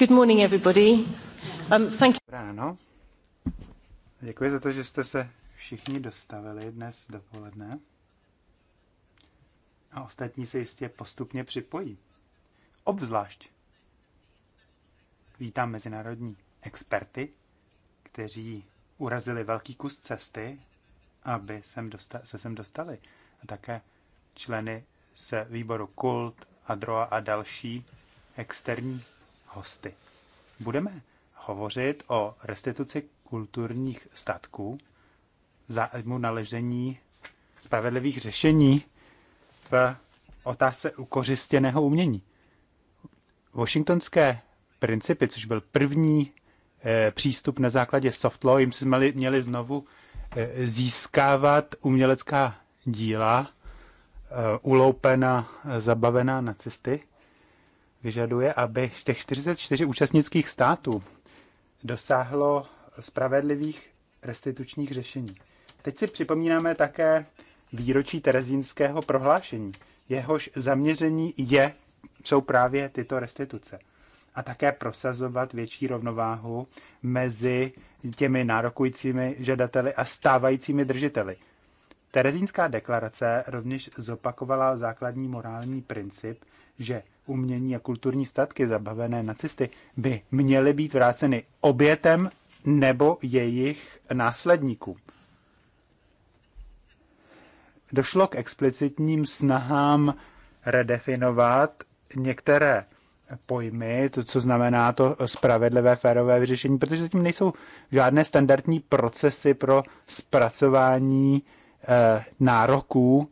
Good morning, everybody. Um, thank you. Ráno. Děkuji za to, že jste se všichni dostavili dnes dopoledne. A ostatní se jistě postupně připojí. Obzvlášť vítám mezinárodní experty, kteří urazili velký kus cesty, aby sem dosta- se sem dostali. A také členy se výboru Kult, Adroa a další externí hosty. Budeme hovořit o restituci kulturních statků, zájmu naležení spravedlivých řešení v otázce ukořistěného umění. Washingtonské principy, což byl první e, přístup na základě soft law, jim si měli, měli znovu e, získávat umělecká díla, e, uloupena, zabavená nacisty vyžaduje, aby těch 44 účastnických států dosáhlo spravedlivých restitučních řešení. Teď si připomínáme také výročí Terezínského prohlášení. Jehož zaměření je, jsou právě tyto restituce. A také prosazovat větší rovnováhu mezi těmi nárokujícími žadateli a stávajícími držiteli. Terezínská deklarace rovněž zopakovala základní morální princip, že umění a kulturní statky zabavené nacisty by měly být vráceny obětem nebo jejich následníkům. Došlo k explicitním snahám redefinovat některé pojmy, to, co znamená to spravedlivé, férové vyřešení, protože zatím nejsou žádné standardní procesy pro zpracování e, nároků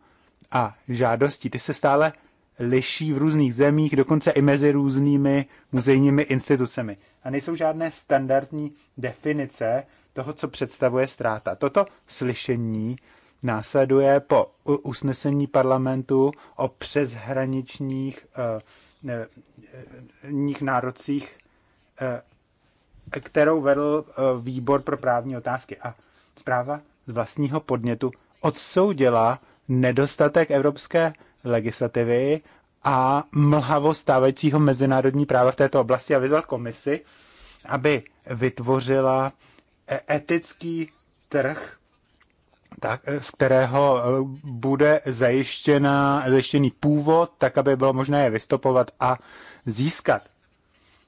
a žádostí. Ty se stále liší v různých zemích, dokonce i mezi různými muzejními institucemi. A nejsou žádné standardní definice toho, co představuje ztráta. Toto slyšení následuje po usnesení parlamentu o přeshraničních nich eh, eh, eh, nárocích, kterou vedl výbor pro právní otázky. A zpráva z vlastního podnětu odsoudila nedostatek evropské legislativy a mlhavost stávajícího mezinárodní práva v této oblasti a vyzval komisi, aby vytvořila e, etický trh, tak, e, z kterého e, bude zajištěna, zajištěný původ, tak aby bylo možné je vystopovat a získat.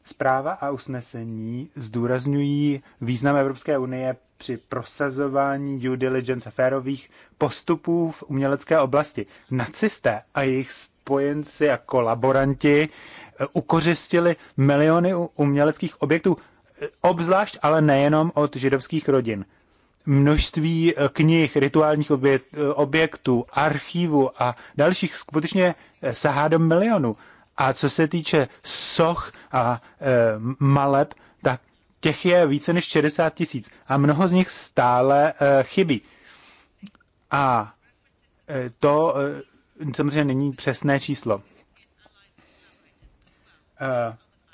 Zpráva a usnesení zdůrazňují význam Evropské unie při prosazování due diligence a férových postupů v umělecké oblasti. Nacisté a jejich spojenci a kolaboranti eh, ukořistili miliony uměleckých objektů, eh, obzvlášť ale nejenom od židovských rodin. Množství eh, knih, rituálních objektů, archivu a dalších skutečně sahá do milionů. A co se týče soch a e, maleb, těch je více než 60 tisíc a mnoho z nich stále eh, chybí. A eh, to eh, samozřejmě není přesné číslo.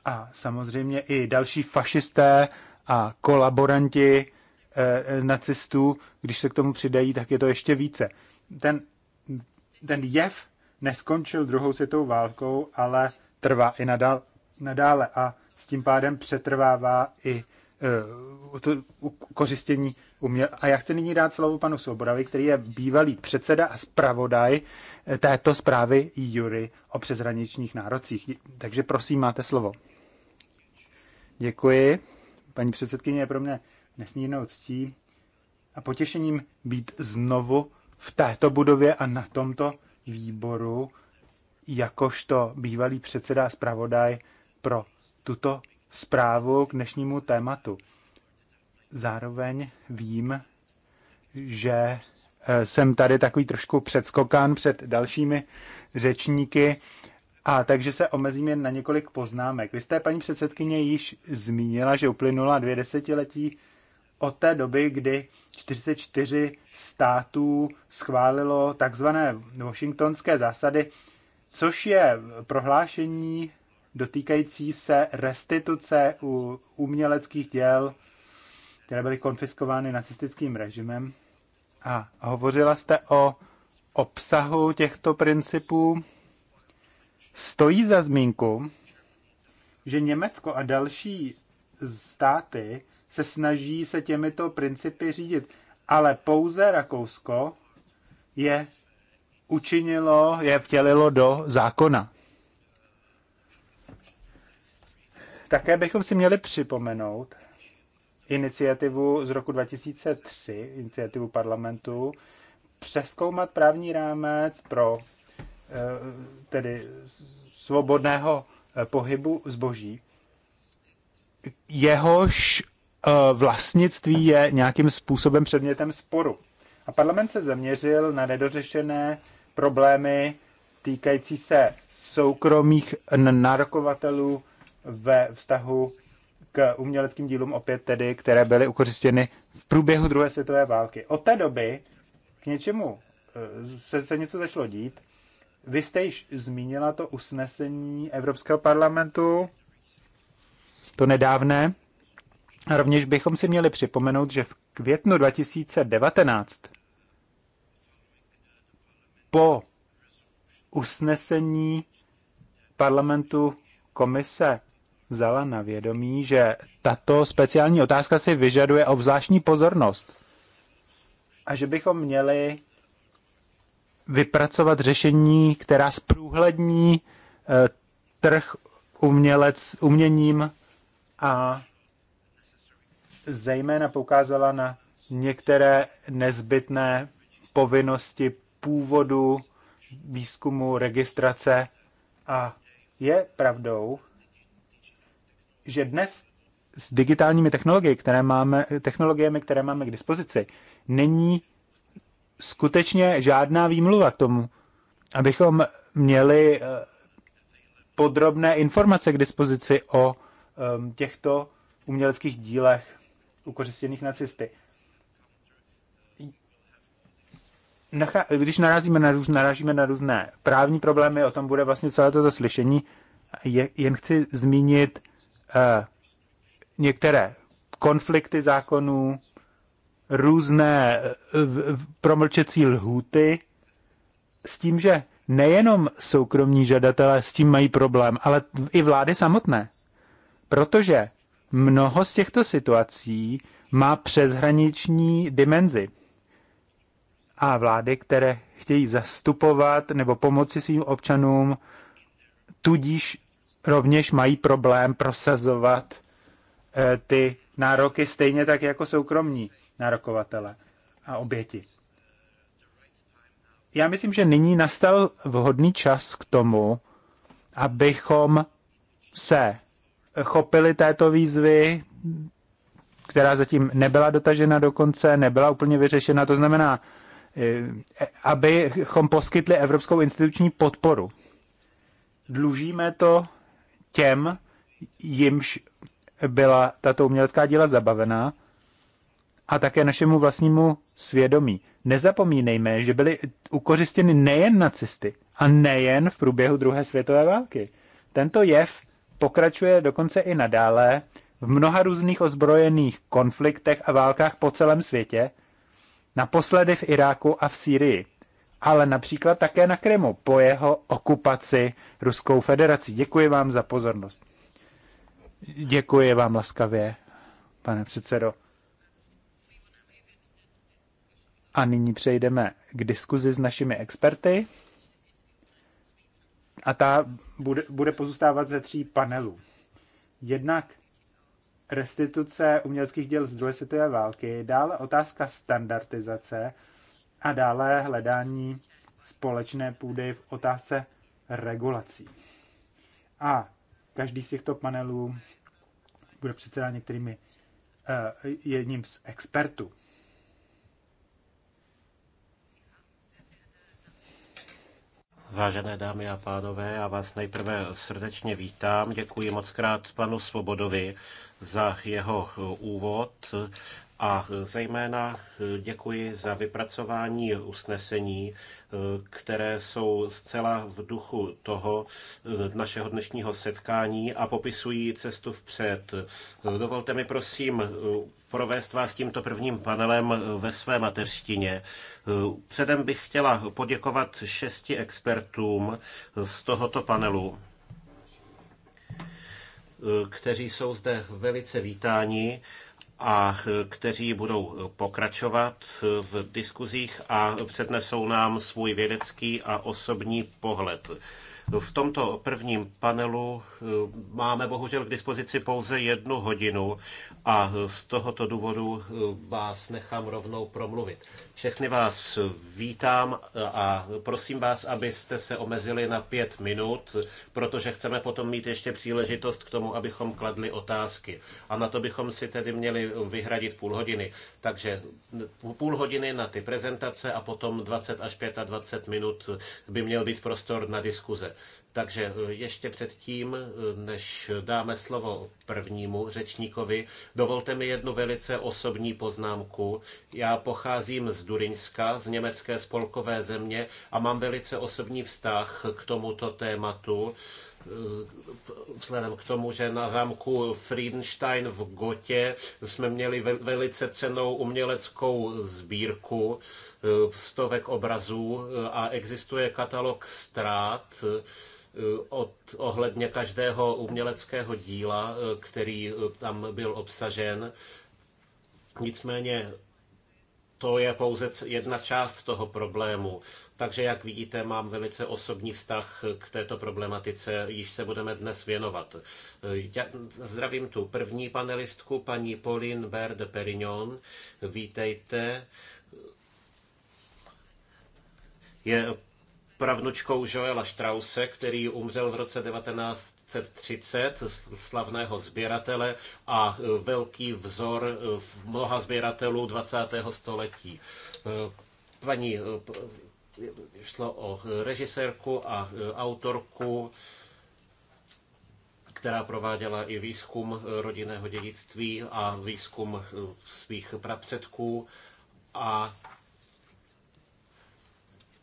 A samozřejmě i další fašisté a kolaboranti nacistů, když se k tomu přidají, tak je to ještě více. Ten, ten jev neskončil druhou světovou válkou, ale trvá i nadál, nadále. A s tím pádem přetrvává i uh, to kořistění uměl. A já chci nyní dát slovo panu Svobodovi, který je bývalý předseda a zpravodaj e, této zprávy Jury o přeshraničních nárocích. Takže prosím, máte slovo. Děkuji. Paní předsedkyně je pro mě nesmírnou ctí a potěšením být znovu v této budově a na tomto výboru jakožto bývalý předseda a zpravodaj pro tuto zprávu k dnešnímu tématu. Zároveň vím, že e, jsem tady takový trošku předskokán před dalšími řečníky, a takže se omezím jen na několik poznámek. Vy jste, paní předsedkyně, již zmínila, že uplynula dvě desetiletí od té doby, kdy 44 států schválilo takzvané washingtonské zásady, což je prohlášení dotýkající se restituce u uměleckých děl, které byly konfiskovány nacistickým režimem. A hovořila jste o obsahu těchto principů. Stojí za zmínku, že Německo a další státy se snaží se těmito principy řídit, ale pouze Rakousko je učinilo, je vtělilo do zákona. Také bychom si měli připomenout iniciativu z roku 2003, iniciativu parlamentu, přeskoumat právní rámec pro eh, tedy svobodného eh, pohybu zboží. Jehož eh, vlastnictví je nějakým způsobem předmětem sporu. A parlament se zaměřil na nedořešené problémy týkající se soukromých nárokovatelů ve vztahu k uměleckým dílům opět tedy, které byly ukořistěny v průběhu druhé světové války. Od té doby k něčemu eh, se, se něco začalo dít. Vy jste již zmínila to usnesení Evropského parlamentu, to nedávné. A rovněž bychom si měli připomenout, že v květnu 2019 po usnesení parlamentu komise vzala na vědomí, že tato speciální otázka si vyžaduje obzvláštní pozornost a že bychom měli vypracovat řešení, která zprůhlední eh, trh umělec, uměním a zejména poukázala na některé nezbytné povinnosti původu, výzkumu, registrace a je pravdou, že dnes s digitálními technologiemi, které máme, technologiemi, které máme k dispozici, není skutečně žádná výmluva k tomu, abychom měli eh, podrobné informace k dispozici o eh, těchto uměleckých dílech ukořistěných nacisty. Když narazíme na, růz, narážíme na různé právní problémy, o tom bude vlastně celé toto slyšení, jen chci zmínit Eh, některé konflikty zákonů, různé eh, promlčecí lhůty, s tím, že nejenom soukromní žadatelé s tím mají problém, ale i vlády samotné. Protože mnoho z těchto situací má přeshraniční dimenzi. A vlády, které chtějí zastupovat nebo pomoci svým občanům, tudíž rovněž mají problém prosazovat eh, ty nároky stejně tak jako soukromní nárokovatele a oběti. Já myslím, že nyní nastal vhodný čas k tomu, abychom se chopili této výzvy, která zatím nebyla dotažena do konce, nebyla úplně vyřešena. To znamená, eh, abychom poskytli evropskou instituční podporu. Dlužíme to těm, jimž byla tato umělecká díla zabavená, a také našemu vlastnímu svědomí. Nezapomínejme, že byly ukořistěny nejen nacisty a nejen v průběhu druhé světové války. Tento jev pokračuje dokonce i nadále v mnoha různých ozbrojených konfliktech a válkách po celém světě, naposledy v Iráku a v Sýrii ale například také na Krymu po jeho okupaci Ruskou federací. Děkuji vám za pozornost. Děkuji vám laskavě, pane předsedo. A nyní přejdeme k diskuzi s našimi experty. A ta bude, bude pozůstávat ze tří panelů. Jednak restituce uměleckých děl z druhé světové války, dále otázka standardizace a dále hledání společné půdy v otázce regulací. A každý z těchto panelů bude předsedat některými uh, jedním z expertů. Vážené dámy a pánové, já vás nejprve srdečně vítám. Děkuji moc krát panu Svobodovi za jeho úvod a eh, zejména eh, děkuji za vypracování usnesení, eh, které jsou zcela v duchu toho našeho dnešního setkání a popisují cestu vpřed. Dovolte mi prosím provést vás tímto prvním panelem ve své mateřštině. Předem bych chtěla poděkovat šesti expertům z tohoto panelu kteří jsou zde velice vítáni a kteří budou pokračovat v diskuzích a přednesou nám svůj vědecký a osobní pohled. V tomto prvním panelu eh, máme bohužel k dispozici pouze jednu hodinu a z tohoto důvodu eh, vás nechám rovnou promluvit. Všechny vás vítám a prosím vás, abyste se omezili na pět minut, protože chceme potom mít ještě příležitost k tomu, abychom kladli otázky. A na to bychom si tedy měli vyhradit půl hodiny. Takže půl hodiny na ty prezentace a potom 20 až 25 minut by měl být prostor na diskuze. Takže e, ještě předtím, e, než dáme slovo prvnímu řečníkovi, dovolte mi jednu velice osobní poznámku. Já pocházím z Duriňska, z německé spolkové země a mám velice osobní vztah k tomuto tématu e, vzhledem k tomu, že na zámku Friedenstein v Gotě jsme měli velice cenou uměleckou sbírku stovek obrazů a existuje katalog ztrát, Eh, od, ohledně každého uměleckého díla, eh, který eh, tam byl obsažen. Nicméně to je pouze jedna část toho problému. Takže, jak vidíte, mám velice osobní vztah k této problematice, již se budeme dnes věnovat. Já zdravím tu první panelistku, paní Pauline Berde Perignon. Vítejte. Je pravnučkou Joela Strause, který umřel v roce 1930, slavného sběratele a e, velký vzor e, mnoha sběratelů 20. století. E, paní šlo o režisérku a autorku, která prováděla i výzkum rodinného dědictví a výzkum svých prapředků a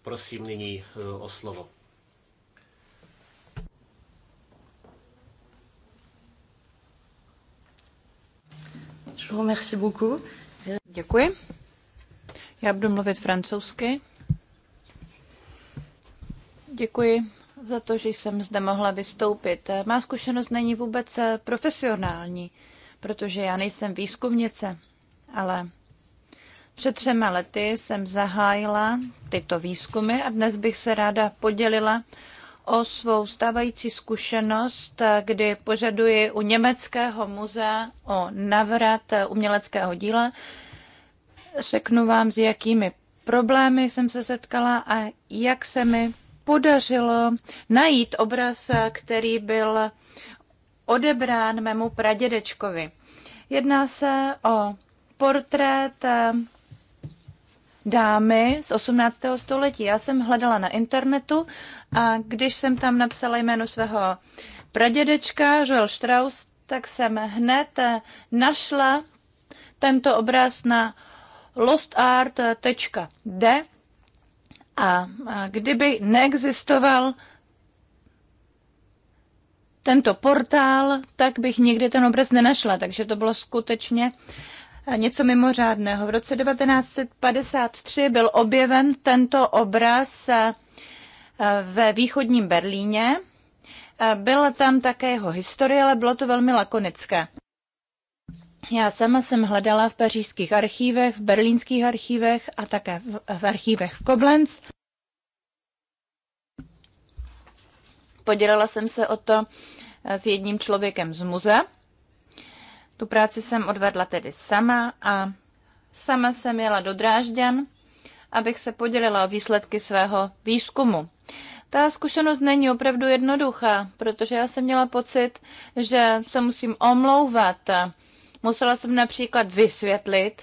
Prosím nyní eh, o slovo. Děkuji. Já budu mluvit francouzsky. Děkuji za to, že jsem zde mohla vystoupit. Má zkušenost není vůbec profesionální, protože já nejsem výzkumnice, ale před třema lety jsem zahájila tyto výzkumy a dnes bych se ráda podělila o svou stávající zkušenost, kdy požaduji u Německého muzea o navrat uměleckého díla. Řeknu vám, s jakými problémy jsem se setkala a jak se mi podařilo najít obraz, který byl odebrán mému pradědečkovi. Jedná se o portrét dámy z 18. století. Já jsem hledala na internetu a když jsem tam napsala jméno svého pradědečka Joel Strauss, tak jsem hned eh, našla tento obraz na lostart.de a kdyby neexistoval tento portál, tak bych nikdy ten obraz nenašla, takže to bylo skutečně uh, něco mimořádného. V roce 1953 byl objeven tento obraz eh, ve východním Berlíně. Eh, byla tam také jeho historie, ale bylo to velmi lakonické. Já sama jsem hledala v pařížských archívech, v berlínských archívech a také v archívech v Koblenz. Podělala jsem se o to eh, s jedním člověkem z muzea tu práci jsem odvedla tedy sama a sama jsem jela do Drážďan, abych se podělila o výsledky svého výzkumu. Ta zkušenost není opravdu jednoduchá, protože já jsem měla pocit, že se musím omlouvat. Musela jsem například vysvětlit,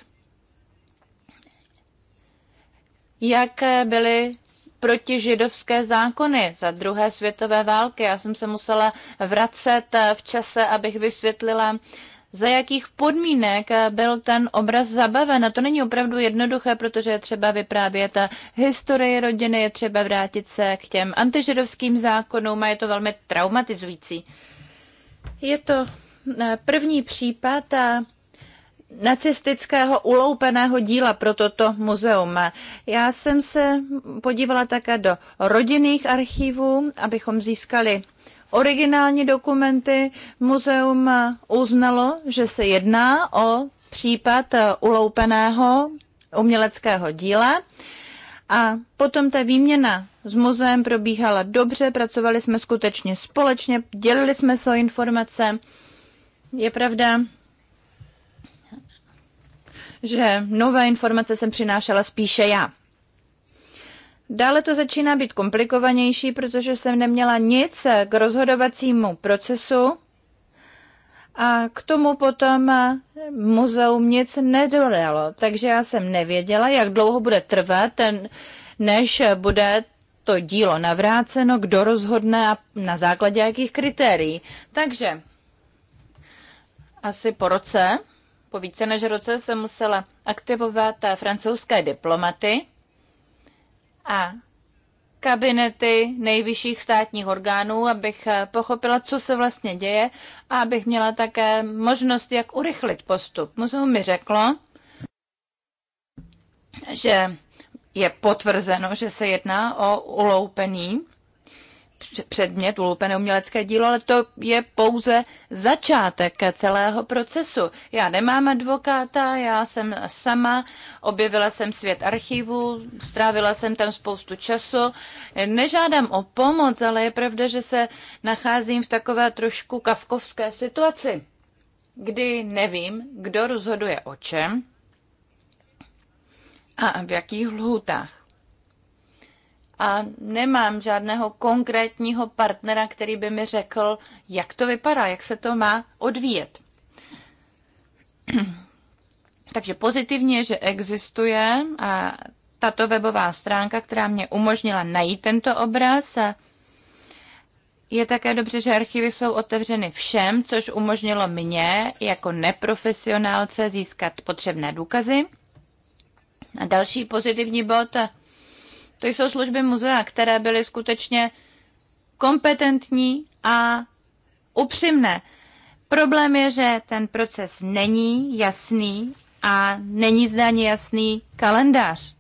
jaké byly protižidovské zákony za druhé světové války. Já jsem se musela vracet v čase, abych vysvětlila za jakých podmínek byl ten obraz zabaven. A to není opravdu jednoduché, protože je třeba vyprávět historii rodiny, je třeba vrátit se k těm antižidovským zákonům a je to velmi traumatizující. Je to eh, první případ eh, nacistického uloupeného díla pro toto muzeum. Já jsem se podívala také do rodinných archivů, abychom získali originální dokumenty. Muzeum uznalo, že se jedná o případ uloupeného uměleckého díla. A potom ta výměna s muzeem probíhala dobře, pracovali jsme skutečně společně, dělili jsme se o informace. Je pravda, že nové informace jsem přinášela spíše já. Dále to začíná být komplikovanější, protože jsem neměla nic k rozhodovacímu procesu a k tomu potom muzeum nic nedodalo. Takže já jsem nevěděla, jak dlouho bude trvat, ten, než bude to dílo navráceno, kdo rozhodne a na základě jakých kritérií. Takže asi po roce, po více než roce, jsem musela aktivovat francouzské diplomaty, a kabinety nejvyšších státních orgánů, abych eh, pochopila, co se vlastně děje a abych měla také možnost, jak urychlit postup. Muzeum mi řeklo, že je potvrzeno, že se jedná o uloupený předmět, ulupené umělecké dílo, ale to je pouze začátek celého procesu. Já nemám advokáta, já jsem sama, objevila jsem svět archivu, strávila jsem tam spoustu času. Nežádám o pomoc, ale je pravda, že se nacházím v takové trošku kavkovské situaci, kdy nevím, kdo rozhoduje o čem a v jakých lhůtách a nemám žádného konkrétního partnera, který by mi řekl, jak to vypadá, jak se to má odvíjet. Takže pozitivně je, že existuje a tato webová stránka, která mě umožnila najít tento obraz. A je také dobře, že archivy jsou otevřeny všem, což umožnilo mně jako neprofesionálce získat potřebné důkazy. A další pozitivní bod to jsou služby muzea, které byly skutečně kompetentní a upřímné. Problém je, že ten proces není jasný a není zde ani jasný kalendář.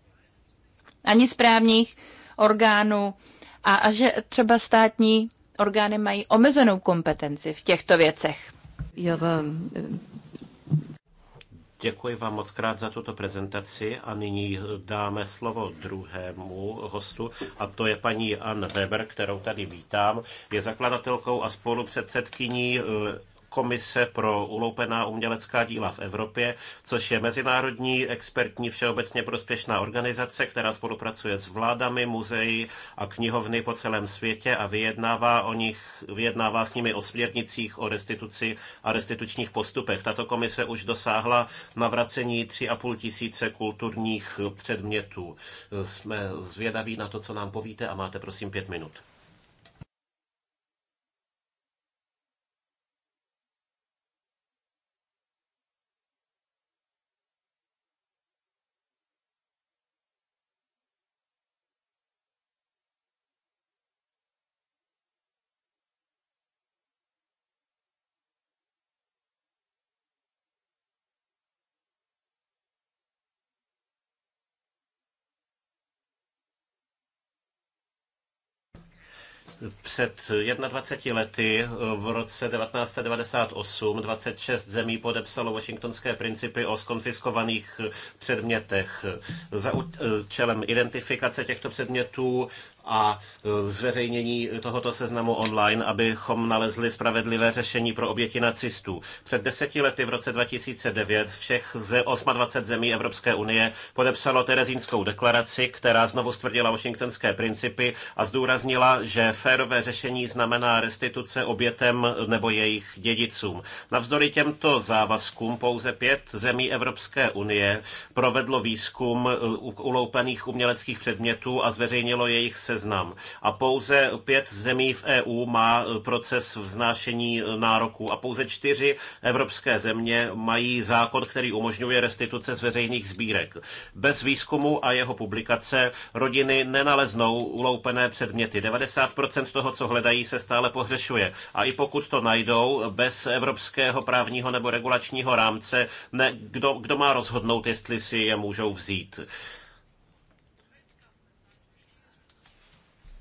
Ani správních orgánů a, a že třeba státní orgány mají omezenou kompetenci v těchto věcech. Děkuji vám moc krát za tuto prezentaci a nyní dáme slovo druhému hostu a to je paní Ann Weber, kterou tady vítám. Je zakladatelkou a spolupředsedkyní eh, Komise pro uloupená umělecká díla v Evropě, což je mezinárodní expertní všeobecně prospěšná organizace, která spolupracuje s vládami, muzeji a knihovny po celém světě a vyjednává, o nich, vyjednává s nimi o směrnicích o restituci a restitučních postupech. Tato komise už dosáhla navracení 3,5 tisíce kulturních předmětů. Jsme zvědaví na to, co nám povíte a máte prosím pět minut. Před 21 lety v roce 1998 26 zemí podepsalo washingtonské principy o skonfiskovaných předmětech. Za účelem identifikace těchto předmětů a e, zveřejnění tohoto seznamu online, abychom nalezli spravedlivé řešení pro oběti nacistů. Před deseti lety v roce 2009 všech ze 28 zemí Evropské unie podepsalo Terezínskou deklaraci, která znovu stvrdila washingtonské principy a zdůraznila, že férové řešení znamená restituce obětem nebo jejich dědicům. Navzdory těmto závazkům pouze pět zemí Evropské unie provedlo výzkum e, uloupených uměleckých předmětů a zveřejnilo jejich seznam seznam. A pouze pět zemí v EU má eh, proces vznášení eh, nároků a pouze čtyři evropské země mají zákon, který umožňuje restituce z veřejných sbírek. Bez výzkumu a jeho publikace rodiny nenaleznou uloupené předměty. 90% toho, co hledají, se stále pohřešuje. A i pokud to najdou, bez evropského právního nebo regulačního rámce, ne, kdo, kdo má rozhodnout, jestli si je můžou vzít.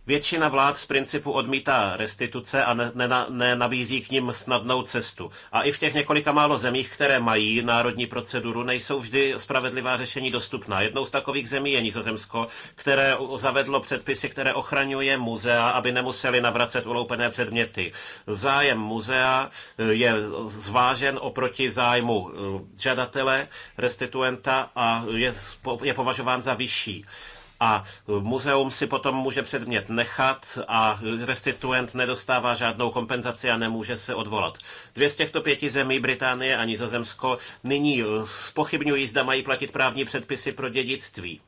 Většina vlád z principu odmítá restituce a nenabízí ne, ne k ním snadnou cestu. A i v těch několika málo zemích, které mají národní proceduru, nejsou vždy spravedlivá řešení dostupná. Jednou z takových zemí je Nizozemsko, které zavedlo předpisy, které ochraňuje muzea, aby nemuseli navracet uloupené předměty. Zájem muzea eh, je zvážen oproti zájmu eh, žadatele, restituenta a je, je považován za vyšší a muzeum si potom může předmět nechat a restituent nedostává žádnou kompenzaci a nemůže se odvolat. Dvě z těchto pěti zemí, Británie a Nizozemsko, nyní spochybňují, zda mají platit právní předpisy pro dědictví.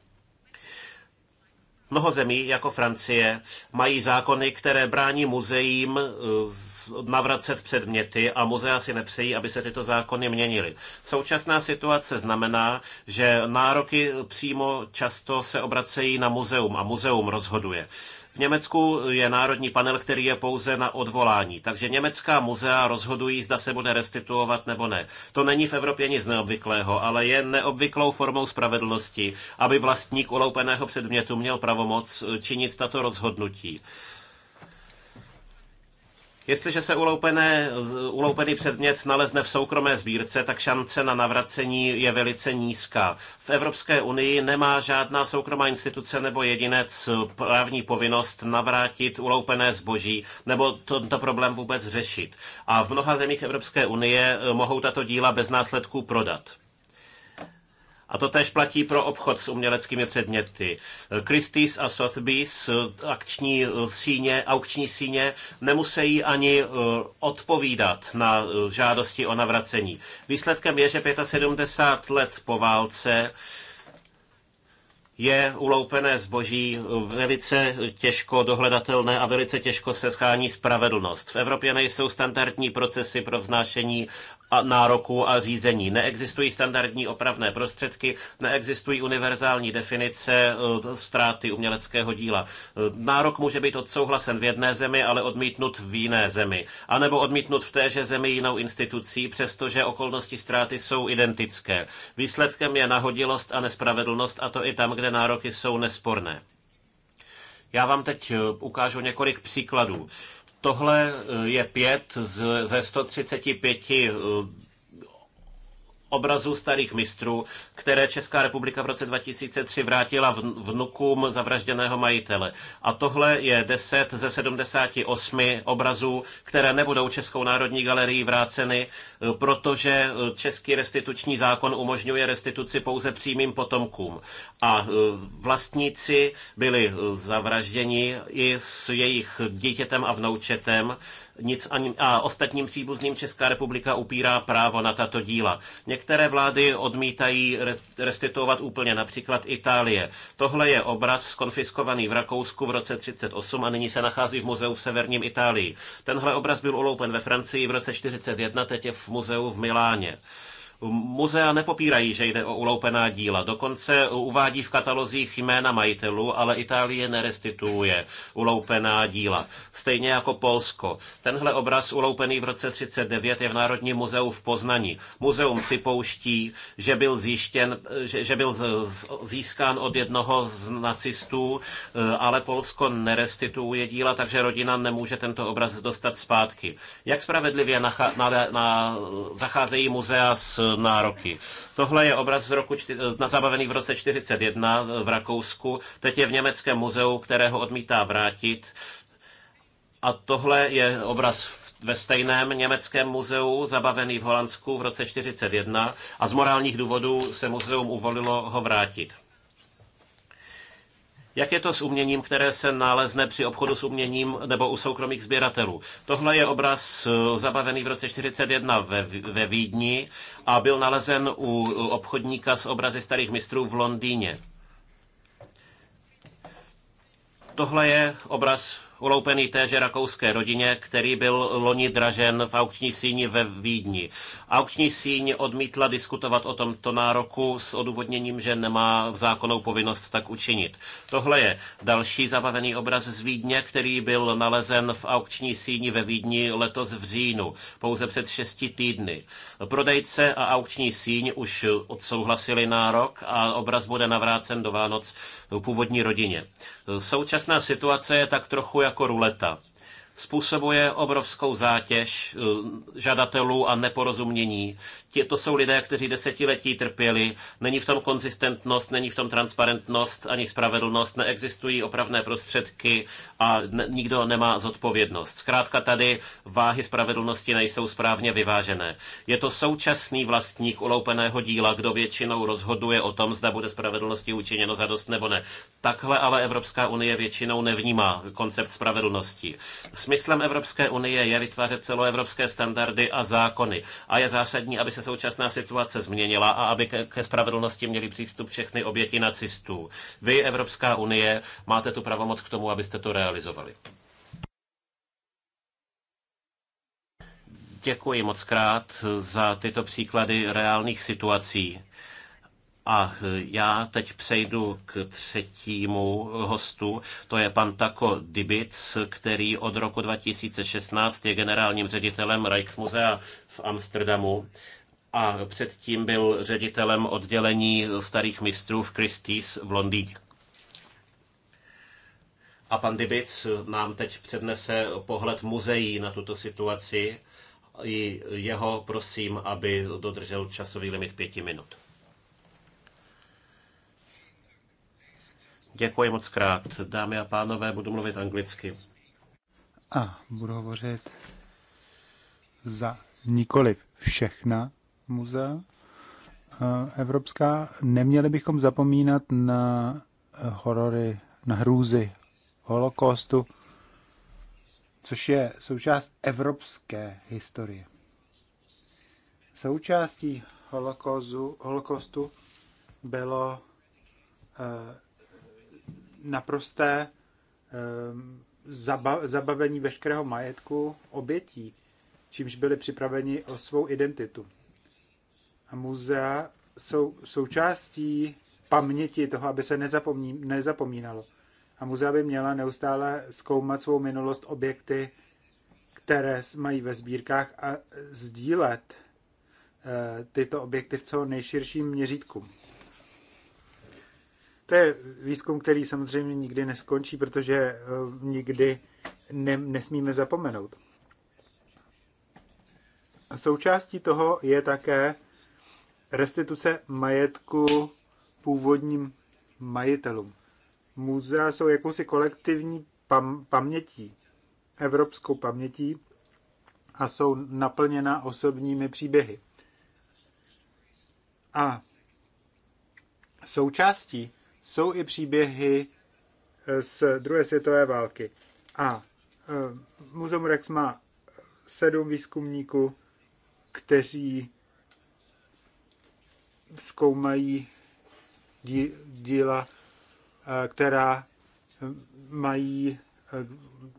Mnoho zemí, jako Francie, mají zákony, které brání muzeím eh, navracet předměty a muzea si nepřejí, aby se tyto zákony měnily. Současná situace znamená, že nároky přímo často se obracejí na muzeum a muzeum rozhoduje. V Německu je národní panel, který je pouze na odvolání, takže německá muzea rozhodují, zda se bude restituovat nebo ne. To není v Evropě nic neobvyklého, ale je neobvyklou formou spravedlnosti, aby vlastník uloupeného předmětu měl pravomoc činit tato rozhodnutí. Jestliže se uloupené, uloupený předmět nalezne v soukromé sbírce, tak šance na navracení je velice nízká. V Evropské unii nemá žádná soukromá instituce nebo jedinec právní povinnost navrátit uloupené zboží nebo tento problém vůbec řešit. A v mnoha zemích Evropské unie mohou tato díla bez následků prodat. A to tež platí pro obchod s uměleckými předměty. Christie's a Sotheby's akční síně, aukční síně nemusí ani e, odpovídat na e, žádosti o navracení. Výsledkem je, že 75 let po válce je uloupené zboží velice těžko dohledatelné a velice těžko se schání spravedlnost. V Evropě nejsou standardní procesy pro vznášení a nároků a řízení. Neexistují standardní opravné prostředky, neexistují univerzální definice eh, ztráty uměleckého díla. Eh, nárok může být odsouhlasen v jedné zemi, ale odmítnut v jiné zemi. A nebo odmítnut v téže zemi jinou institucí, přestože okolnosti ztráty jsou identické. Výsledkem je nahodilost a nespravedlnost, a to i tam, kde nároky jsou nesporné. Já vám teď eh, ukážu několik příkladů. Tohle eh, je pět ze 135 obrazů starých mistrů, které Česká republika v roce 2003 vrátila vnukům zavražděného majitele. A tohle je 10 ze 78 obrazů, které nebudou Českou národní galerii vráceny, protože český restituční zákon umožňuje restituci pouze přímým potomkům. A e, vlastníci byli e, zavražděni i s jejich dítětem a vnoučetem, nic ani, a ostatním příbuzným Česká republika upírá právo na tato díla. Některé vlády odmítají restituovat úplně, například Itálie. Tohle je obraz skonfiskovaný v Rakousku v roce 1938 a nyní se nachází v muzeu v severním Itálii. Tenhle obraz byl uloupen ve Francii v roce 1941, teď je v muzeu v Miláně. Muzea nepopírají, že jde o uloupená díla. Dokonce uvádí v katalozích jména majitelů, ale Itálie nerestituuje uloupená díla. Stejně jako Polsko. Tenhle obraz uloupený v roce 39 je v Národním muzeu v Poznaní. Muzeum připouští, že byl, zjištěn, že, že byl získán od jednoho z nacistů, eh, ale Polsko nerestituuje díla, takže rodina nemůže tento obraz dostat zpátky. Jak spravedlivě na, na, na, zacházejí muzea s nároky. Tohle je obraz z roku, zabavený v roce 41 v Rakousku. Teď je v Německém muzeu, kterého odmítá vrátit. A tohle je obraz v ve stejném německém muzeu, zabavený v Holandsku v roce 1941 a z morálních důvodů se muzeum uvolilo ho vrátit. Jak je to s uměním, které se nalezne při obchodu s uměním nebo u soukromých sběratelů? Tohle je obraz eh, zabavený v roce 1941 ve, ve Vídni a byl nalezen u obchodníka s obrazy starých mistrů v Londýně. Tohle je obraz uloupený téže rakouské rodině, který byl loni dražen v aukční síni ve Vídni. Aukční síň odmítla diskutovat o tomto nároku s odůvodněním, že nemá zákonnou povinnost tak učinit. Tohle je další zabavený obraz z Vídně, který byl nalezen v aukční síni ve Vídni letos v říjnu, pouze před šesti týdny. Prodejce a aukční síň už odsouhlasili nárok a obraz bude navrácen do Vánoc původní rodině. Současná situace je tak trochu jako jako ruleta. Způsobuje obrovskou zátěž eh, žadatelů a neporozumění, Tě, to jsou lidé, kteří desetiletí trpěli. Není v tom konzistentnost, není v tom transparentnost ani spravedlnost, neexistují opravné prostředky a ne, nikdo nemá zodpovědnost. Zkrátka tady váhy spravedlnosti nejsou správně vyvážené. Je to současný vlastník uloupeného díla, kdo většinou rozhoduje o tom, zda bude spravedlnosti učiněno zadost nebo ne. Takhle ale Evropská unie většinou nevnímá koncept spravedlnosti. Smyslem Evropské unie je vytvářet celoevropské standardy a zákony a je zásadní, aby se se současná situace změnila a aby ke spravedlnosti měli přístup všechny oběti nacistů. Vy, Evropská unie, máte tu pravomoc k tomu, abyste to realizovali. Děkuji moc krát za tyto příklady reálných situací. A já teď přejdu k třetímu hostu, to je pan Tako Dibic, který od roku 2016 je generálním ředitelem Rijksmuzea v Amsterdamu a předtím byl ředitelem oddělení starých mistrů v Christie's v Londýně. A pan Dibic nám teď přednese pohled muzeí na tuto situaci. I jeho prosím, aby dodržel časový limit pěti minut. Děkuji moc krát. Dámy a pánové, budu mluvit anglicky. A budu hovořit za nikoliv všechna muzea eh, evropská, neměli bychom zapomínat na eh, horory, na hrůzy holokostu, což je součást evropské historie. Součástí holokostu, holokostu bylo eh, naprosté zabavení veškerého majetku obětí, čímž byli připraveni o svou identitu. A muzea jsou součástí paměti toho, aby se nezapomí, nezapomínalo. A muzea by měla neustále zkoumat svou minulost objekty, které mají ve sbírkách a sdílet eh, tyto objekty v co nejširším měřítku. To je výzkum, který samozřejmě nikdy neskončí, protože eh, nikdy ne, nesmíme zapomenout. Součástí toho je také restituce majetku původním majitelům. Muzea jsou jakousi kolektivní pam- pamětí, evropskou pamětí a jsou naplněna osobními příběhy. A součástí jsou i příběhy eh, z druhé světové války. A eh, Muzeum Rex má sedm výzkumníků, kteří zkoumají díla, eh, která mají eh,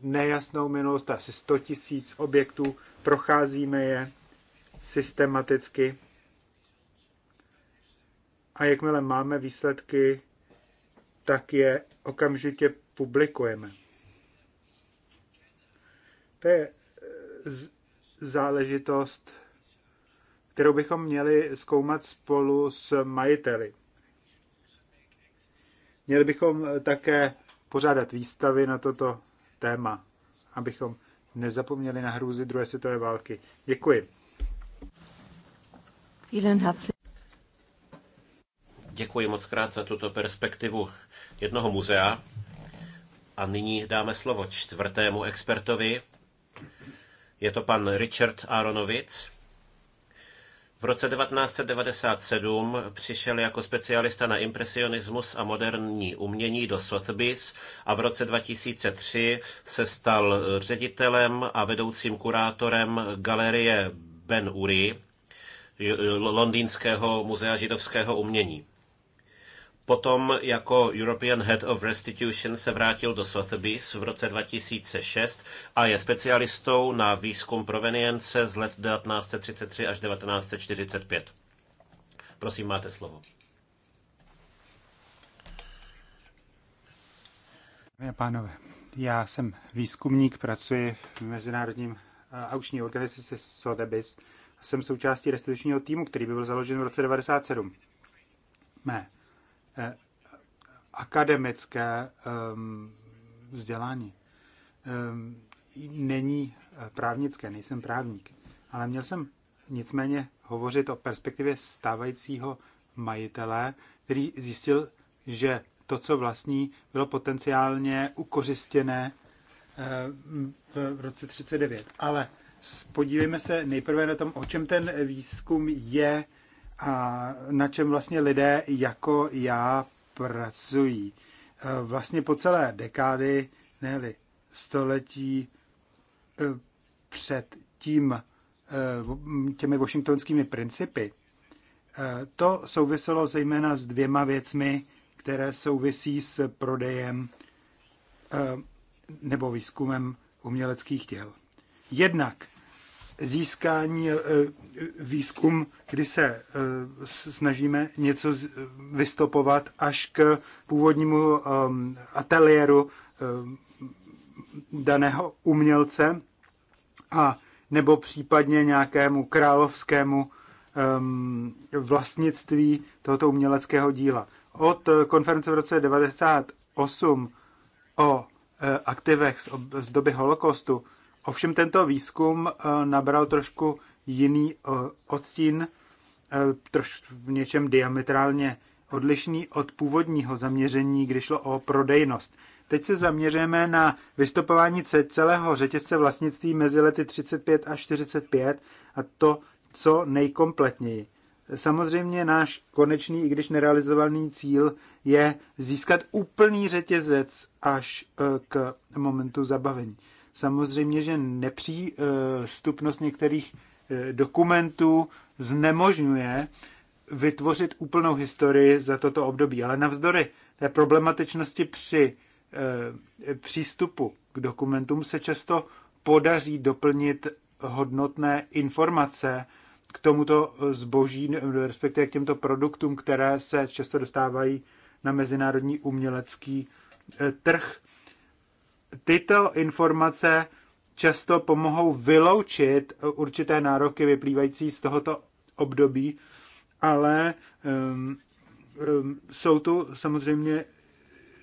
nejasnou minulost, asi 100 tisíc objektů, procházíme je systematicky a jakmile máme výsledky, tak je okamžitě publikujeme. To je eh, záležitost kterou bychom měli zkoumat spolu s majiteli. Měli bychom také pořádat výstavy na toto téma, abychom nezapomněli na hrůzy druhé světové války. Děkuji. Děkuji moc krát za tuto perspektivu jednoho muzea. A nyní dáme slovo čtvrtému expertovi. Je to pan Richard Aronovic v roce 1997 přišel jako specialista na impresionismus a moderní umění do Sotheby's a v roce 2003 se stal ředitelem a vedoucím kurátorem galerie Ben Uri, Londýnského muzea židovského umění. Potom jako European Head of Restitution se vrátil do Sotheby's v roce 2006 a je specialistou na výzkum provenience z let 1933 až 1945. Prosím, máte slovo. Dámy a pánové, já jsem výzkumník, pracuji v Mezinárodním auční organizaci Sotheby's a jsem součástí restitučního týmu, který by byl založen v roce 1997. Mé Eh, akademické ehm, vzdělání. Ehm, není eh, právnické, nejsem právník, ale měl jsem nicméně hovořit o perspektivě stávajícího majitele, který zjistil, že to, co vlastní, bylo potenciálně ukořistěné ehm, v roce 39. Ale podívejme se nejprve na tom, o čem ten výzkum je, a na čem vlastně lidé jako já pracují. E, vlastně po celé dekády, ne století e, před tím, e, těmi washingtonskými principy, to souviselo zejména s dvěma věcmi, které souvisí s prodejem nebo výzkumem uměleckých těl. Jednak získání eh, eh, výzkum, kdy se eh, snažíme něco vystopovat až k původnímu ehm, ateliéru ehm, daného umělce a nebo případně nějakému královskému ehm, vlastnictví tohoto uměleckého díla. Od konference v roce 1998 o aktivech z doby holokostu Ovšem tento výzkum eh, nabral trošku jiný eh, odstín, eh, troš, v něčem diametrálně odlišný od původního zaměření, kdy šlo o prodejnost. Teď se zaměříme na vystupování celého řetězce vlastnictví mezi lety 35 a 45 a to, co nejkompletněji. Samozřejmě náš konečný, i když nerealizovaný cíl je získat úplný řetězec až k momentu zabavení. Samozřejmě, že nepřístupnost některých eh, dokumentů znemožňuje vytvořit úplnou historii za toto období. Ale navzdory té problematičnosti při eh, přístupu k dokumentům se často podaří doplnit hodnotné informace k tomuto zboží, respektive k těmto produktům, které se často dostávají na mezinárodní umělecký eh, trh tyto informace často pomohou vyloučit určité nároky vyplývající z tohoto období, ale um, um, jsou tu samozřejmě,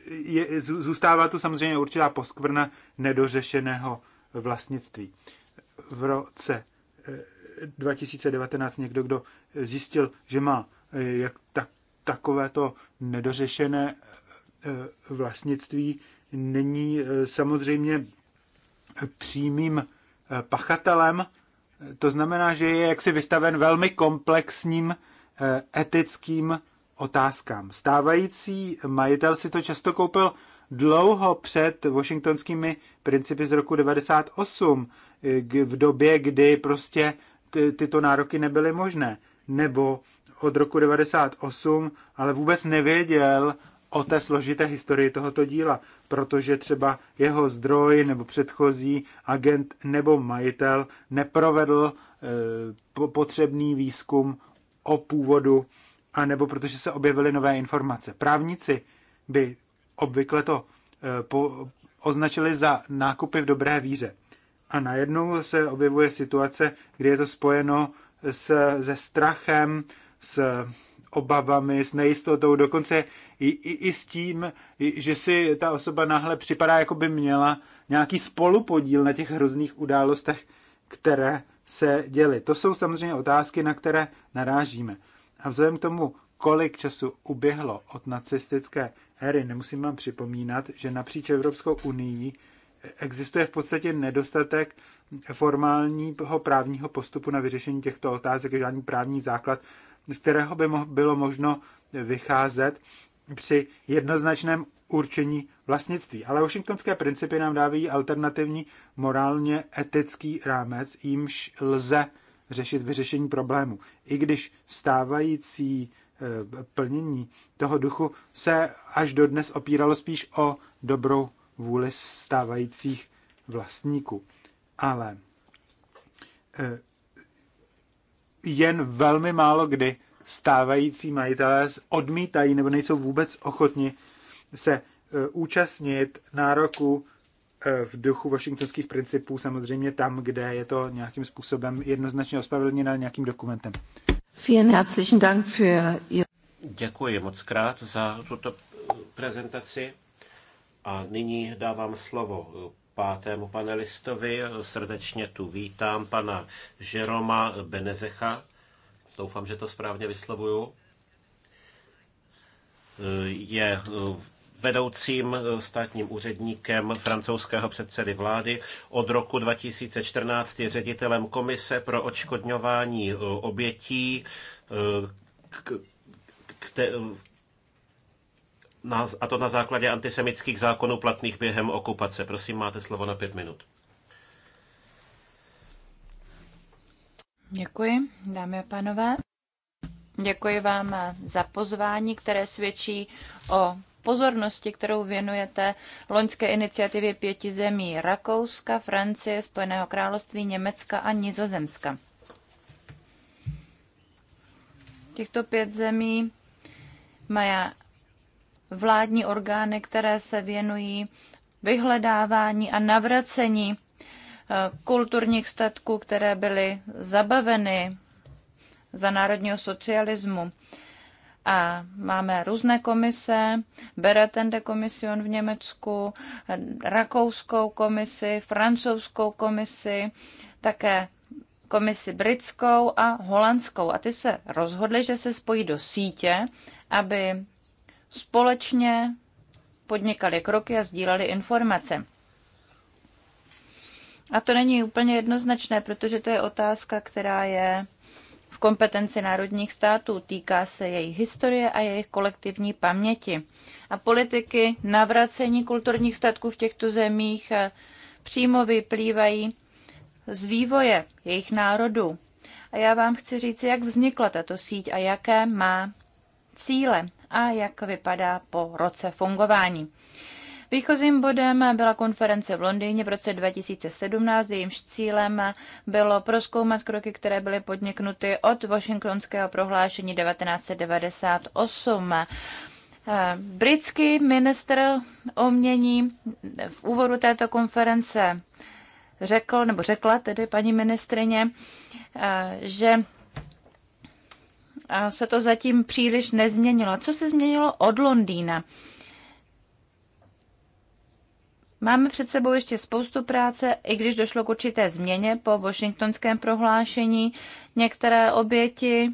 je, zůstává tu samozřejmě určitá poskvrna nedořešeného vlastnictví. V roce 2019 eh, někdo, kdo zjistil, že má eh, jak ta, takovéto nedořešené eh, vlastnictví, není eh, samozřejmě přímým eh, pachatelem. To znamená, že je jaksi vystaven velmi komplexním eh, etickým otázkám. Stávající majitel si to často koupil dlouho před washingtonskými principy z roku 98, v době, kdy prostě ty, tyto nároky nebyly možné. Nebo od roku 98, ale vůbec nevěděl o té složité historii tohoto díla, protože třeba jeho zdroj nebo předchozí agent nebo majitel neprovedl eh, potřebný výzkum o původu, anebo protože se objevily nové informace. Právníci by obvykle to eh, po, označili za nákupy v dobré víře. A najednou se objevuje situace, kdy je to spojeno s, se strachem, s obavami, s nejistotou, dokonce i, i, i s tím, že si ta osoba náhle připadá, jako by měla nějaký spolupodíl na těch hrozných událostech, které se děly. To jsou samozřejmě otázky, na které narážíme. A vzhledem k tomu, kolik času uběhlo od nacistické éry, nemusím vám připomínat, že napříč Evropskou unii existuje v podstatě nedostatek formálního právního postupu na vyřešení těchto otázek, žádný právní základ z kterého by bylo možno vycházet při jednoznačném určení vlastnictví. Ale washingtonské principy nám dávají alternativní morálně etický rámec, jímž lze řešit vyřešení problému. I když stávající e, plnění toho duchu se až dodnes opíralo spíš o dobrou vůli stávajících vlastníků. Ale e, jen velmi málo kdy stávající majitelé odmítají nebo nejsou vůbec ochotni se e, účastnit nároku e, v duchu washingtonských principů, samozřejmě tam, kde je to nějakým způsobem jednoznačně ospravedlněno nějakým dokumentem. für Děkuji moc krát za tuto prezentaci a nyní dávám slovo pátému panelistovi. Srdečně tu vítám pana Žeroma Benezecha. Doufám, že to správně vyslovuju. Je vedoucím státním úředníkem francouzského předsedy vlády. Od roku 2014 je ředitelem Komise pro odškodňování obětí, na, a to na základě antisemických zákonů platných během okupace. Prosím, máte slovo na pět minut. Děkuji, dámy a pánové. Děkuji vám za pozvání, které svědčí o pozornosti, kterou věnujete loňské iniciativě pěti zemí Rakouska, Francie, Spojeného království, Německa a Nizozemska. Těchto pět zemí má vládní orgány, které se věnují vyhledávání a navracení eh, kulturních statků, které byly zabaveny za národního socialismu. A máme různé komise, Beretende komision v Německu, rakouskou komisi, francouzskou komisi, také komisi britskou a holandskou. A ty se rozhodly, že se spojí do sítě, aby společně podnikali kroky a sdíleli informace. A to není úplně jednoznačné, protože to je otázka, která je v kompetenci národních států. Týká se jejich historie a jejich kolektivní paměti. A politiky navracení kulturních statků v těchto zemích eh, přímo vyplývají z vývoje jejich národů. A já vám chci říct, jak vznikla tato síť a jaké má cíle a jak vypadá po roce fungování. Výchozím bodem byla konference v Londýně v roce 2017, jejímž cílem bylo proskoumat kroky, které byly podniknuty od Washingtonského prohlášení 1998. Eh, britský minister umění v úvodu této konference řekl, nebo řekla tedy paní ministrině, eh, že a se to zatím příliš nezměnilo. Co se změnilo od Londýna? Máme před sebou ještě spoustu práce, i když došlo k určité změně po washingtonském prohlášení. Některé oběti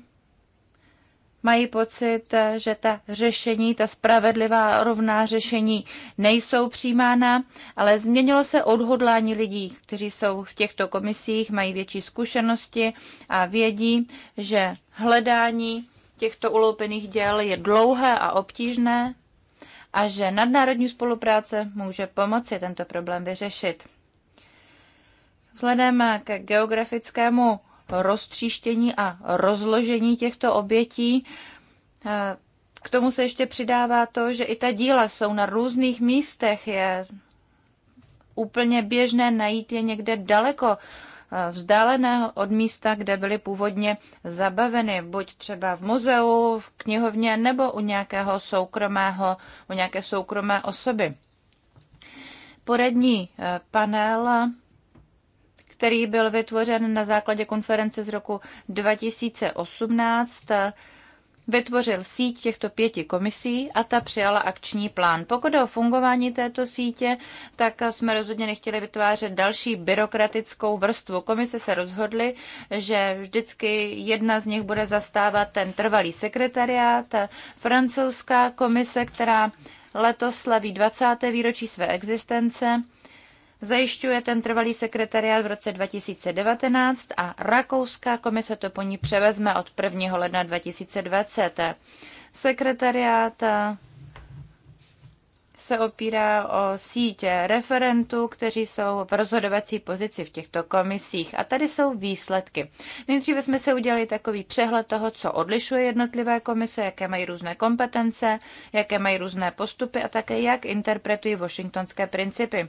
mají pocit, eh, že ta řešení, ta spravedlivá rovná řešení nejsou přijímána, ale změnilo se odhodlání lidí, kteří jsou v těchto komisích, mají větší zkušenosti a vědí, že hledání těchto uloupených děl je dlouhé a obtížné a že nadnárodní spolupráce může pomoci tento problém vyřešit. Vzhledem k geografickému roztříštění a rozložení těchto obětí. Eh, k tomu se ještě přidává to, že i ta díla jsou na různých místech. Je úplně běžné najít je někde daleko eh, vzdáleného od místa, kde byly původně zabaveny, buď třeba v muzeu, v knihovně nebo u nějakého soukromého, u nějaké soukromé osoby. Poradní eh, panel který byl vytvořen na základě konference z roku 2018, vytvořil síť těchto pěti komisí a ta přijala akční plán. Pokud o fungování této sítě, tak jsme rozhodně nechtěli vytvářet další byrokratickou vrstvu. Komise se rozhodly, že vždycky jedna z nich bude zastávat ten trvalý sekretariát, francouzská komise, která letos slaví 20. výročí své existence zajišťuje ten trvalý sekretariát v roce 2019 a Rakouská komise to po ní převezme od 1. ledna 2020. Sekretariát se opírá o sítě referentů, kteří jsou v rozhodovací pozici v těchto komisích. A tady jsou výsledky. Nejdříve jsme se udělali takový přehled toho, co odlišuje jednotlivé komise, jaké mají různé kompetence, jaké mají různé postupy a také jak interpretují washingtonské principy.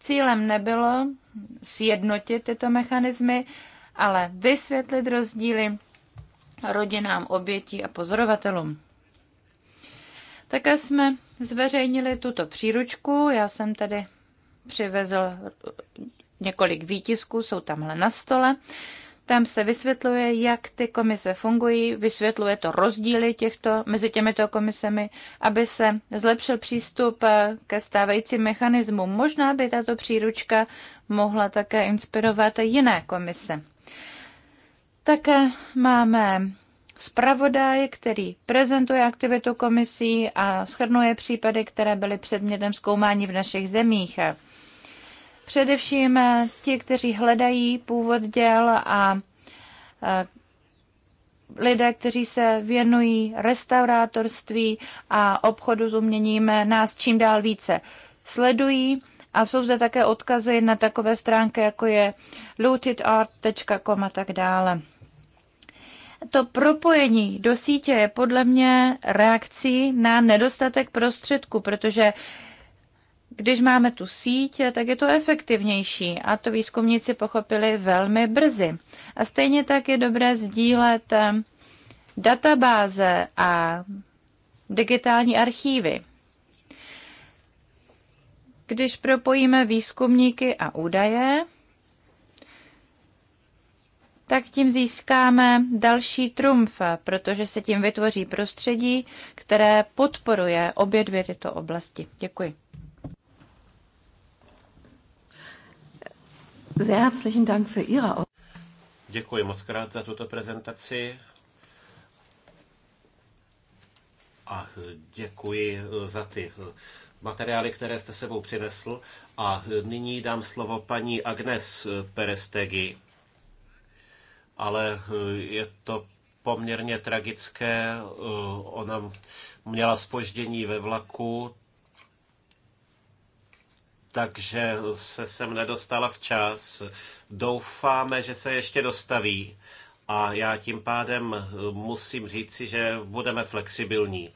Cílem nebylo sjednotit tyto mechanismy, ale vysvětlit rozdíly rodinám obětí a pozorovatelům. Také jsme zveřejnili tuto příručku. Já jsem tady přivezl několik výtisků, jsou tamhle na stole. Tam se vysvětluje, jak ty komise fungují, vysvětluje to rozdíly těchto, mezi těmito komisemi, aby se zlepšil přístup eh, ke stávajícím mechanismům. Možná by tato příručka mohla také inspirovat jiné komise. Také máme zpravodaj, který prezentuje aktivitu komisí a schrnuje případy, které byly předmětem zkoumání v našich zemích. Především eh, ti, kteří hledají původ děl a eh, lidé, kteří se věnují restaurátorství a obchodu s uměním, eh, nás čím dál více sledují. A jsou zde také odkazy na takové stránky, jako je lootedart.com a tak dále to propojení do sítě je podle mě reakcí na nedostatek prostředku, protože když máme tu síť, tak je to efektivnější a to výzkumníci pochopili velmi brzy. A stejně tak je dobré sdílet eh, databáze a digitální archívy. Když propojíme výzkumníky a údaje, tak tím získáme další trumf, protože se tím vytvoří prostředí, které podporuje obě dvě tyto oblasti. Děkuji. für Ihre Děkuji moc krát za tuto prezentaci. A děkuji za ty materiály, které jste sebou přinesl. A nyní dám slovo paní Agnes Perestegi, ale eh, je to poměrně tragické. Eh, ona měla spoždění ve vlaku, takže se sem nedostala včas. Doufáme, že se ještě dostaví a já tím pádem eh, musím říci, že budeme flexibilní.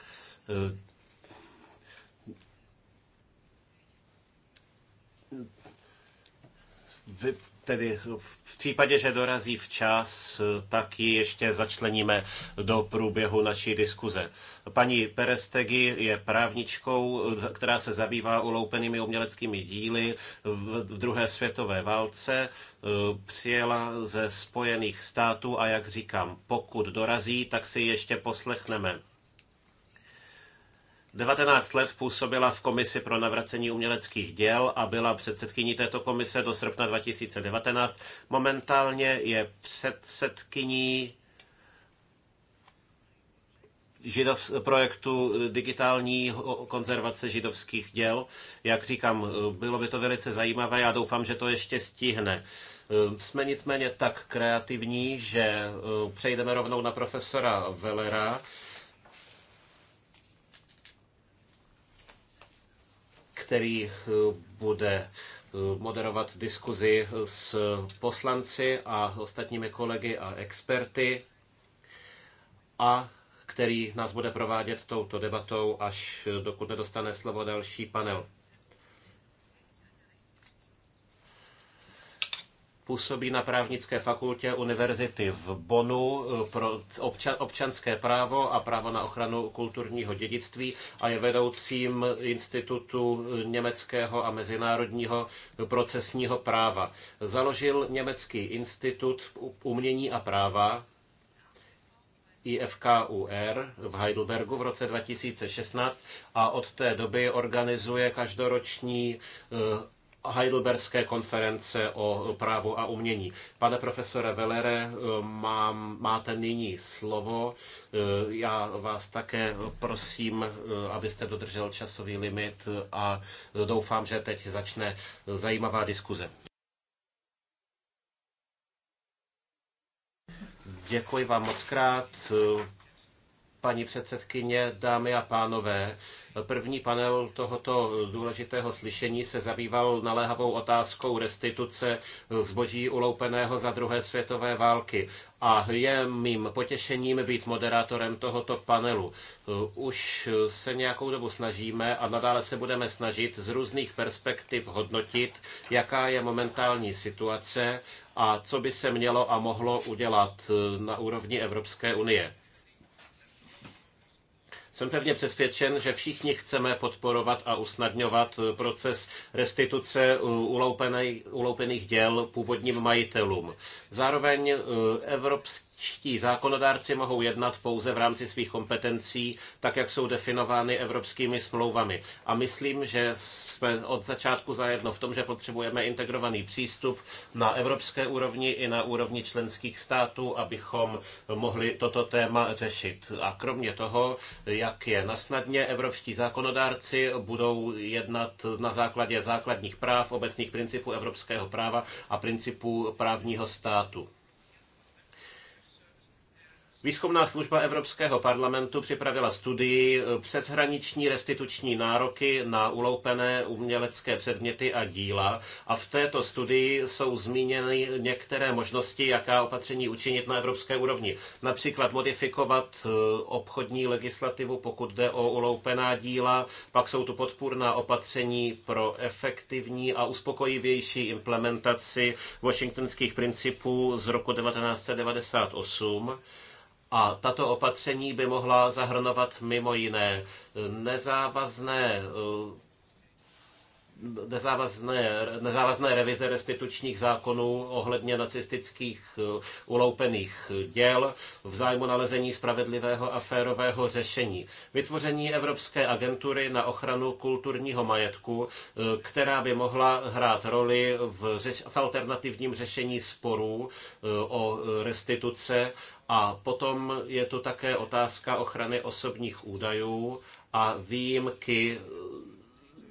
Vy tedy v případě, že dorazí včas, tak ji ještě začleníme do průběhu naší diskuze. Paní Perestegi je právničkou, která se zabývá uloupenými uměleckými díly v druhé světové válce. Přijela ze Spojených států a jak říkám, pokud dorazí, tak si ještě poslechneme 19 let působila v Komisi pro navracení uměleckých děl a byla předsedkyní této komise do srpna 2019. Momentálně je předsedkyní židov, projektu digitální konzervace židovských děl. Jak říkám, bylo by to velice zajímavé, já doufám, že to ještě stihne. Jsme nicméně tak kreativní, že eh, přejdeme rovnou na profesora Velera, který eh, bude eh, moderovat diskuzi s poslanci a ostatními kolegy a experty a který nás bude provádět touto debatou, až eh, dokud nedostane slovo další panel. působí na právnické fakultě univerzity v Bonu eh, pro občanské právo a právo na ochranu kulturního dědictví a je vedoucím institutu eh, německého a mezinárodního eh, procesního práva. Založil Německý institut umění a práva IFKUR v Heidelbergu v roce 2016 a od té doby organizuje každoroční Heidelberské konference o právu a umění. Pane profesore Velere, mám, máte nyní slovo. Já vás také prosím, abyste dodržel časový limit a doufám, že teď začne zajímavá diskuze. Děkuji vám moc krát paní předsedkyně, dámy a pánové. První panel tohoto důležitého slyšení se zabýval naléhavou otázkou restituce zboží uloupeného za druhé světové války. A je mým potěšením být moderátorem tohoto panelu. Už se nějakou dobu snažíme a nadále se budeme snažit z různých perspektiv hodnotit, jaká je momentální situace a co by se mělo a mohlo udělat na úrovni Evropské unie. Jsem pevně přesvědčen, že všichni chceme podporovat a usnadňovat eh, proces restituce eh, uloupených děl původním majitelům. Zároveň eh, evropský Čtí zákonodárci mohou jednat pouze v rámci svých kompetencí, tak jak jsou definovány evropskými smlouvami. A myslím, že jsme od začátku zajedno v tom, že potřebujeme integrovaný přístup na evropské úrovni i na úrovni členských států, abychom mohli toto téma řešit. A kromě toho, jak je nasnadně, evropští zákonodárci budou jednat na základě základních práv, obecných principů evropského práva a principů právního státu. Výzkumná služba Evropského parlamentu připravila studii eh, přeshraniční restituční nároky na uloupené umělecké předměty a díla a v této studii jsou zmíněny některé možnosti, jaká opatření učinit na evropské úrovni. Například modifikovat eh, obchodní legislativu, pokud jde o uloupená díla, pak jsou tu podpůrná opatření pro efektivní a uspokojivější implementaci washingtonských principů z roku 1998 a tato opatření by mohla zahrnovat mimo jiné eh, nezávazné eh, nezávazné, nezávazné revize restitučních zákonů ohledně nacistických eh, uloupených děl v zájmu nalezení spravedlivého a férového řešení. Vytvoření Evropské agentury na ochranu kulturního majetku, která by mohla hrát roli v, řeš, v alternativním řešení sporů o restituce a potom je tu také otázka ochrany osobních údajů a výjimky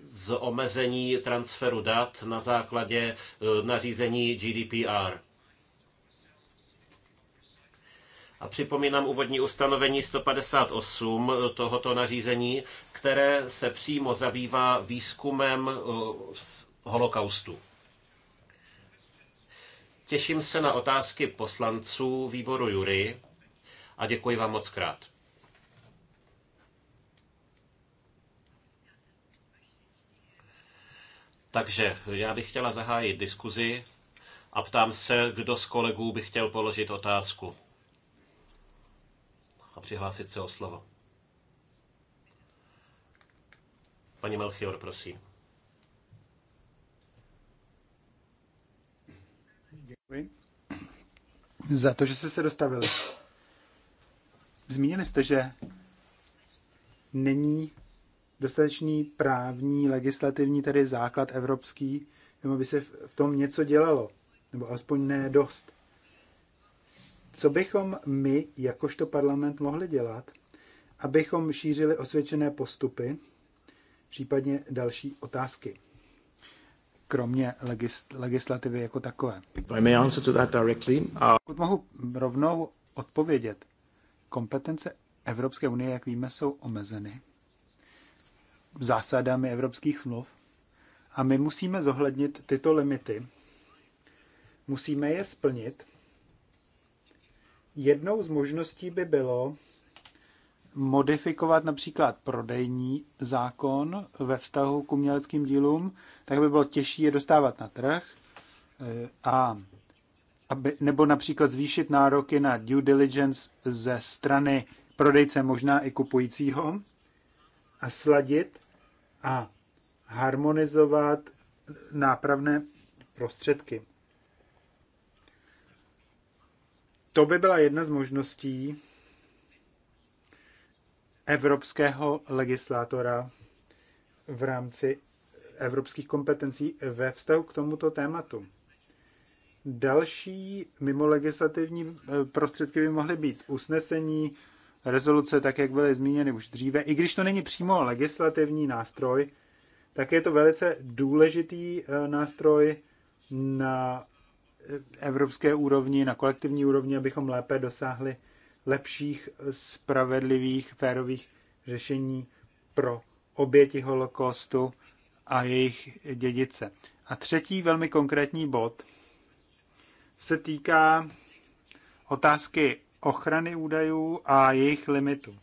z omezení transferu dat na základě eh, nařízení GDPR. A připomínám úvodní ustanovení 158 eh, tohoto nařízení, které se přímo zabývá výzkumem eh, holokaustu. Těším se na otázky poslanců výboru Jury a děkuji vám moc krát. Takže já bych chtěla zahájit diskuzi a ptám se, kdo z kolegů by chtěl položit otázku a přihlásit se o slovo. Paní Melchior, prosím. Děkuji za to, že jste se dostavili. Zmínili jste, že není dostatečný právní, legislativní, tedy základ evropský, nebo by se v tom něco dělalo, nebo aspoň ne dost. Co bychom my, jakožto parlament, mohli dělat, abychom šířili osvědčené postupy, případně další otázky? kromě legislativy jako takové. Uh, Pokud mohu rovnou odpovědět, kompetence Evropské unie, jak víme, jsou omezeny zásadami evropských smluv a my musíme zohlednit tyto limity, musíme je splnit. Jednou z možností by bylo modifikovat například prodejní zákon ve vztahu k uměleckým dílům, tak by bylo těžší je dostávat na trh eh, a aby, nebo například zvýšit nároky na due diligence ze strany prodejce, možná i kupujícího, a sladit a harmonizovat nápravné prostředky. To by byla jedna z možností, evropského legislátora v rámci evropských kompetencí ve vztahu k tomuto tématu. Další mimo legislativní eh, prostředky by mohly být usnesení, rezoluce, tak jak byly zmíněny už dříve. I když to není přímo legislativní nástroj, tak je to velice důležitý eh, nástroj na eh, evropské úrovni, na kolektivní úrovni, abychom lépe dosáhli lepších, spravedlivých, férových řešení pro oběti holokaustu a jejich dědice. A třetí velmi konkrétní bod se týká otázky ochrany údajů a jejich limitů.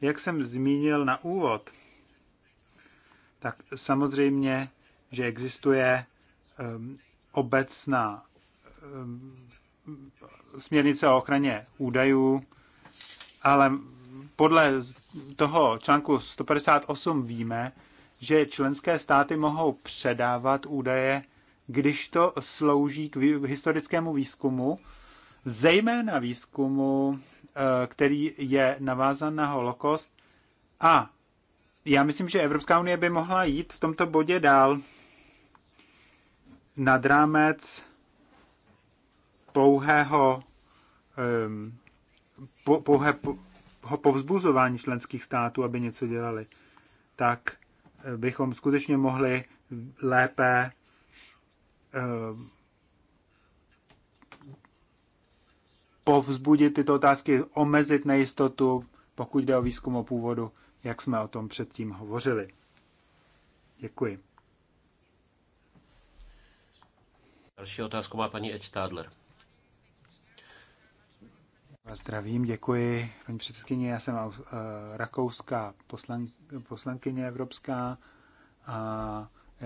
Jak jsem zmínil na úvod, tak samozřejmě, že existuje um, obecná um, směrnice o ochraně údajů, ale podle toho článku 158 víme, že členské státy mohou předávat údaje, když to slouží k historickému výzkumu, zejména výzkumu, eh, který je navázan na holokost. A já myslím, že Evropská unie by mohla jít v tomto bodě dál nad rámec pouhého, ehm, pouhého povzbuzování členských států, aby něco dělali, tak eh, bychom skutečně mohli lépe ehm, povzbudit tyto otázky, omezit nejistotu, pokud jde o výzkum o původu, jak jsme o tom předtím hovořili. Děkuji. Další otázku má paní Edge Stadler. Zdravím, děkuji. Paní předsedkyně, já jsem eh, rakouská poslan, poslankyně evropská a eh,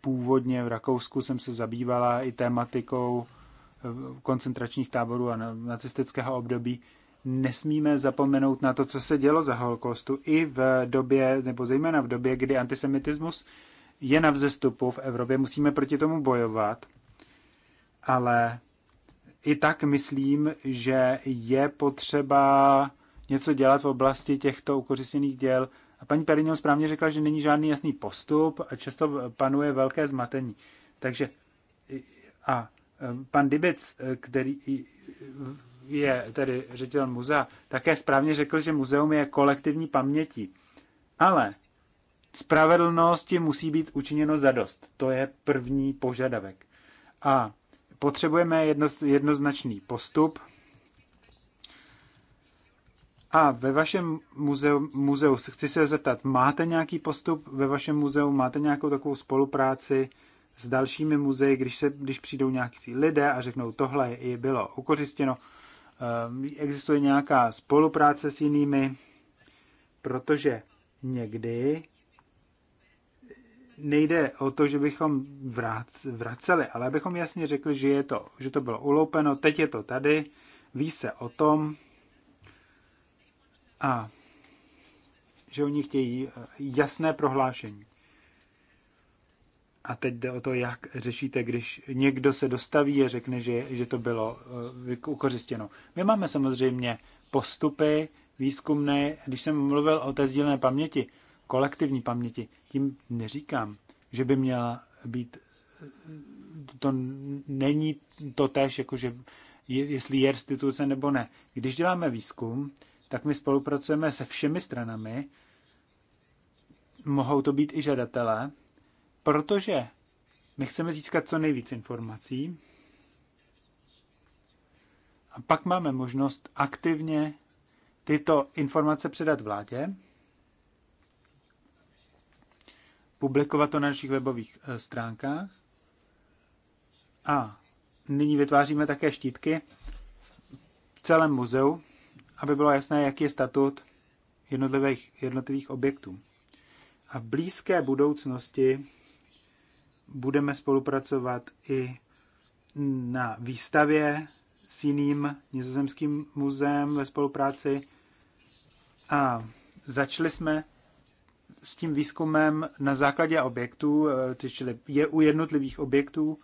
původně v Rakousku jsem se zabývala i tématikou eh, koncentračních táborů a nacistického období. Nesmíme zapomenout na to, co se dělo za holokaustu i v době, nebo zejména v době, kdy antisemitismus je na vzestupu v Evropě. Musíme proti tomu bojovat, ale i tak myslím, že je potřeba něco dělat v oblasti těchto ukořistěných děl. A paní Perignon správně řekla, že není žádný jasný postup a často panuje velké zmatení. Takže a pan Dibec, který je tedy ředitel muzea, také správně řekl, že muzeum je kolektivní pamětí. Ale spravedlnosti musí být učiněno zadost. To je první požadavek. A Potřebujeme jedno, jednoznačný postup. A ve vašem muzeu, muzeu, chci se zeptat, máte nějaký postup ve vašem muzeu, máte nějakou takovou spolupráci s dalšími muzeji, když, se, když přijdou nějaký lidé a řeknou, tohle je bylo ukořistěno, ehm, existuje nějaká spolupráce s jinými, protože někdy nejde o to, že bychom vraceli, ale abychom jasně řekli, že, je to, že to bylo uloupeno, teď je to tady, ví se o tom a že oni chtějí eh, jasné prohlášení. A teď jde o to, jak řešíte, když někdo se dostaví a řekne, že, že to bylo eh, ukořistěno. My máme samozřejmě postupy výzkumné. Když jsem mluvil o té sdílené paměti, kolektivní paměti. Tím neříkám, že by měla být, to není to tež, jako že jestli je restituce nebo ne. Když děláme výzkum, tak my spolupracujeme se všemi stranami, mohou to být i žadatelé, protože my chceme získat co nejvíc informací a pak máme možnost aktivně tyto informace předat vládě, publikovat to na našich webových eh, stránkách. A nyní vytváříme také štítky v celém muzeu, aby bylo jasné, jaký je statut jednotlivých, jednotlivých objektů. A v blízké budoucnosti budeme spolupracovat i na výstavě s jiným nizozemským muzeem ve spolupráci a začali jsme s tím výzkumem na základě objektů, eh, čili je u jednotlivých objektů,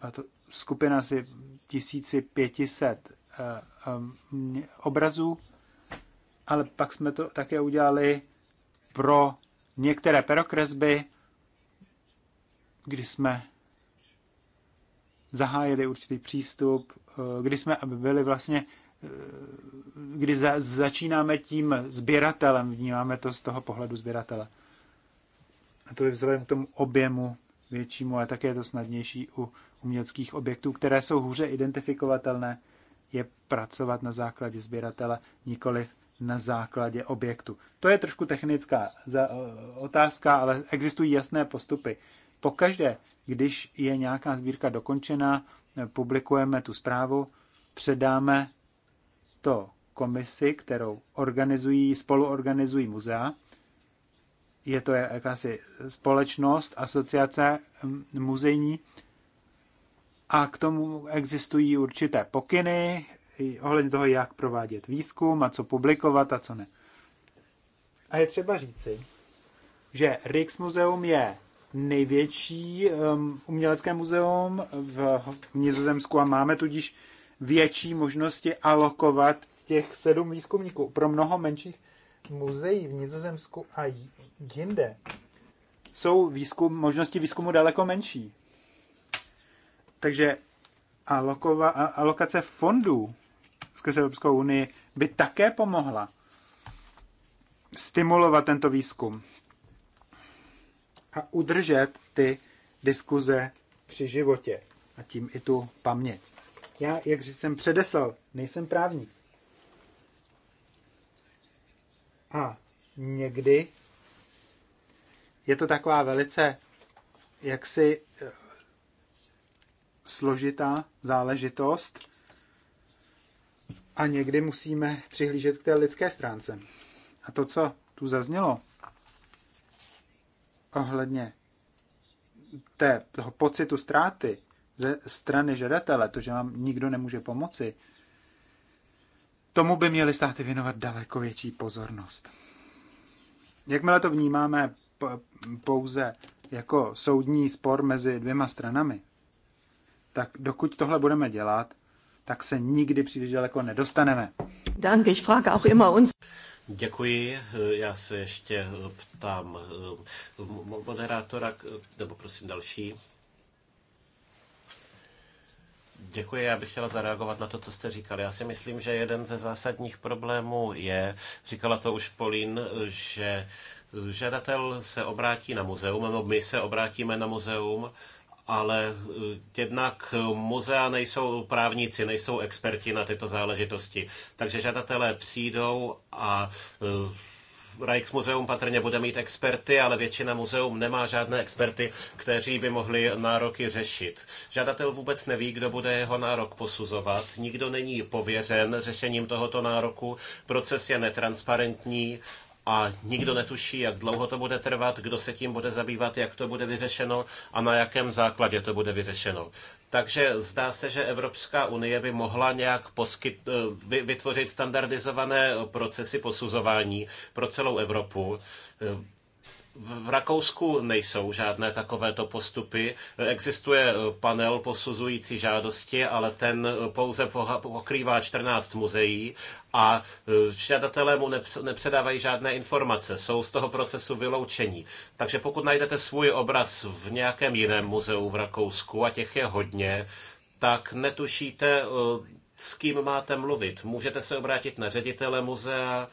a to skupina asi 1500 eh, obrazů, ale pak jsme to také udělali pro některé perokresby, kdy jsme zahájili určitý přístup, eh, kdy jsme byli vlastně kdy za, začínáme tím sběratelem, vnímáme to z toho pohledu sběratele. A to je vzhledem k tomu objemu většímu, ale také je to snadnější u uměleckých objektů, které jsou hůře identifikovatelné, je pracovat na základě sběratele, nikoli na základě objektu. To je trošku technická otázka, ale existují jasné postupy. Pokaždé, když je nějaká sbírka dokončená, publikujeme tu zprávu, předáme to komisi, kterou organizují, spoluorganizují muzea. Je to jakási společnost, asociace muzejní a k tomu existují určité pokyny ohledně toho, jak provádět výzkum a co publikovat a co ne. A je třeba říci, že Rijksmuseum je největší um, umělecké muzeum v Nizozemsku a máme tudíž větší možnosti alokovat těch sedm výzkumníků pro mnoho menších muzeí v Nizozemsku a jinde jsou výzkum, možnosti výzkumu daleko menší. Takže alokova, alokace fondů skrze Evropskou unii by také pomohla stimulovat tento výzkum a udržet ty diskuze při životě a tím i tu paměť. Já, jak jsem předeslal, nejsem právník. A někdy je to taková velice jaksi eh, složitá záležitost a někdy musíme přihlížet k té lidské stránce. A to, co tu zaznělo ohledně té, toho pocitu ztráty, ze strany žadatele, to, že vám nikdo nemůže pomoci, tomu by měli státy věnovat daleko větší pozornost. Jakmile to vnímáme pouze jako soudní spor mezi dvěma stranami, tak dokud tohle budeme dělat, tak se nikdy příliš daleko nedostaneme. Danke, ich frage auch immer uns. Děkuji. Já se ještě ptám eh, moderátora, nebo prosím další. Děkuji, já bych chtěla zareagovat na to, co jste říkali. Já si myslím, že jeden ze zásadních problémů je, říkala to už Polín, že žadatel se obrátí na muzeum, nebo my se obrátíme na muzeum, ale eh, jednak muzea nejsou právníci, nejsou experti na tyto záležitosti. Takže žadatelé přijdou a eh, Rijksmuseum patrně bude mít experty, ale většina muzeum nemá žádné experty, kteří by mohli nároky řešit. Žadatel vůbec neví, kdo bude jeho nárok posuzovat. Nikdo není pověřen řešením tohoto nároku. Proces je netransparentní a nikdo netuší, jak dlouho to bude trvat, kdo se tím bude zabývat, jak to bude vyřešeno a na jakém základě to bude vyřešeno. Takže zdá se, že Evropská unie by mohla nějak poskyt, eh, vytvořit standardizované procesy posuzování pro celou Evropu eh, v Rakousku nejsou žádné takovéto postupy. Existuje eh, panel posuzující žádosti, ale ten eh, pouze pokrývá 14 muzeí a eh, žadatelé mu nepředávají žádné informace, jsou z toho procesu vyloučení. Takže pokud najdete svůj obraz v nějakém jiném muzeu v Rakousku, a těch je hodně, tak netušíte, s kým máte mluvit. Můžete se obrátit na ředitele muzea,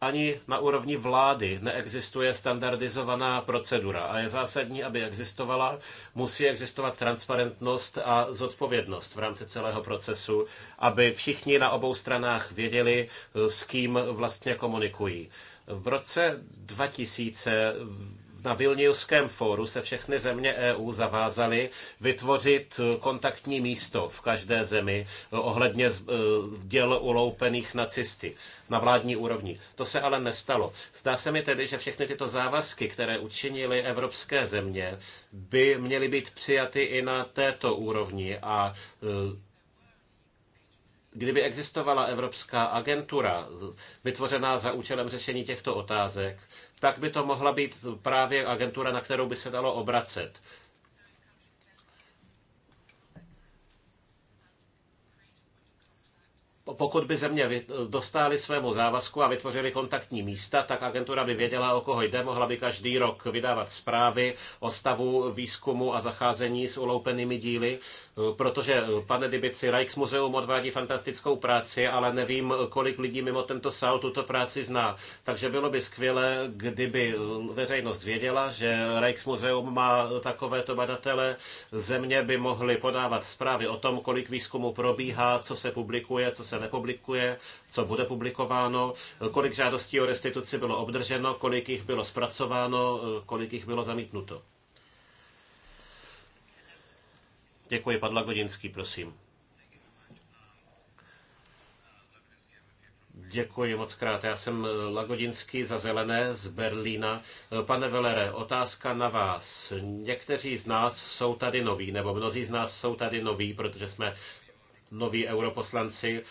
ani na úrovni vlády neexistuje standardizovaná procedura a je zásadní, aby existovala. Musí existovat transparentnost a zodpovědnost v rámci celého procesu, aby všichni na obou stranách věděli, s kým vlastně komunikují. V roce 2000 na Vilniuském fóru se všechny země EU zavázaly vytvořit kontaktní místo v každé zemi ohledně e, děl uloupených nacisty na vládní úrovni. To se ale nestalo. Zdá se mi tedy, že všechny tyto závazky, které učinily evropské země, by měly být přijaty i na této úrovni a e, kdyby existovala evropská agentura vytvořená za účelem řešení těchto otázek, tak by to mohla být právě agentura, na kterou by se dalo obracet. pokud by země dostály svému závazku a vytvořili kontaktní místa, tak agentura by věděla, o koho jde, mohla by každý rok vydávat zprávy o stavu výzkumu a zacházení s uloupenými díly, protože, pane Dibici, Muzeum odvádí fantastickou práci, ale nevím, kolik lidí mimo tento sál tuto práci zná. Takže bylo by skvělé, kdyby veřejnost věděla, že Muzeum má takovéto badatele, země by mohly podávat zprávy o tom, kolik výzkumu probíhá, co se publikuje, co se nepublikuje, co bude publikováno, kolik žádostí o restituci bylo obdrženo, kolik jich bylo zpracováno, kolik jich bylo zamítnuto. Děkuji, pan Lagodinský, prosím. Děkuji moc krát. Já jsem Lagodinský za Zelené z Berlína. Pane Velere, otázka na vás. Někteří z nás jsou tady noví, nebo mnozí z nás jsou tady noví, protože jsme noví europoslanci.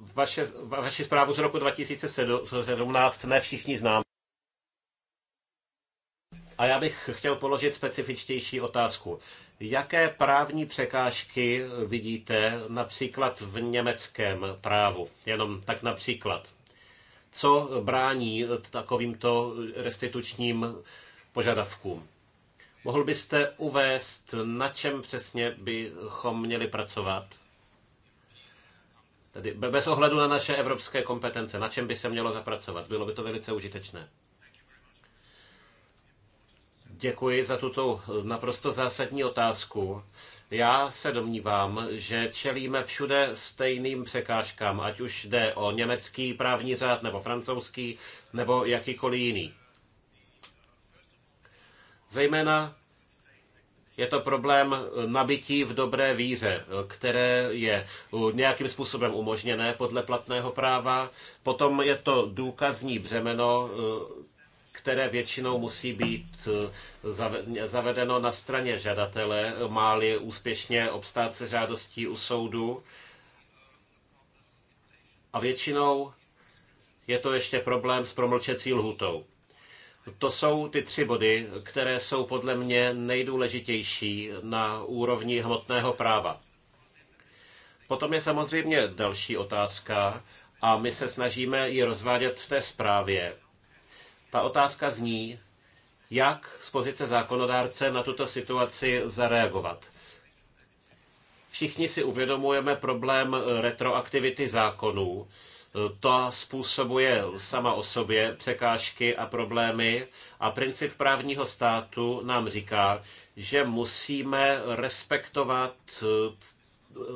Vaše, vaši zprávu z roku 2017 ne všichni znám. A já bych chtěl položit specifičtější otázku. Jaké právní překážky vidíte například v německém právu? Jenom tak například. Co brání takovýmto restitučním požadavkům? Mohl byste uvést, na čem přesně bychom měli pracovat? Tedy bez ohledu na naše evropské kompetence, na čem by se mělo zapracovat. Bylo by to velice užitečné. Děkuji za tuto naprosto zásadní otázku. Já se domnívám, že čelíme všude stejným překážkám, ať už jde o německý právní řád, nebo francouzský, nebo jakýkoliv jiný. Zejména je to problém nabití v dobré víře, které je nějakým způsobem umožněné podle platného práva. Potom je to důkazní břemeno, eh, které většinou musí být eh, zavedeno na straně žadatele, máli úspěšně obstát se žádostí u soudu. A většinou je to ještě problém s promlčecí lhutou. To jsou ty tři body, které jsou podle mě nejdůležitější na úrovni hmotného práva. Potom je samozřejmě další otázka a my se snažíme ji rozvádět v té zprávě. Ta otázka zní, jak z pozice zákonodárce na tuto situaci zareagovat. Všichni si uvědomujeme problém retroaktivity zákonů, to způsobuje sama o sobě překážky a problémy a princip právního státu nám říká, že musíme respektovat eh,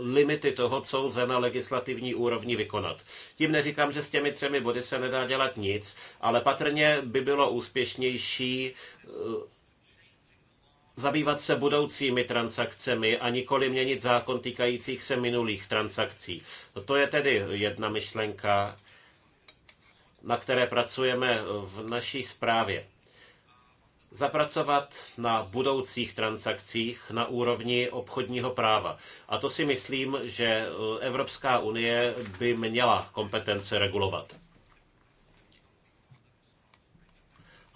limity toho, co lze na legislativní úrovni vykonat. Tím neříkám, že s těmi třemi body se nedá dělat nic, ale patrně by bylo úspěšnější eh, zabývat se budoucími transakcemi a nikoli měnit zákon týkajících se minulých transakcí. No to je tedy jedna myšlenka, na které pracujeme v naší zprávě. Zapracovat na budoucích transakcích na úrovni obchodního práva. A to si myslím, že Evropská unie by měla kompetence regulovat.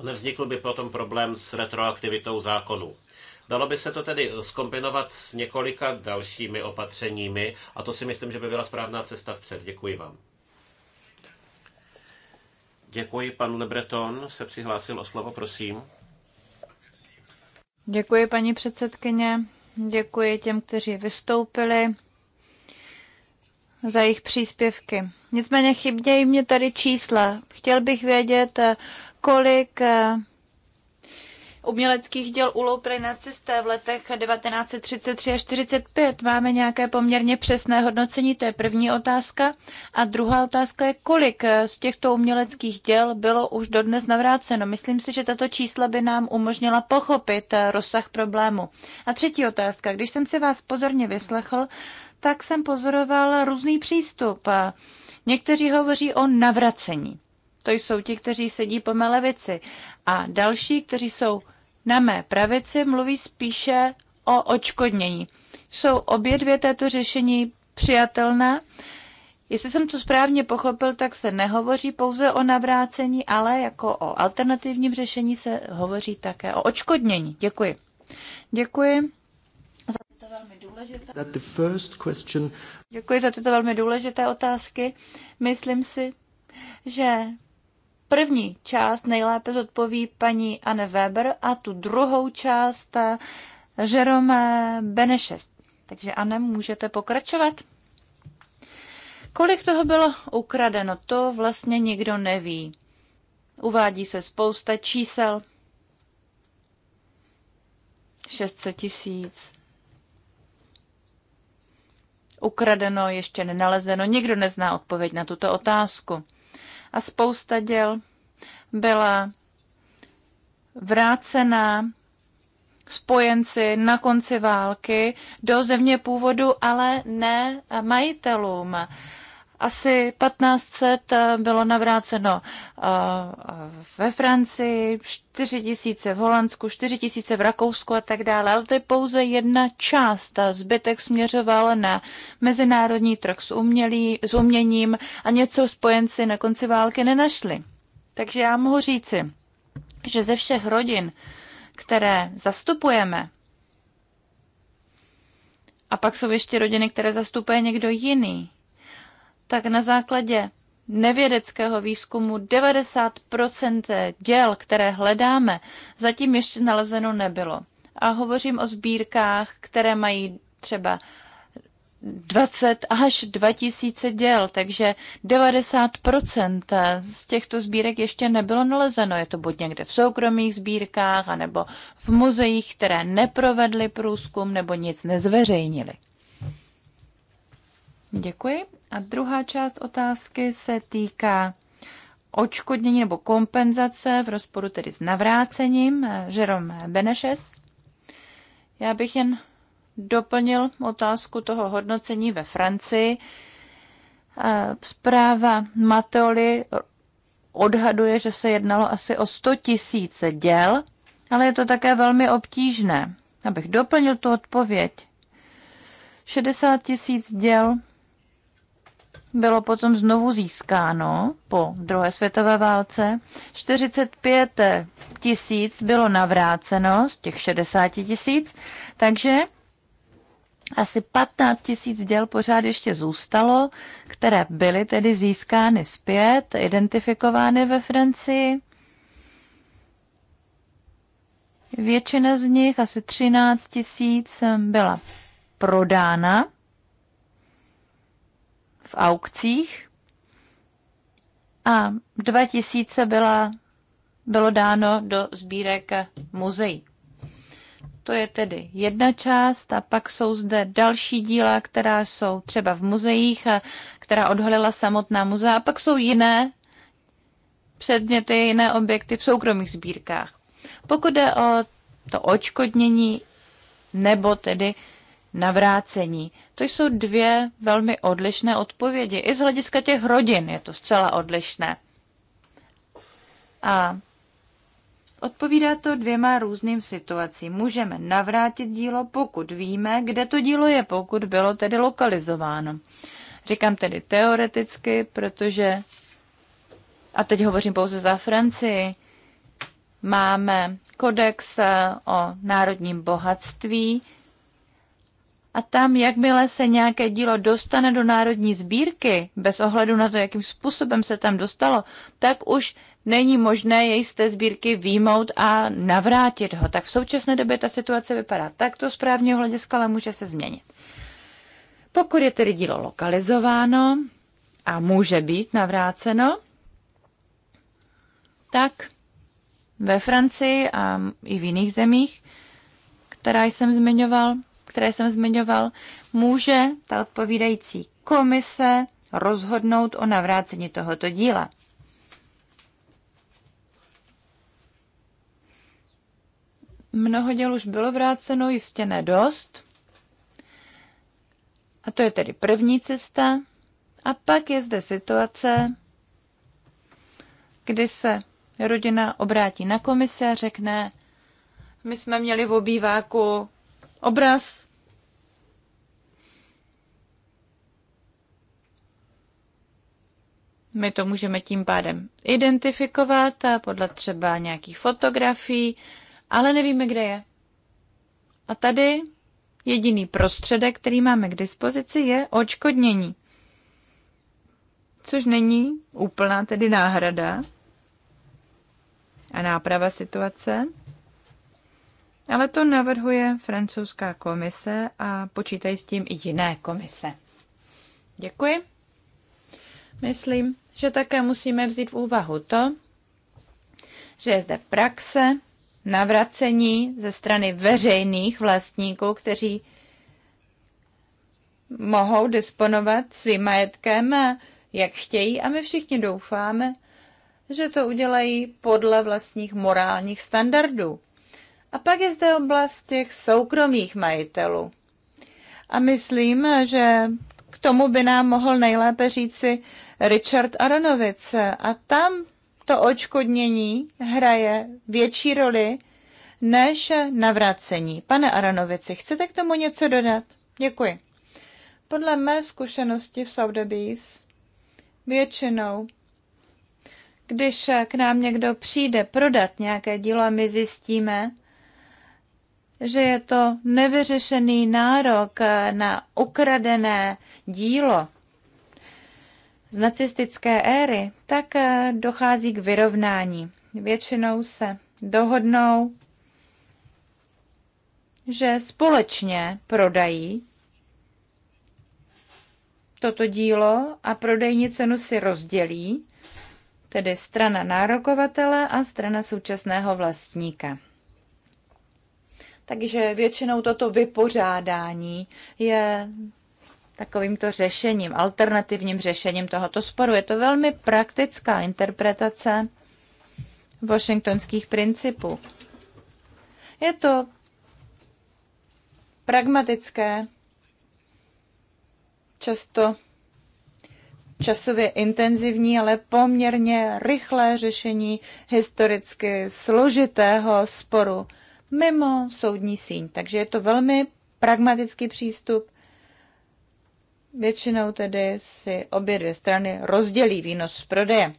Nevznikl by potom problém s retroaktivitou zákonů. Dalo by se to tedy eh, skombinovat s několika dalšími opatřeními a to si myslím, že by byla správná cesta vpřed. Děkuji vám. Děkuji, pan Lebreton se přihlásil o slovo, prosím. Děkuji, paní předsedkyně. Děkuji těm, kteří vystoupili za jejich příspěvky. Nicméně chybějí mě tady čísla. Chtěl bych vědět, eh, kolik eh, uměleckých děl u Loupry nacisté v letech 1933 a 45. Máme nějaké poměrně přesné hodnocení, to je první otázka. A druhá otázka je, kolik z těchto uměleckých děl bylo už dodnes navráceno. Myslím si, že tato čísla by nám umožnila pochopit eh, rozsah problému. A třetí otázka, když jsem si vás pozorně vyslechl, tak jsem pozoroval různý přístup. Někteří hovoří o navracení to jsou ti, kteří sedí po mé levici. A další, kteří jsou na mé pravici, mluví spíše o očkodnění. Jsou obě dvě této řešení přijatelná. Jestli jsem to správně pochopil, tak se nehovoří pouze o navrácení, ale jako o alternativním řešení se hovoří také o očkodnění. Děkuji. Děkuji. Za to, velmi důležité... Question... Děkuji za tyto velmi důležité otázky. Myslím si, že První část nejlépe zodpoví paní Anne Weber a tu druhou část eh, Jerome Benešest. Takže Anne, můžete pokračovat? Kolik toho bylo ukradeno, to vlastně nikdo neví. Uvádí se spousta čísel. 600 tisíc. Ukradeno, ještě nenalezeno. Nikdo nezná odpověď na tuto otázku a spousta děl byla vrácena spojenci na konci války do země původu, ale ne majitelům. Asi 1500 eh, bylo navráceno eh, ve Francii, 4000 v Holandsku, 4000 v Rakousku a tak dále, ale to je pouze jedna část. A zbytek směřoval na mezinárodní trh s, umělí, s uměním a něco spojenci na konci války nenašli. Takže já mohu říci, že ze všech rodin, které zastupujeme, a pak jsou ještě rodiny, které zastupuje někdo jiný tak na základě nevědeckého výzkumu 90% děl, které hledáme, zatím ještě nalezeno nebylo. A hovořím o sbírkách, které mají třeba 20 až 2000 děl, takže 90% z těchto sbírek ještě nebylo nalezeno. Je to buď někde v soukromých sbírkách, anebo v muzeích, které neprovedly průzkum nebo nic nezveřejnili. Děkuji. A druhá část otázky se týká očkodnění nebo kompenzace v rozporu tedy s navrácením Žerom eh, Benešes. Já bych jen doplnil otázku toho hodnocení ve Francii. Eh, zpráva Mateoli odhaduje, že se jednalo asi o 100 000 děl, ale je to také velmi obtížné. Abych doplnil tu odpověď. 60 tisíc děl bylo potom znovu získáno po druhé světové válce. 45 tisíc bylo navráceno z těch 60 tisíc, takže asi 15 tisíc děl pořád ještě zůstalo, které byly tedy získány zpět, identifikovány ve Francii. Většina z nich, asi 13 tisíc, byla prodána v aukcích a 2000 byla, bylo dáno do sbírek muzeí. To je tedy jedna část a pak jsou zde další díla, která jsou třeba v muzeích, a která odhalila samotná muzea a pak jsou jiné předměty, jiné objekty v soukromých sbírkách. Pokud jde o to očkodnění nebo tedy navrácení, to jsou dvě velmi odlišné odpovědi. I z hlediska těch rodin je to zcela odlišné. A odpovídá to dvěma různým situacím. Můžeme navrátit dílo, pokud víme, kde to dílo je, pokud bylo tedy lokalizováno. Říkám tedy teoreticky, protože, a teď hovořím pouze za Francii, máme kodex eh, o národním bohatství, a tam, jakmile se nějaké dílo dostane do národní sbírky, bez ohledu na to, jakým způsobem se tam dostalo, tak už není možné jej z té sbírky výmout a navrátit ho. Tak v současné době ta situace vypadá takto správně právního hlediska, ale může se změnit. Pokud je tedy dílo lokalizováno a může být navráceno, tak ve Francii a i v jiných zemích, která jsem zmiňoval, které jsem zmiňoval, může ta odpovídající komise rozhodnout o navrácení tohoto díla. Mnoho děl už bylo vráceno, jistě nedost. A to je tedy první cesta. A pak je zde situace, kdy se rodina obrátí na komise a řekne, my jsme měli v obýváku obraz My to můžeme tím pádem identifikovat podle třeba nějakých fotografií, ale nevíme, kde je. A tady jediný prostředek, který máme k dispozici, je očkodnění. Což není úplná tedy náhrada a náprava situace, ale to navrhuje francouzská komise a počítají s tím i jiné komise. Děkuji. Myslím, že také musíme vzít v úvahu to, že je zde praxe navracení ze strany veřejných vlastníků, kteří mohou disponovat svým majetkem, jak chtějí a my všichni doufáme, že to udělají podle vlastních morálních standardů. A pak je zde oblast těch soukromých majitelů. A myslím, že tomu by nám mohl nejlépe říci Richard Aronovic. A tam to očkodnění hraje větší roli než navrácení Pane Aronovici, chcete k tomu něco dodat? Děkuji. Podle mé zkušenosti v Saudabies většinou, když k nám někdo přijde prodat nějaké dílo a my zjistíme, že je to nevyřešený nárok na ukradené dílo z nacistické éry, tak dochází k vyrovnání. Většinou se dohodnou, že společně prodají toto dílo a prodejní cenu si rozdělí, tedy strana nárokovatele a strana současného vlastníka. Takže většinou toto vypořádání je takovýmto řešením, alternativním řešením tohoto sporu. Je to velmi praktická interpretace washingtonských principů. Je to pragmatické, často časově intenzivní, ale poměrně rychlé řešení historicky složitého sporu mimo soudní síň. Takže je to velmi pragmatický přístup. Většinou tedy si obě dvě strany rozdělí výnos z prodeje.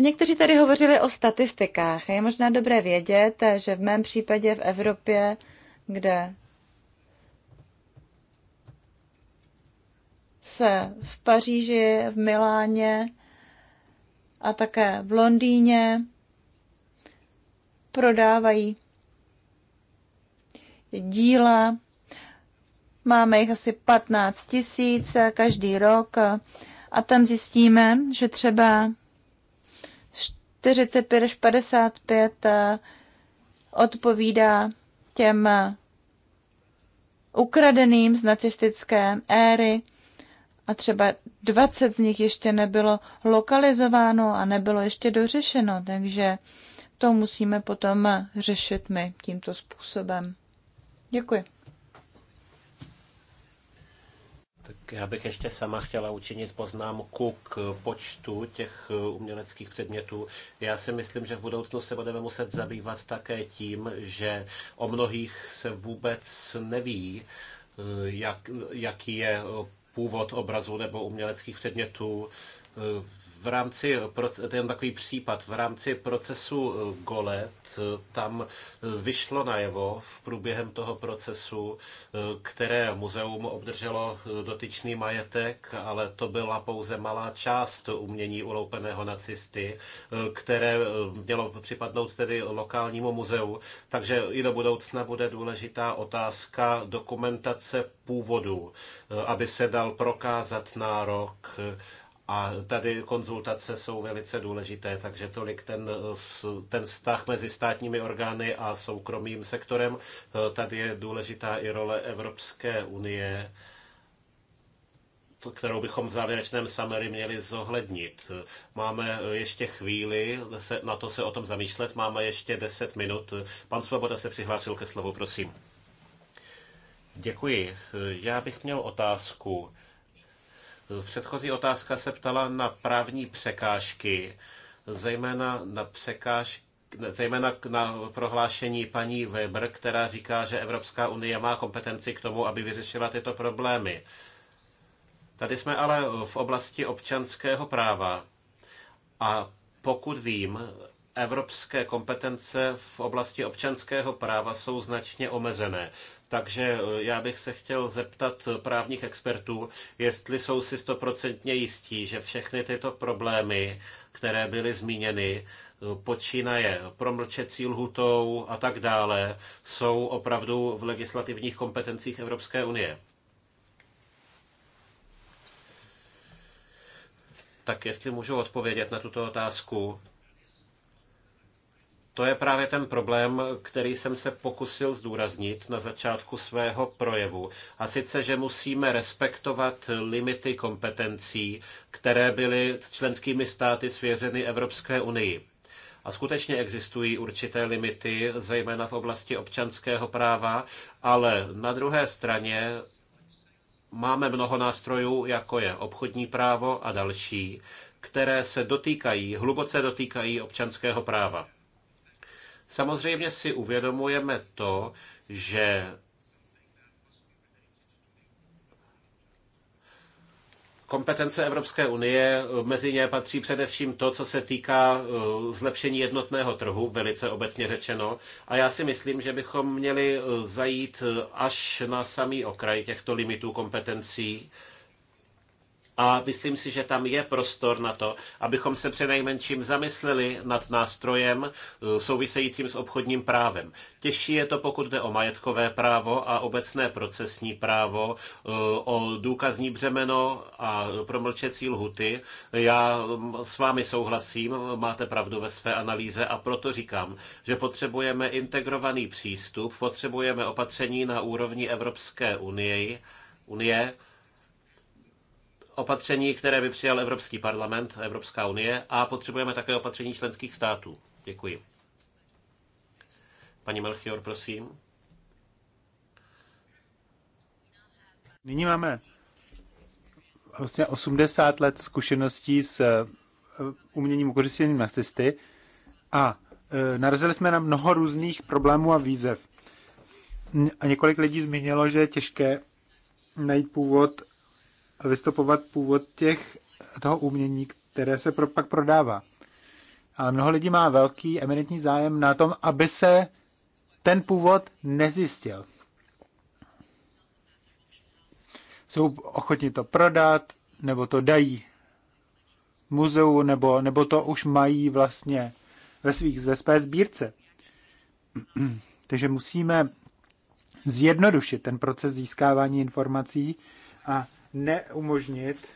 Někteří tady hovořili o statistikách. Je možná dobré vědět, že v mém případě v Evropě, kde se v Paříži, v Miláně a také v Londýně prodávají díla. Máme jich asi 15 tisíc každý rok a tam zjistíme, že třeba 45 až 55 odpovídá těm ukradeným z nacistické éry a třeba 20 z nich ještě nebylo lokalizováno a nebylo ještě dořešeno, takže to musíme potom řešit my tímto způsobem. Děkuji. Tak já bych ještě sama chtěla učinit poznámku k počtu těch eh, uměleckých předmětů. Já si myslím, že v budoucnu se budeme muset zabývat také tím, že o mnohých se vůbec neví, eh, jak, jaký je eh, původ obrazu nebo uměleckých předmětů v rámci, ten takový případ, v rámci procesu eh, Golet, eh, tam eh, vyšlo najevo v průběhem toho procesu, které muzeum obdrželo dotyčný majetek, ale to byla pouze malá část umění uloupeného nacisty, které mělo připadnout tedy lokálnímu muzeu. Takže i do budoucna bude důležitá otázka dokumentace původu, aby se dal prokázat nárok a tady konzultace jsou velice důležité, takže tolik ten, ten vztah mezi státními orgány a soukromým sektorem. Tady je důležitá i role Evropské unie kterou bychom v závěrečném summary měli zohlednit. Máme ještě chvíli se, na to se o tom zamýšlet, máme ještě 10 minut. Pan Svoboda se přihlásil ke slovu, prosím. Děkuji. Já bych měl otázku Předchozí otázka se ptala na právní překážky, zejména na překážky zejména na prohlášení paní Weber, která říká, že Evropská unie má kompetenci k tomu, aby vyřešila tyto problémy. Tady jsme ale v oblasti občanského práva a pokud vím, evropské kompetence v oblasti občanského práva jsou značně omezené. Takže e, já bych se chtěl zeptat právních expertů, jestli jsou si stoprocentně jistí, že všechny tyto problémy, které byly zmíněny, e, počínaje promlčecí lhutou a tak dále, jsou opravdu v legislativních kompetencích Evropské unie. Tak jestli můžu odpovědět na tuto otázku, to je právě ten problém, který jsem se pokusil zdůraznit na začátku svého projevu. A sice, že musíme respektovat limity kompetencí, které byly členskými státy svěřeny Evropské unii. A skutečně existují určité limity, zejména v oblasti občanského práva, ale na druhé straně máme mnoho nástrojů, jako je obchodní právo a další, které se dotýkají, hluboce dotýkají občanského práva. Samozřejmě si uvědomujeme to, že kompetence Evropské unie, mezi ně patří především to, co se týká eh, zlepšení jednotného trhu, velice obecně řečeno. A já si myslím, že bychom měli eh, zajít eh, až na samý okraj těchto limitů kompetencí a myslím si, že tam je prostor na to, abychom se přenejmenším zamysleli nad nástrojem e, souvisejícím s obchodním právem. Těžší je to, pokud jde o majetkové právo a obecné procesní právo, e, o důkazní břemeno a promlčecí lhuty. Já s vámi souhlasím, máte pravdu ve své analýze a proto říkám, že potřebujeme integrovaný přístup, potřebujeme opatření na úrovni Evropské unie, unie opatření, které by přijal Evropský parlament a Evropská unie a potřebujeme také opatření členských států. Děkuji. Paní Melchior, prosím. Nyní máme vlastně 80 let zkušeností s eh, uměním ukořistěným nacisty a eh, narazili jsme na mnoho různých problémů a výzev. A několik lidí zmínilo, že je těžké najít původ vystupovat původ těch, toho umění, které se pro, pak prodává. Ale mnoho lidí má velký eminentní zájem na tom, aby se ten původ nezjistil. Jsou ochotni to prodat, nebo to dají muzeu, nebo, nebo to už mají vlastně ve, svých, ve své sbírce. Takže musíme zjednodušit ten proces získávání informací a neumožnit,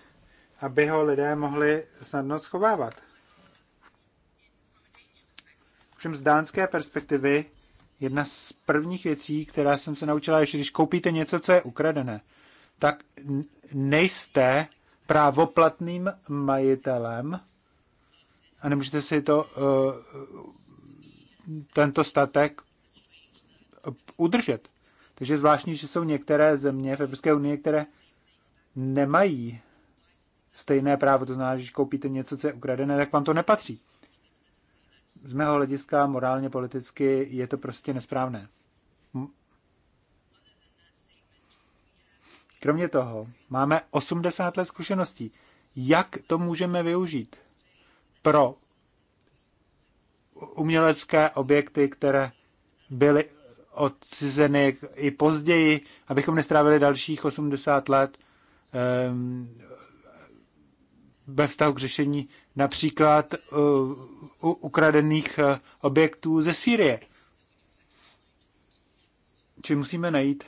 aby ho lidé mohli snadno schovávat. Všem z dánské perspektivy jedna z prvních věcí, která jsem se naučila, je, že když koupíte něco, co je ukradené, tak nejste právoplatným majitelem a nemůžete si to, eh, tento statek udržet. Takže je zvláštní, že jsou některé země v Evropské unii, které nemají stejné právo, to znamená, že koupíte něco, co je ukradené, tak vám to nepatří. Z mého hlediska, morálně, politicky, je to prostě nesprávné. Kromě toho, máme 80 let zkušeností. Jak to můžeme využít pro umělecké objekty, které byly odcizeny i později, abychom nestrávili dalších 80 let Ehm, ve vztahu k řešení například eh, ukradených eh, objektů ze Sýrie. Či musíme najít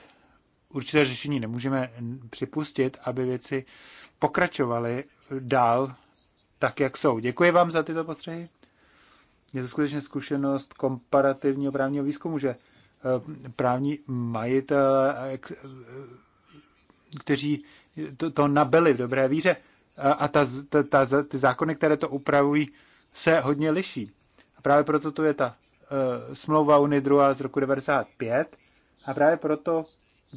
určité řešení. Nemůžeme připustit, aby věci pokračovaly dál tak, jak jsou. Děkuji vám za tyto postřehy. Je to skutečně zkušenost komparativního právního výzkumu, že eh, právní majitel kteří to, to nabili v dobré víře. A, a ta, ta, ta, ty zákony, které to upravují, se hodně liší. A právě proto to je ta uh, smlouva UNIDRUA z roku 95 a právě proto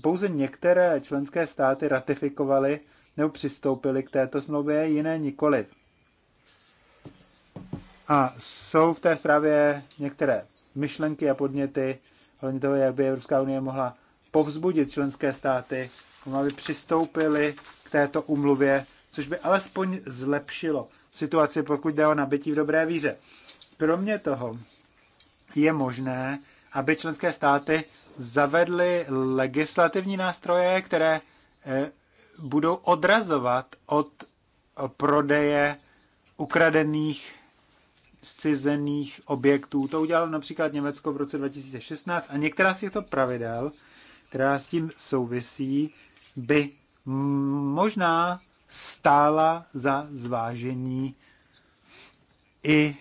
pouze některé členské státy ratifikovaly nebo přistoupily k této smlouvě, jiné nikoliv. A jsou v té zprávě některé myšlenky a podněty, hlavně toho, jak by Evropská unie mohla povzbudit členské státy aby přistoupili k této umluvě, což by alespoň zlepšilo situaci, pokud jde o nabití v dobré víře. Kromě toho je možné, aby členské státy zavedly legislativní nástroje, které eh, budou odrazovat od eh, prodeje ukradených zcizených objektů. To udělalo například Německo v roce 2016 a některá z těchto pravidel, která s tím souvisí, by možná stála za zvážení i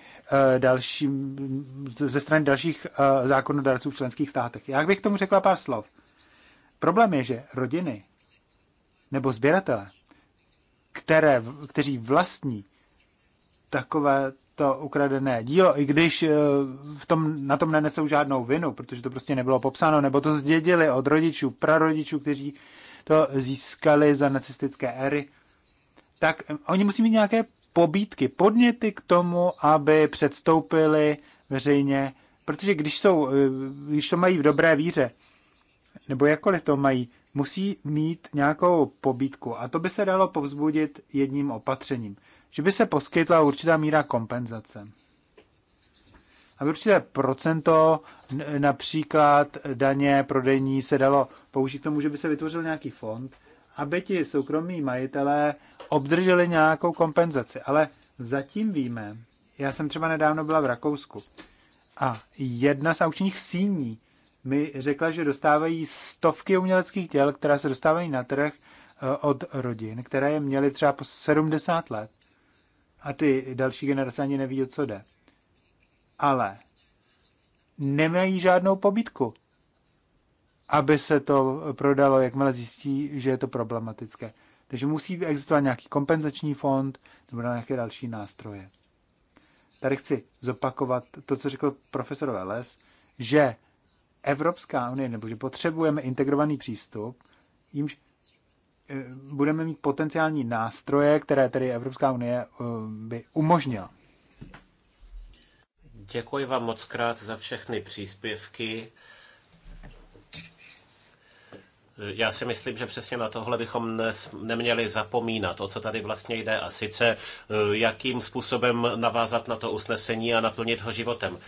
e, další, ze strany dalších e, zákonodárců v členských státech. Já bych k tomu řekla pár slov. Problém je, že rodiny nebo sběratele, které, kteří vlastní takové to ukradené dílo, i když e, v tom, na tom nenesou žádnou vinu, protože to prostě nebylo popsáno, nebo to zdědili od rodičů, prarodičů, kteří to získali za nacistické éry, tak oni musí mít nějaké pobídky, podněty k tomu, aby předstoupili veřejně, protože když, jsou, eh, když to mají v dobré víře, nebo jakkoliv to mají, musí mít nějakou pobídku. A to by se dalo povzbudit jedním opatřením, že by se poskytla určitá míra kompenzace. A určité procento například daně prodejní se dalo použít k tomu, že by se vytvořil nějaký fond, aby ti soukromí majitelé obdrželi nějakou kompenzaci. Ale zatím víme, já jsem třeba nedávno byla v Rakousku a jedna z aukčních síní mi řekla, že dostávají stovky uměleckých děl, která se dostávají na trh eh, od rodin, které je měly třeba po 70 let. A ty další generace ani neví, o co jde ale nemají žádnou pobytku, aby se to prodalo, jakmile zjistí, že je to problematické. Takže musí existovat nějaký kompenzační fond nebo nějaké další nástroje. Tady chci zopakovat to, co řekl profesor Veles, že Evropská unie, nebo že potřebujeme integrovaný přístup, jimž eh, budeme mít potenciální nástroje, které tedy Evropská unie eh, by umožnila. Děkuji vám moc krát za všechny příspěvky. Já si myslím, že přesně na tohle bychom neměli zapomínat, o co tady vlastně jde a sice e, jakým způsobem navázat na to usnesení a naplnit ho životem. E,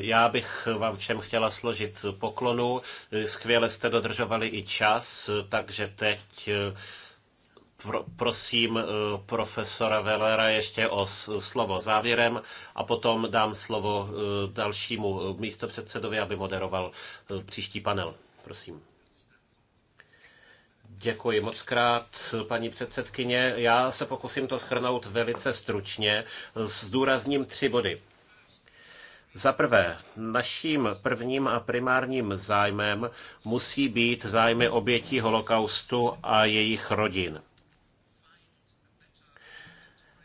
já bych vám všem chtěla složit poklonu, e, skvěle jste dodržovali i čas, takže teď pro, prosím eh, profesora Velera ještě o slovo závěrem a potom dám slovo eh, dalšímu eh, místopředsedovi, aby moderoval příští panel. Prosím. Děkuji moc krát, paní předsedkyně. Já se pokusím to schrnout velice stručně. Zdůrazním tři body. Za prvé, naším prvním a primárním zájmem musí být zájmy obětí holokaustu a jejich rodin.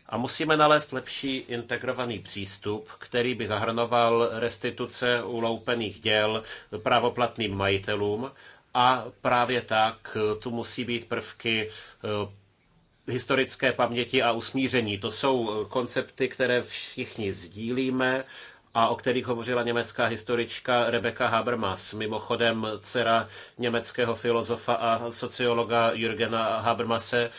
A musíme nalézt lepší integrovaný přístup, který by zahrnoval restituce uloupených děl právoplatným majitelům a právě tak eh, tu musí být prvky eh, historické paměti a usmíření. To jsou eh, koncepty, které všichni sdílíme a o kterých hovořila německá historička Rebecca Habermas, mimochodem dcera německého filozofa a sociologa Jürgena Habermase,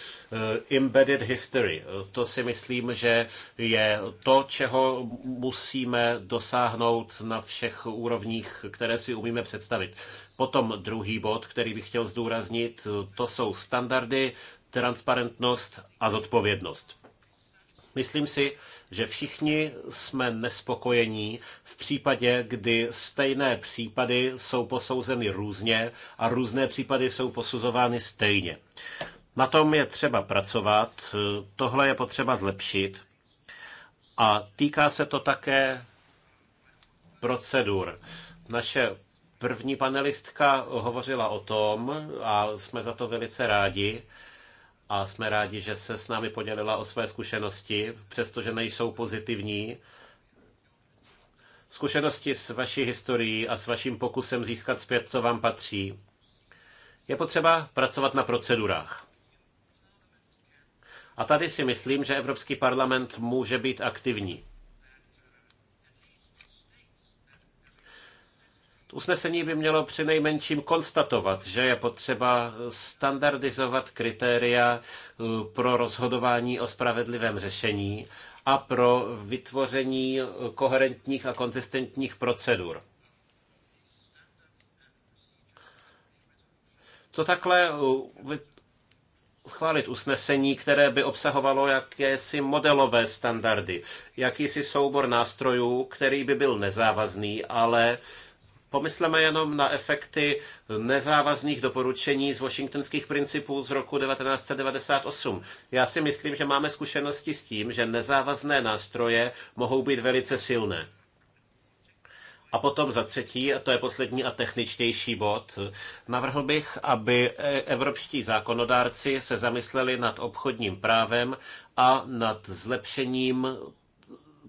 eh, Embedded History. To si myslím, že je to, čeho musíme dosáhnout na všech úrovních, které si umíme představit. Potom druhý bod, který bych chtěl zdůraznit, to jsou standardy, transparentnost a zodpovědnost. Myslím si, že všichni jsme nespokojení v případě, kdy stejné případy jsou posouzeny různě a různé případy jsou posuzovány stejně. Na tom je třeba pracovat, tohle je potřeba zlepšit a týká se to také procedur. Naše první panelistka hovořila o tom, a jsme za to velice rádi, a jsme rádi, že se s námi podělila o své zkušenosti, přestože nejsou pozitivní. Zkušenosti s vaší historií a s vaším pokusem získat zpět, co vám patří. Je potřeba pracovat na procedurách. A tady si myslím, že Evropský parlament může být aktivní. Usnesení by mělo přinejmenším konstatovat, že je potřeba standardizovat kritéria eh, pro rozhodování o spravedlivém řešení a pro vytvoření eh, koherentních a konzistentních procedur. Co takhle eh, schválit usnesení, které by obsahovalo jakési modelové standardy, jakýsi soubor nástrojů, který by byl nezávazný, ale Pomysleme jenom na efekty nezávazných doporučení z washingtonských principů z roku 1998. Já si myslím, že máme zkušenosti s tím, že nezávazné nástroje mohou být velice silné. A potom za třetí, a to je poslední a techničtější bod, navrhl bych, aby e, evropští zákonodárci se zamysleli nad obchodním právem a nad zlepšením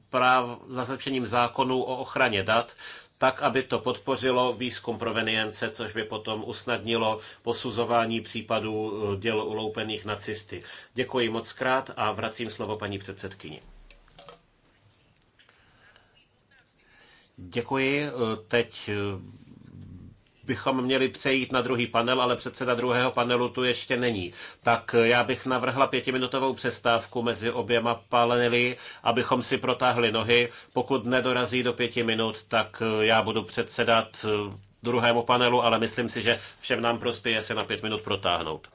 práv, za zlepšením zákonů o ochraně dat, tak, aby to podpořilo výzkum provenience, což by potom usnadnilo posuzování případů eh, děl uloupených nacisty. Děkuji moc krát a vracím slovo paní předsedkyni. Děkuji. Eh, teď eh, bychom měli přejít na druhý panel, ale předseda druhého panelu tu ještě není. Tak já bych navrhla pětiminutovou přestávku mezi oběma panely, abychom si protáhli nohy. Pokud nedorazí do pěti minut, tak já budu předsedat eh, druhému panelu, ale myslím si, že všem nám prospěje se na pět minut protáhnout.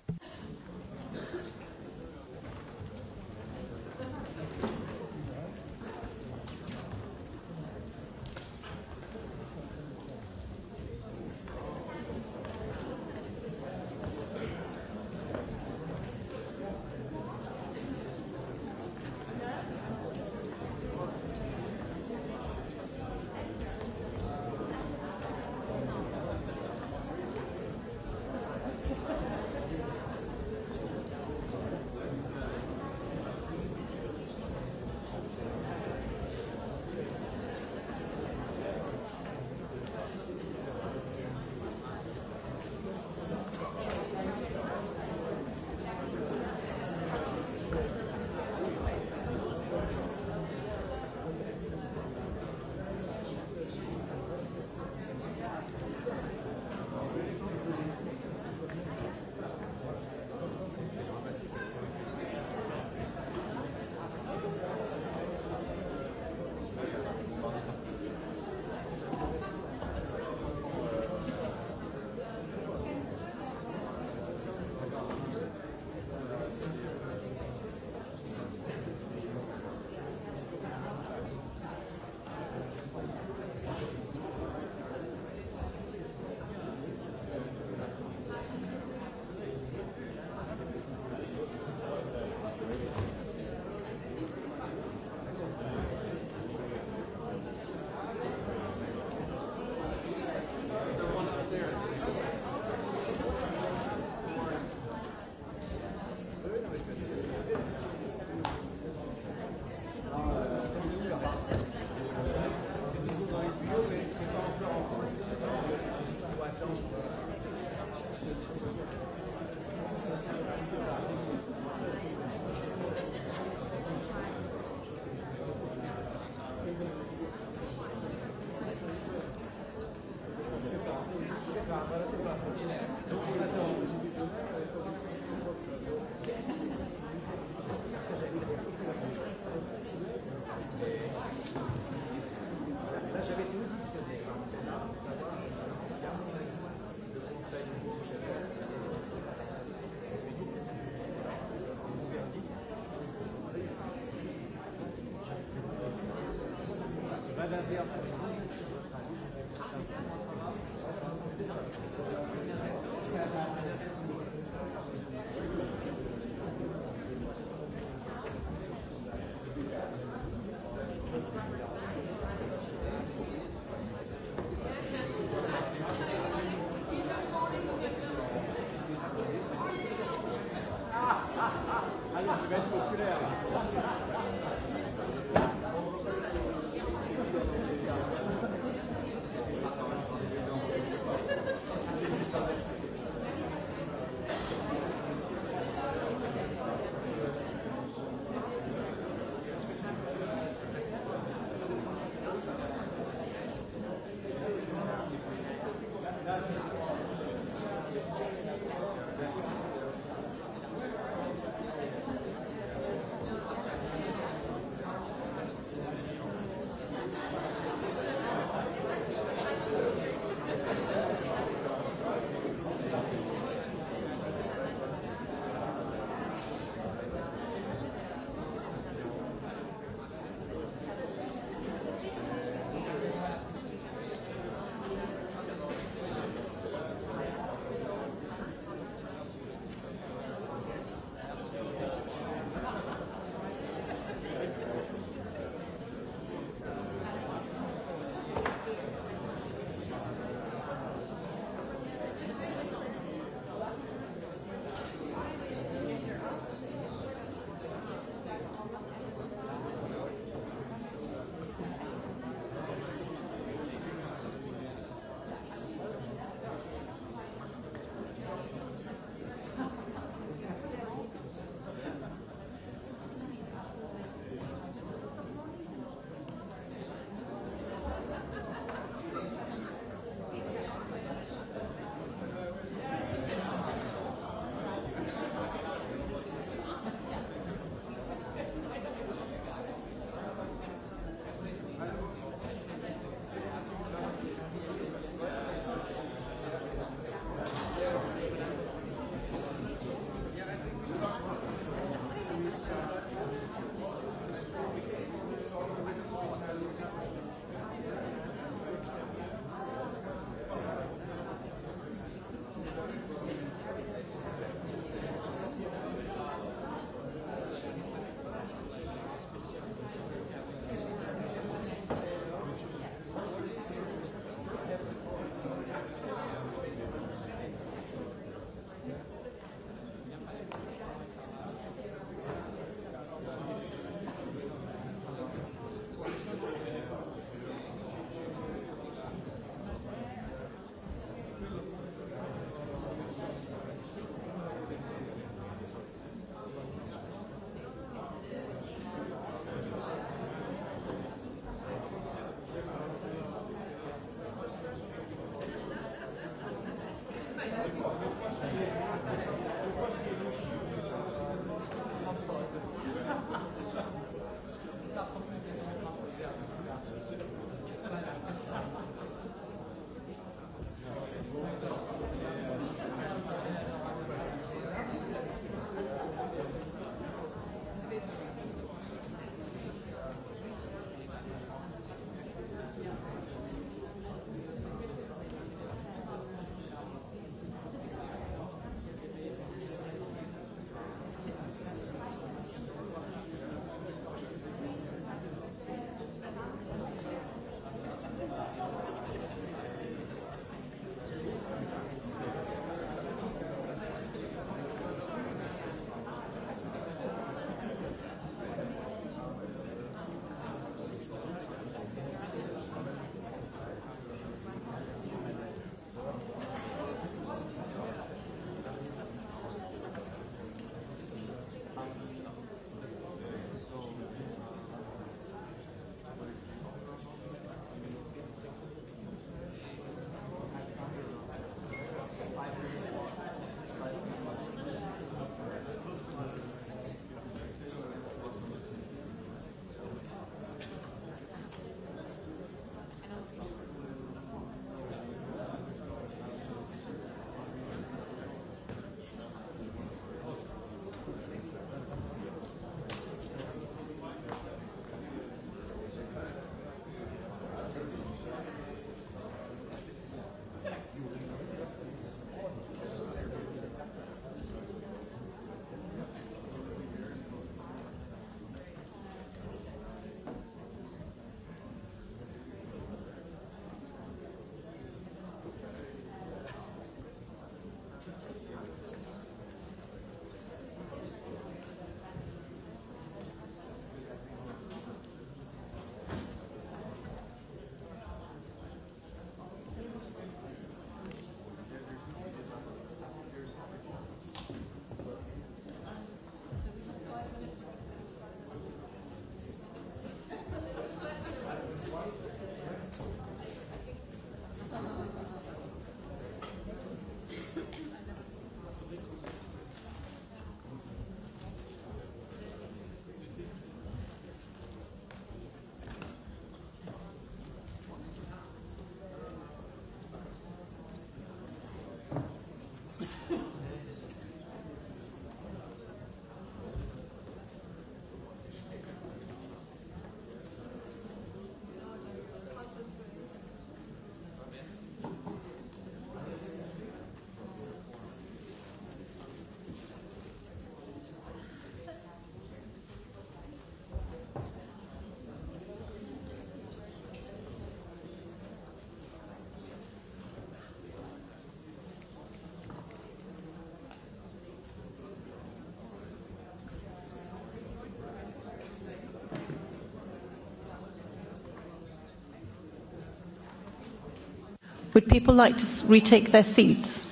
Would people like to retake their seats?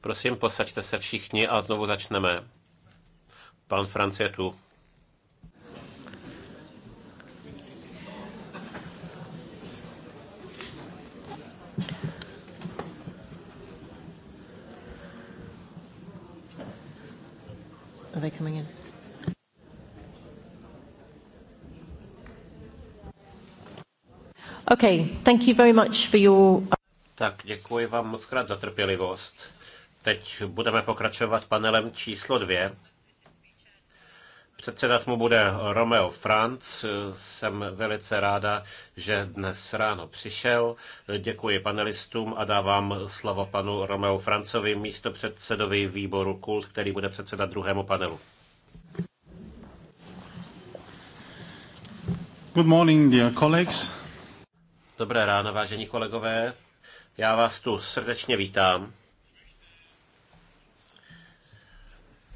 Prosím, posaďte se všichni a znovu začneme. Pan Franc je tu. Are they coming in? Okay, thank you very much for your tak děkuji vám moc krát za trpělivost. Teď budeme pokračovat panelem číslo dvě. Předsedat mu bude Romeo Franc. Jsem velice ráda, že dnes ráno přišel. Děkuji panelistům a dávám slovo panu Romeo Francovi, místo předsedovi výboru KULT, který bude předsedat druhému panelu. Good morning, dear colleagues. Dobré ráno, vážení kolegové. Já vás tu srdečně vítám.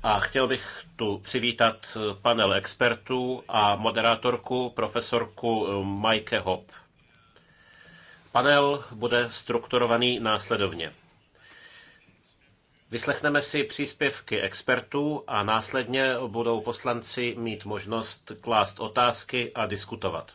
A chtěl bych tu přivítat panel expertů a moderátorku profesorku Majke Hop. Panel bude strukturovaný následovně. Vyslechneme si příspěvky expertů a následně budou poslanci mít možnost klást otázky a diskutovat.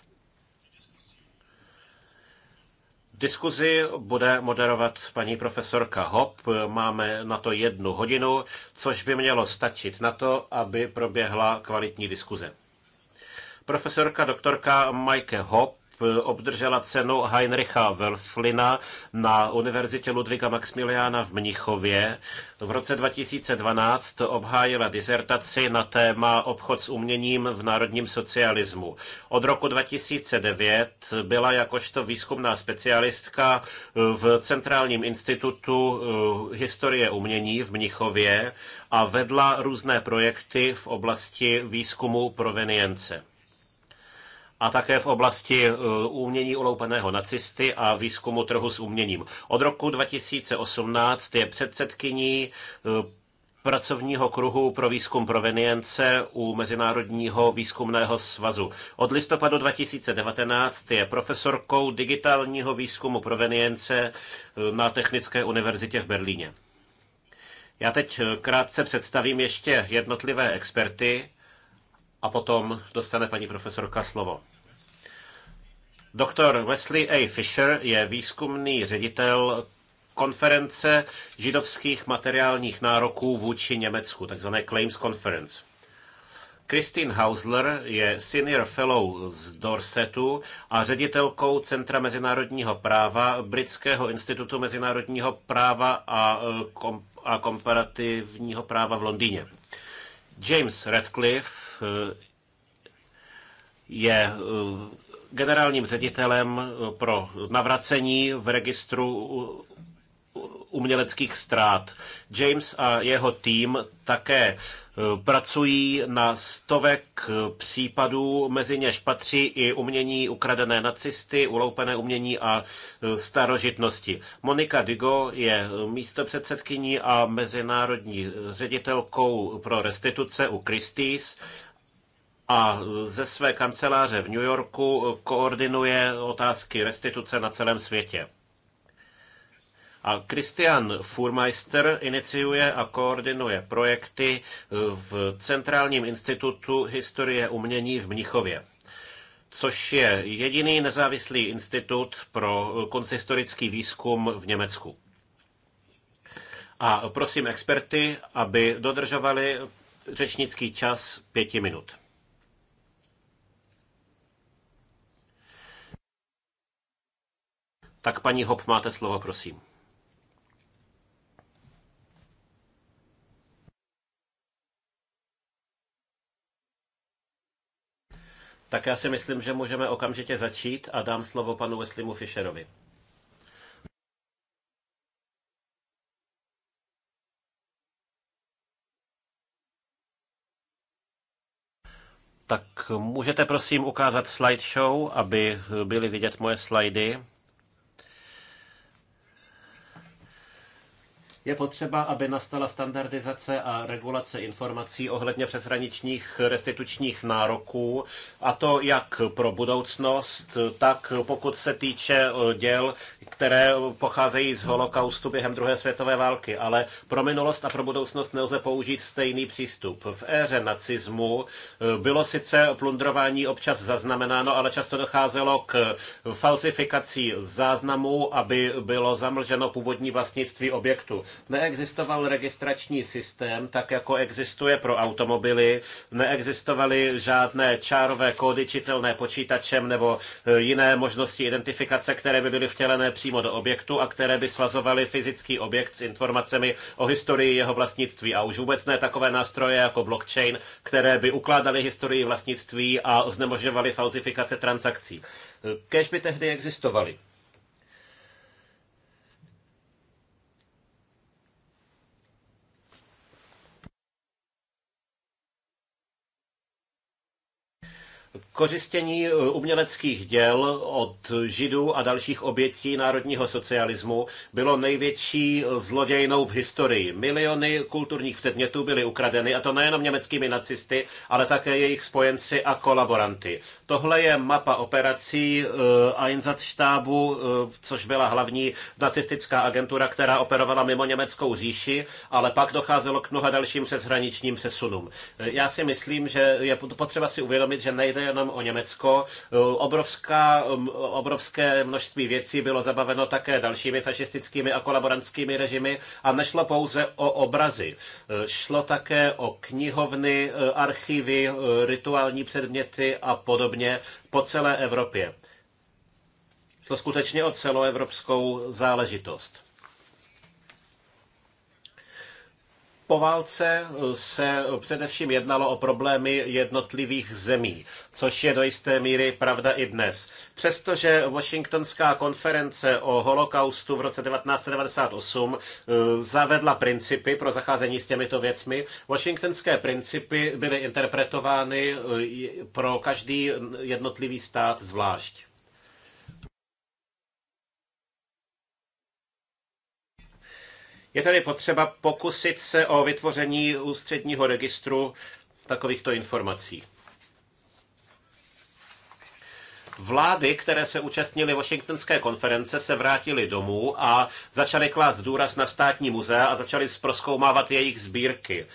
Diskuzi bude moderovat paní profesorka Hop. Máme na to jednu hodinu, což by mělo stačit na to, aby proběhla kvalitní diskuze. Profesorka doktorka Majke Hop obdržela cenu Heinricha Welflina na Univerzitě Ludvíka Maximiliána v Mnichově. V roce 2012 obhájila disertaci na téma obchod s uměním v národním socialismu. Od roku 2009 byla jakožto výzkumná specialistka v Centrálním institutu eh, historie umění v Mnichově a vedla různé projekty v oblasti výzkumu provenience a také v oblasti e, umění uloupeného nacisty a výzkumu trhu s uměním. Od roku 2018 je předsedkyní e, pracovního kruhu pro výzkum provenience u Mezinárodního výzkumného svazu. Od listopadu 2019 je profesorkou digitálního výzkumu provenience e, na Technické univerzitě v Berlíně. Já teď krátce představím ještě jednotlivé experty a potom dostane paní profesorka slovo. Doktor Wesley A. Fisher je výzkumný ředitel konference židovských materiálních nároků vůči Německu, takzvané Claims Conference. Christine Hausler je senior fellow z Dorsetu a ředitelkou Centra mezinárodního práva Britského institutu mezinárodního práva a, eh, kom- a komparativního práva v Londýně. James Radcliffe eh, je eh, generálním ředitelem eh, pro navracení v registru uměleckých ztrát. James a jeho tým také eh, pracují na stovek eh, případů, mezi něž patří i umění ukradené nacisty, uloupené umění a eh, starožitnosti. Monika Digo je místopředsedkyní a mezinárodní ředitelkou pro restituce u Christie's a ze své kanceláře v New Yorku koordinuje otázky restituce na celém světě. A Christian Furmeister iniciuje a koordinuje projekty eh, v Centrálním institutu historie umění v Mnichově což je jediný nezávislý institut pro eh, konsistorický výzkum v Německu. A prosím experty, aby dodržovali řečnický čas pěti minut. Tak paní Hop, máte slovo, prosím. Tak já si myslím, že můžeme okamžitě začít a dám slovo panu Wesleymu Fischerovi. Tak můžete prosím ukázat slideshow, aby byly vidět moje slidy. Je potřeba, aby nastala standardizace a regulace informací ohledně přeshraničních restitučních nároků, a to jak pro budoucnost, tak pokud se týče eh, děl, které pocházejí z holokaustu během druhé světové války. Ale pro minulost a pro budoucnost nelze použít stejný přístup. V éře nacismu eh, bylo sice plundrování občas zaznamenáno, ale často docházelo k falsifikaci záznamů, aby bylo zamlženo původní vlastnictví objektu. Neexistoval registrační systém, tak jako existuje pro automobily. Neexistovaly žádné čárové kódy čitelné počítačem nebo e, jiné možnosti identifikace, které by byly vtělené přímo do objektu a které by svazovaly fyzický objekt s informacemi o historii jeho vlastnictví. A už vůbec ne takové nástroje jako blockchain, které by ukládaly historii vlastnictví a znemožňovaly falzifikace transakcí. E, Kež by tehdy existovaly. Kořistění eh, uměleckých děl od židů a dalších obětí národního socialismu bylo největší zlodějnou v historii. Miliony kulturních předmětů byly ukradeny, a to nejenom německými nacisty, ale také jejich spojenci a kolaboranty. Tohle je mapa operací eh, Einsatzstábu, eh, což byla hlavní nacistická agentura, která operovala mimo německou říši, ale pak docházelo k mnoha dalším přeshraničním přesunům. Já si myslím, že je potřeba si uvědomit, že nejde jenom o Německo. Obrovská, um, obrovské množství věcí bylo zabaveno také dalšími fašistickými a kolaborantskými režimy a nešlo pouze o obrazy. Šlo také o knihovny, archivy, rituální předměty a podobně po celé Evropě. Šlo skutečně o celoevropskou záležitost. Po válce eh, se eh, především jednalo o problémy jednotlivých zemí, což je do jisté míry pravda i dnes. Přestože Washingtonská konference o holokaustu v roce 1998 eh, zavedla principy pro zacházení s těmito věcmi, washingtonské principy byly interpretovány pro každý jednotlivý stát zvlášť. Je tady potřeba pokusit se o vytvoření ústředního registru takovýchto informací. Vlády, které se účastnily Washingtonské konference, se vrátily domů a začaly klást důraz na státní muzea a začaly zproskoumávat jejich sbírky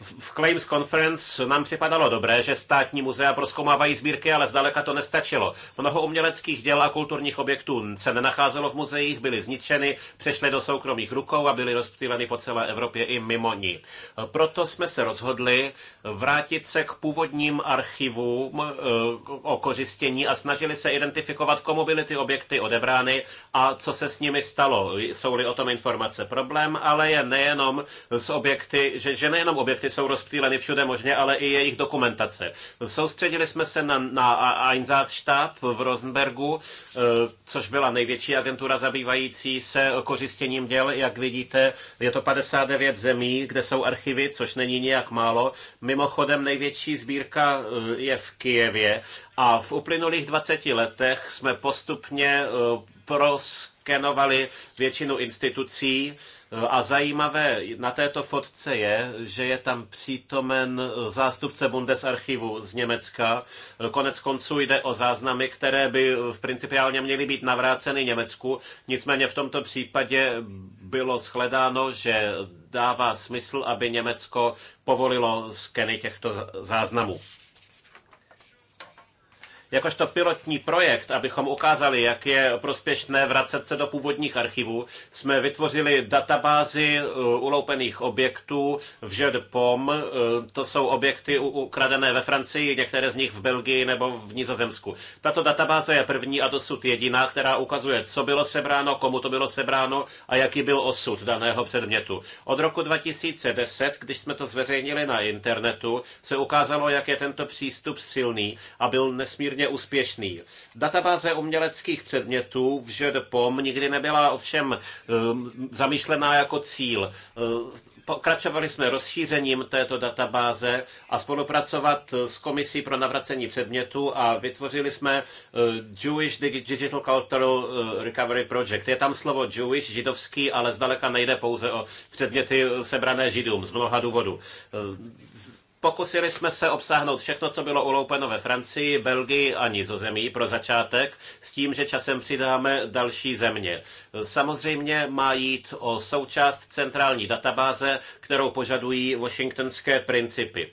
v Claims Conference nám připadalo dobré, že státní muzea proskoumávají sbírky, ale zdaleka to nestačilo. Mnoho uměleckých děl a kulturních objektů se nenacházelo v muzeích, byly zničeny, přešly do soukromých rukou a byly rozptýleny po celé Evropě i mimo ní. Proto jsme se rozhodli vrátit se k původním archivům eh, o kořistění a snažili se identifikovat, komu byly ty objekty odebrány a co se s nimi stalo. Jsou-li o tom informace problém, ale je nejenom s objekty, že, že nejenom objekty ty jsou rozptýleny všude možně, ale i jejich dokumentace. Soustředili jsme se na, na Einsatzstab v Rosenbergu, eh, což byla největší agentura zabývající se kořistěním děl. Jak vidíte, je to 59 zemí, kde jsou archivy, což není nijak málo. Mimochodem největší sbírka eh, je v Kijevě a v uplynulých 20 letech jsme postupně eh, pros skenovali většinu institucí eh, a zajímavé na této fotce je, že je tam přítomen eh, zástupce Bundesarchivu z Německa. Eh, konec konců jde o záznamy, které by v principiálně měly být navráceny Německu. Nicméně v tomto případě bylo shledáno, že dává smysl, aby Německo povolilo skeny těchto záznamů. Jakožto pilotní projekt, abychom ukázali, jak je prospěšné vracet se do původních archivů, jsme vytvořili databázi eh, uloupených objektů v ŽDPOM. Eh, to jsou objekty ukradené ve Francii, některé z nich v Belgii nebo v Nizozemsku. Tato databáze je první a dosud jediná, která ukazuje, co bylo sebráno, komu to bylo sebráno a jaký byl osud daného předmětu. Od roku 2010, když jsme to zveřejnili na internetu, se ukázalo, jak je tento přístup silný a byl nesmírně úspěšný. Databáze uměleckých předmětů v ŽDPOM nikdy nebyla ovšem um, zamýšlená jako cíl. Um, pokračovali jsme rozšířením této databáze a spolupracovat s Komisí pro navracení předmětů a vytvořili jsme uh, Jewish Digital Cultural uh, Recovery Project. Je tam slovo Jewish, židovský, ale zdaleka nejde pouze o předměty uh, sebrané židům z mnoha důvodů. Pokusili jsme se obsáhnout všechno, co bylo uloupeno ve Francii, Belgii a Nizozemí pro začátek, s tím, že časem přidáme další země. Samozřejmě má jít o součást centrální databáze, kterou požadují washingtonské principy.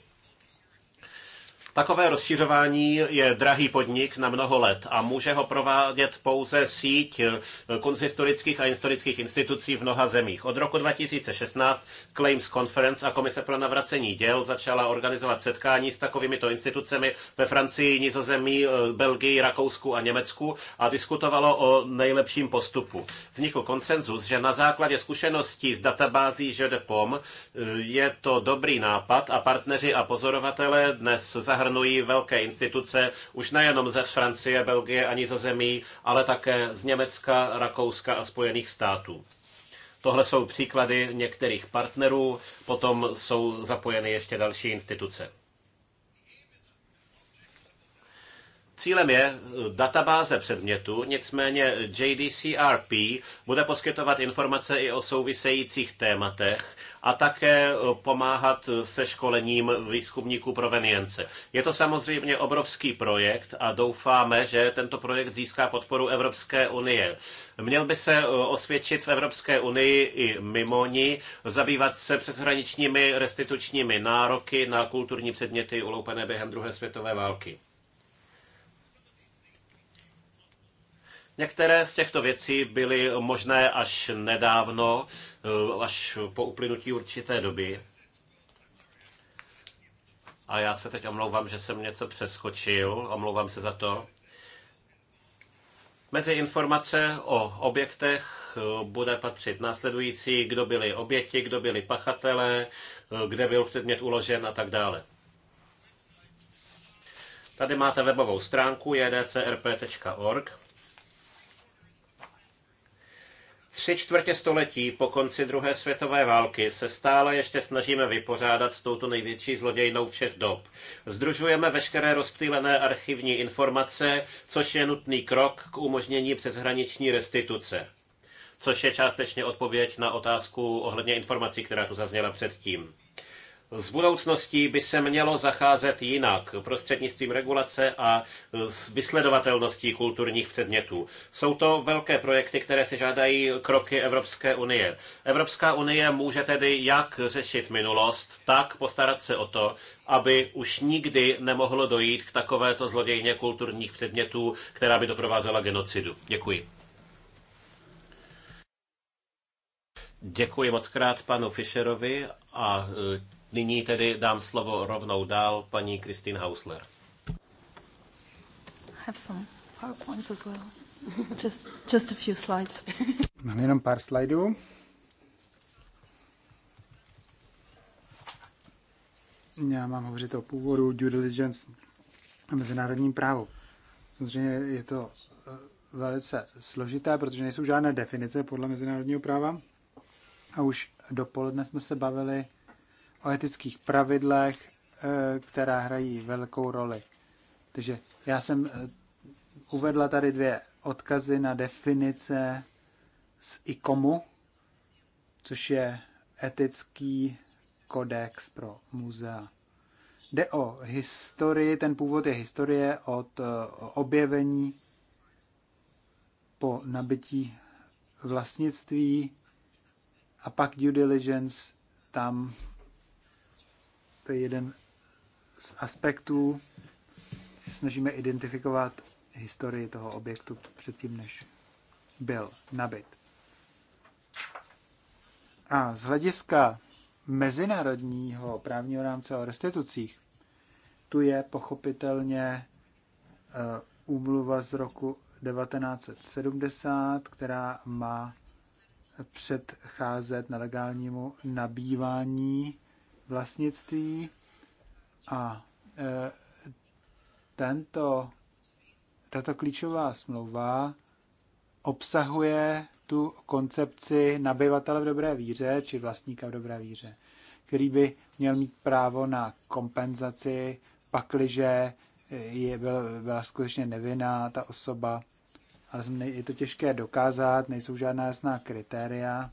Takové rozšiřování je drahý podnik na mnoho let a může ho provádět pouze síť eh, konzistorických a historických institucí v mnoha zemích. Od roku 2016 Claims Conference a Komise pro navracení děl začala organizovat setkání s takovýmito institucemi ve Francii, Nizozemí, eh, Belgii, Rakousku a Německu a diskutovalo o nejlepším postupu. Vznikl konsenzus, že na základě zkušeností z databází ŽDPOM eh, je to dobrý nápad a partneři a pozorovatelé dnes zahrávají zahrnují velké instituce, už nejenom ze Francie, Belgie a Nizozemí, ale také z Německa, Rakouska a Spojených států. Tohle jsou příklady některých partnerů, potom jsou zapojeny ještě další instituce. Cílem je eh, databáze předmětu, nicméně eh, JDCRP bude poskytovat informace i o souvisejících tématech a také eh, pomáhat se školením výzkumníků provenience. Je to samozřejmě obrovský projekt a doufáme, že tento projekt získá podporu Evropské unie. Měl by se osvědčit v Evropské unii i mimo ní, zabývat se přeshraničními restitučními nároky na kulturní předměty uloupené během druhé světové války. Některé z těchto věcí byly možné až nedávno, eh, až po uplynutí určité doby. A já se teď omlouvám, že jsem něco přeskočil, omlouvám se za to. Mezi informace o objektech eh, bude patřit následující, kdo byli oběti, kdo byli pachatelé, eh, kde byl předmět uložen a tak dále. Tady máte webovou stránku jdcrp.org. Tři čtvrtě století po konci druhé světové války se stále ještě snažíme vypořádat s touto největší zlodějnou všech dob. Združujeme veškeré rozptýlené archivní informace, což je nutný krok k umožnění přeshraniční restituce. Což je částečně odpověď na otázku ohledně informací, která tu zazněla předtím. Z budoucností by se mělo zacházet jinak, prostřednictvím regulace a e, s vysledovatelností kulturních předmětů. Jsou to velké projekty, které si žádají kroky Evropské unie. Evropská unie může tedy jak řešit minulost, tak postarat se o to, aby už nikdy nemohlo dojít k takovéto zlodějně kulturních předmětů, která by doprovázela genocidu. Děkuji. Děkuji moc krát panu Fischerovi a e, Nyní tedy dám slovo rovnou dál paní Kristýn Hausler. Have some PowerPoints as well. Just, just a few slides. Mám jenom pár slajdů. Já mám hovořit o původu due diligence a mezinárodním právu. Samozřejmě je to eh, velice složité, protože nejsou žádné definice podle mezinárodního práva. A už dopoledne jsme se bavili o etických pravidlech, eh, která hrají velkou roli. Takže já jsem eh, uvedla tady dvě odkazy na definice z ICOMu, což je etický kodex pro muzea. Jde o historii, ten původ je historie od eh, objevení po nabití vlastnictví a pak due diligence tam to je jeden z aspektů. Snažíme identifikovat historii toho objektu předtím, než byl nabit. A z hlediska mezinárodního právního rámce o restitucích, tu je pochopitelně eh, úmluva z roku 1970, která má předcházet nelegálnímu nabývání vlastnictví a e, tento, tato klíčová smlouva obsahuje tu koncepci nabývatele v dobré víře či vlastníka v dobré víře, který by měl mít právo na kompenzaci, pakliže e, je, byl, byla skutečně nevinná ta osoba. Ale je to těžké dokázat, nejsou žádná jasná kritéria.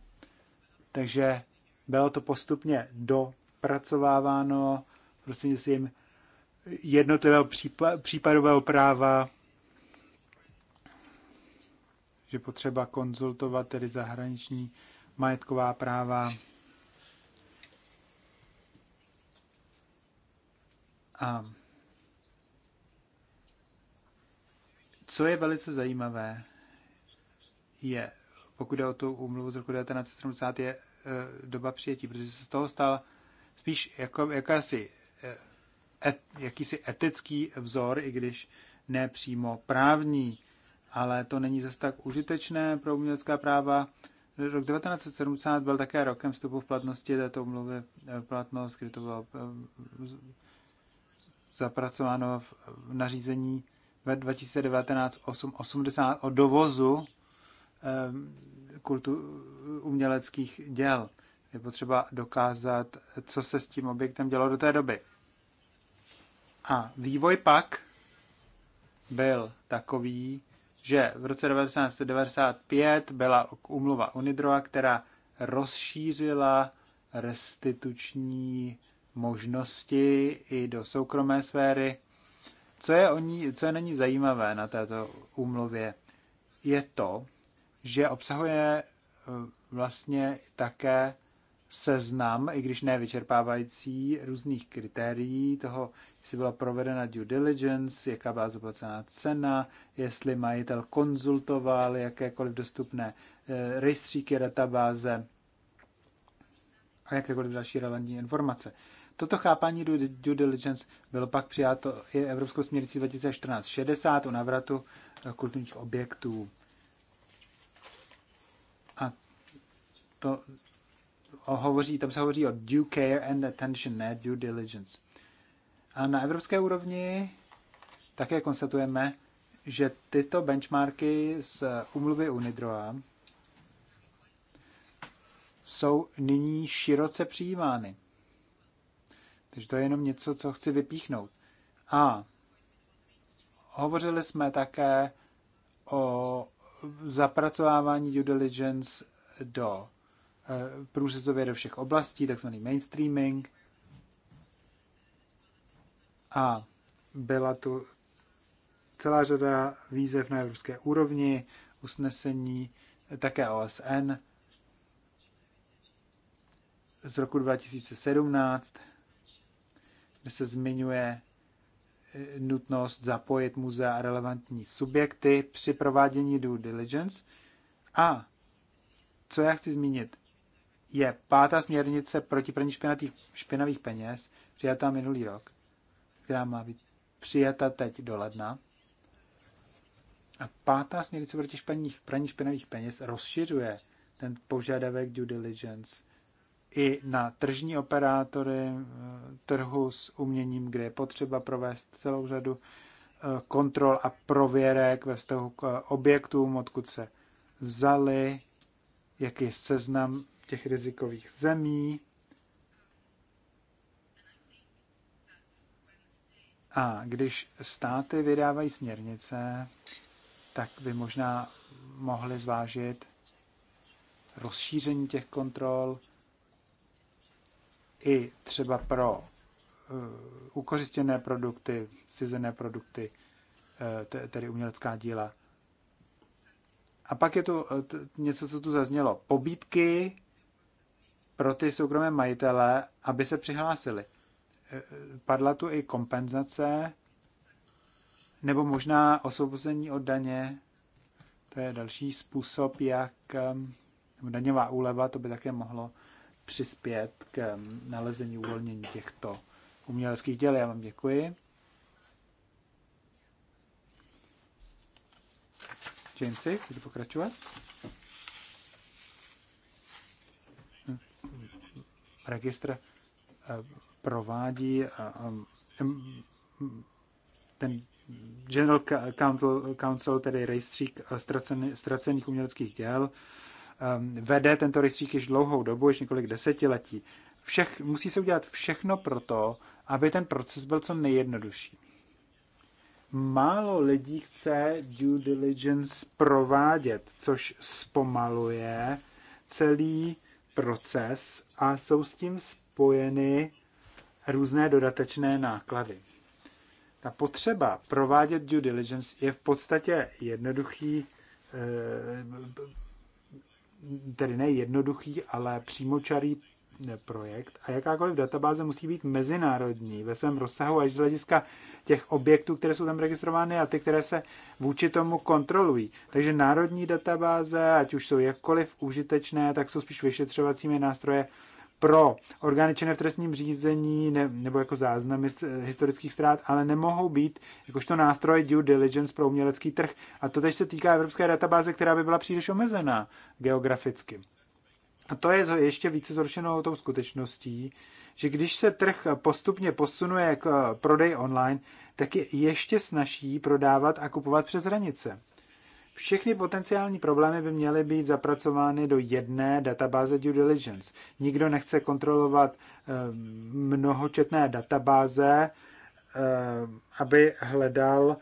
Takže bylo to postupně do zpracováváno prostřednictvím jednotlivého případového práva, že potřeba konzultovat tedy zahraniční majetková práva. A co je velice zajímavé, je, pokud jde o tu úmluvu z roku 1970, je e, doba přijetí, protože se z toho stal spíš jako jakási, eh, et, jakýsi etický vzor, i když ne přímo právní, ale to není zase tak užitečné pro umělecká práva. Rok 1970 byl také rokem vstupu v platnosti této umluvy eh, platnost, kdy to bylo eh, zapracováno v nařízení ve 2019-880 o dovozu kultu, uměleckých děl. Je potřeba dokázat, co se s tím objektem dělo do té doby. A vývoj pak byl takový, že v roce 1995 byla umluva UNIDROA, která rozšířila restituční možnosti i do soukromé sféry. Co je, o ní, co je na ní zajímavé na této úmluvě, je to, že obsahuje eh, vlastně také seznam, i když ne vyčerpávající, různých kritérií toho, jestli byla provedena due diligence, jaká byla zaplacená cena, jestli majitel konzultoval jakékoliv dostupné eh, rejstříky, databáze a jakékoliv další relevantní informace. Toto chápání due diligence bylo pak přijato i Evropskou směrnicí 2014-60 o návratu eh, kulturních objektů. A to hovoří, tam se hovoří o due care and attention, ne due diligence. A na evropské úrovni také konstatujeme, že tyto benchmarky z umluvy UNIDROA jsou nyní široce přijímány. Takže to je jenom něco, co chci vypíchnout. A hovořili jsme také o zapracovávání due diligence do Eh, průřezově do všech oblastí, takzvaný mainstreaming. A byla tu celá řada výzev na evropské úrovni, usnesení eh, také OSN z roku 2017, kde se zmiňuje eh, nutnost zapojit muzea a relevantní subjekty při provádění due diligence. A co já chci zmínit, je pátá směrnice proti praní špinavých, špinavých peněz, přijatá minulý rok, která má být přijata teď do ledna. A pátá směrnice proti španích, praní špinavých peněz rozšiřuje ten požadavek due diligence i na tržní operátory eh, trhu s uměním, kde je potřeba provést celou řadu eh, kontrol a prověrek ve vztahu k objektům, odkud se vzali, jaký je seznam těch rizikových zemí. A když státy vydávají směrnice, tak by možná mohli zvážit rozšíření těch kontrol i třeba pro uh, ukořistěné produkty, cizené produkty, uh, tedy umělecká díla. A pak je tu uh, něco, co tu zaznělo. Pobítky pro ty soukromé majitele, aby se přihlásili. E, padla tu i kompenzace, nebo možná osvobození od daně. To je další způsob, jak daňová úleva, to by také mohlo přispět k nalezení uvolnění těchto uměleckých děl. Já vám děkuji. Jamesy, chcete pokračovat? registr eh, provádí eh, eh, ten General Council, tedy rejstřík ztracených uměleckých děl, vede tento rejstřík již dlouhou dobu, již několik desetiletí. Všech, musí se udělat všechno pro to, aby ten proces byl co nejjednodušší. Málo lidí chce due diligence provádět, což zpomaluje celý proces a jsou s tím spojeny různé dodatečné náklady. Ta potřeba provádět due diligence je v podstatě jednoduchý, eh, tedy ne jednoduchý, ale přímočarý projekt a jakákoliv databáze musí být mezinárodní ve svém rozsahu až z hlediska těch objektů, které jsou tam registrovány a ty, které se vůči tomu kontrolují. Takže národní databáze, ať už jsou jakkoliv užitečné, tak jsou spíš vyšetřovacími nástroje pro orgány v trestním řízení ne, nebo jako záznamy z eh, historických ztrát, ale nemohou být jakožto nástroj due diligence pro umělecký trh. A to teď se týká evropské databáze, která by byla příliš omezená geograficky. A to je ještě více zhoršenou tou skutečností, že když se trh postupně posunuje k eh, prodej online, tak je ještě snaží prodávat a kupovat přes hranice. Všechny potenciální problémy by měly být zapracovány do jedné databáze due diligence. Nikdo nechce kontrolovat eh, mnohočetné databáze, eh, aby hledal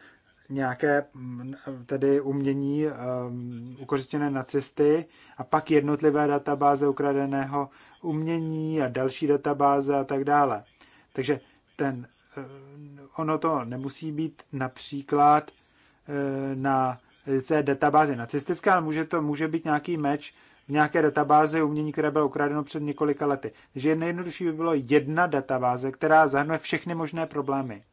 nějaké mm, tedy umění um, ukořistěné nacisty a pak jednotlivé databáze ukradeného umění a další databáze a tak dále. Takže ten, eh, ono to nemusí být například eh, na té databázi nacistické, ale může to může být nějaký meč v nějaké databázi umění, které bylo ukradeno před několika lety. Takže nejjednodušší by bylo jedna databáze, která zahrnuje všechny možné problémy.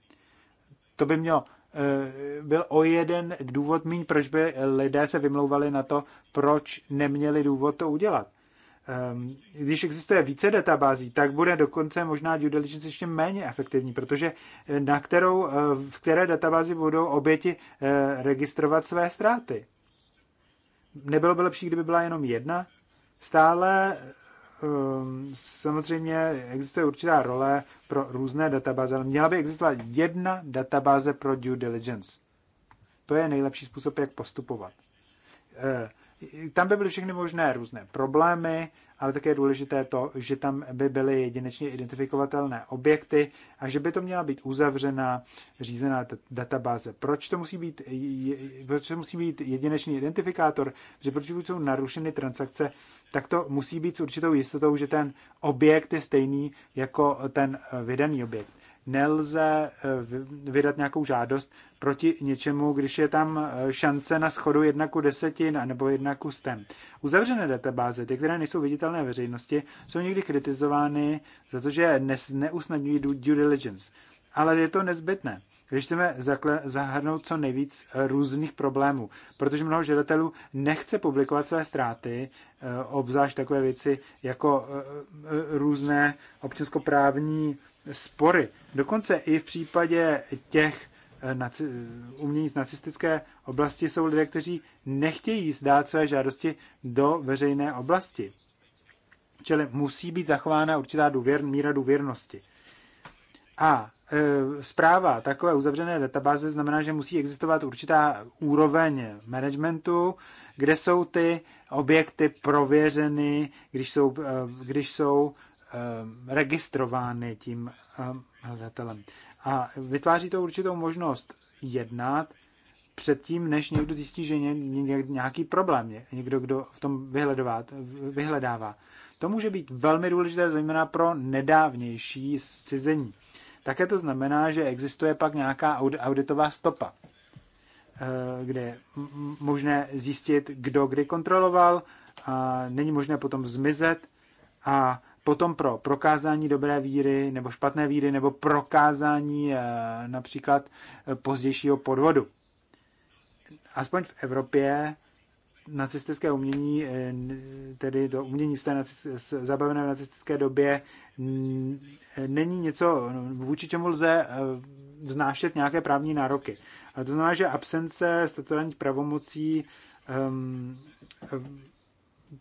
To by mělo Eh, byl o jeden důvod míň, proč by lidé se vymlouvali na to, proč neměli důvod to udělat. Ehm, když existuje více databází, tak bude dokonce možná due diligence ještě méně efektivní, protože eh, na kterou, eh, v které databázi budou oběti registrovat své ztráty. Nebylo by lepší, kdyby byla jenom jedna? Stále Ehm, samozřejmě existuje určitá role pro různé databáze, ale měla by existovat jedna databáze pro due diligence. To je nejlepší způsob, jak postupovat. Eh, tam by byly všechny možné různé problémy, ale také je důležité to, že tam by byly jedinečně identifikovatelné objekty a že by to měla být uzavřená, řízená databáze. Proč to musí být, proč to musí být jedinečný identifikátor? Že proč jsou narušeny transakce, tak to musí být s určitou jistotou, že ten objekt je stejný jako ten eh, vydaný objekt nelze eh, vydat nějakou žádost proti něčemu, když je tam eh, šance na schodu 1 ku 10 nebo 1 ku 100. Uzavřené databáze, ty, které nejsou viditelné veřejnosti, jsou někdy kritizovány za to, že neusnadňují due diligence. Ale je to nezbytné když chceme zahrnout co nejvíc eh, různých problémů, protože mnoho žadatelů nechce publikovat své ztráty, obzvlášť takové věci jako různé občanskoprávní spory. Dokonce i v případě těch eh, umění z nacistické oblasti jsou lidé, kteří nechtějí zdát své žádosti do veřejné oblasti. Čili musí být zachována určitá důvěr, míra důvěrnosti. A e, zpráva takové uzavřené databáze znamená, že musí existovat určitá úroveň managementu, kde jsou ty objekty prověřeny, když jsou, e, když jsou Ehm, registrovány tím ehm, hledatelem. A vytváří to určitou možnost jednat předtím, než někdo zjistí, že je nějaký problém, je někdo, kdo v tom vyhledává. To může být velmi důležité, zejména pro nedávnější zcizení. Také to znamená, že existuje pak nějaká auditová stopa, eh, kde je možné zjistit, kdo kdy kontroloval, a není možné potom zmizet a potom pro prokázání dobré víry nebo špatné víry nebo prokázání eh, například eh, pozdějšího podvodu. Aspoň v Evropě nacistické umění, eh, tedy to umění z té zabavené v nacistické době, není něco, no, vůči čemu lze vznášet nějaké právní nároky. Ale to znamená, že absence statutárních pravomocí um,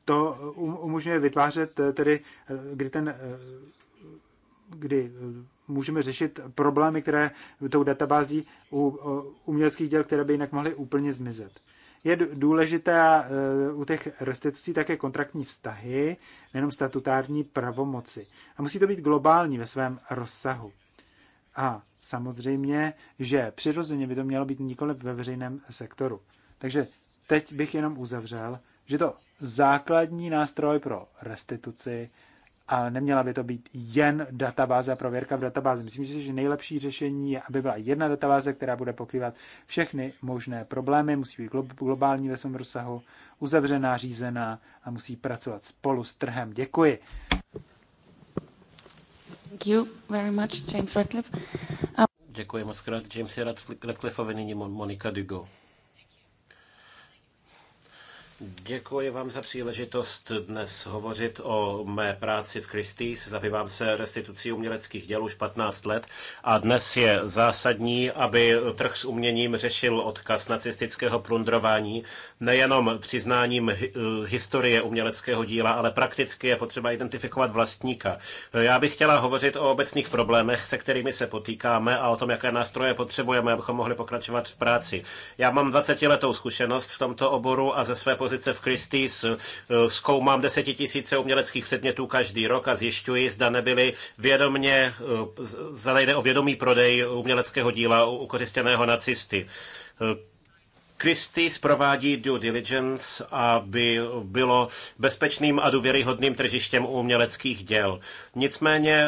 to eh, um, umožňuje vytvářet eh, tedy, eh, kdy ten kdy můžeme řešit problémy, které v tou databází u uměleckých děl, které by jinak mohly úplně zmizet. Je důležité u těch restitucí také kontraktní vztahy, nejenom statutární pravomoci. A musí to být globální ve svém rozsahu. A samozřejmě, že přirozeně by to mělo být nikoli ve veřejném sektoru. Takže teď bych jenom uzavřel, že to základní nástroj pro restituci, ale neměla by to být jen databáze a prověrka v databázi. Myslím si, že nejlepší řešení je, aby byla jedna databáze, která bude pokrývat všechny možné problémy, musí být globální ve svém rozsahu, uzavřená, řízená a musí pracovat spolu s trhem. Děkuji. Thank you very much, James Radcliffe. Um... Děkuji moc krát Jamesi Radcliffeovi, nyní Monika Dugo. Děkuji vám za příležitost dnes hovořit o mé práci v Christie's. Zabývám se restitucí uměleckých děl už 15 let a dnes je zásadní, aby trh s uměním řešil odkaz nacistického plundrování nejenom přiznáním eh, historie uměleckého díla, ale prakticky je potřeba identifikovat vlastníka. Já bych chtěla hovořit o obecných problémech, se kterými se potýkáme a o tom, jaké nástroje potřebujeme, abychom mohli pokračovat v práci. Já mám 20 letou zkušenost v tomto oboru a ze své expozice v Christie's eh, zkoumám desetitisíce uměleckých předmětů každý rok a zjišťuji, zda nebyly vědomně, eh, zda o vědomý prodej uměleckého díla ukořistěného nacisty. Eh, Christie's provádí due diligence, aby bylo bezpečným a důvěryhodným tržištěm uměleckých děl. Nicméně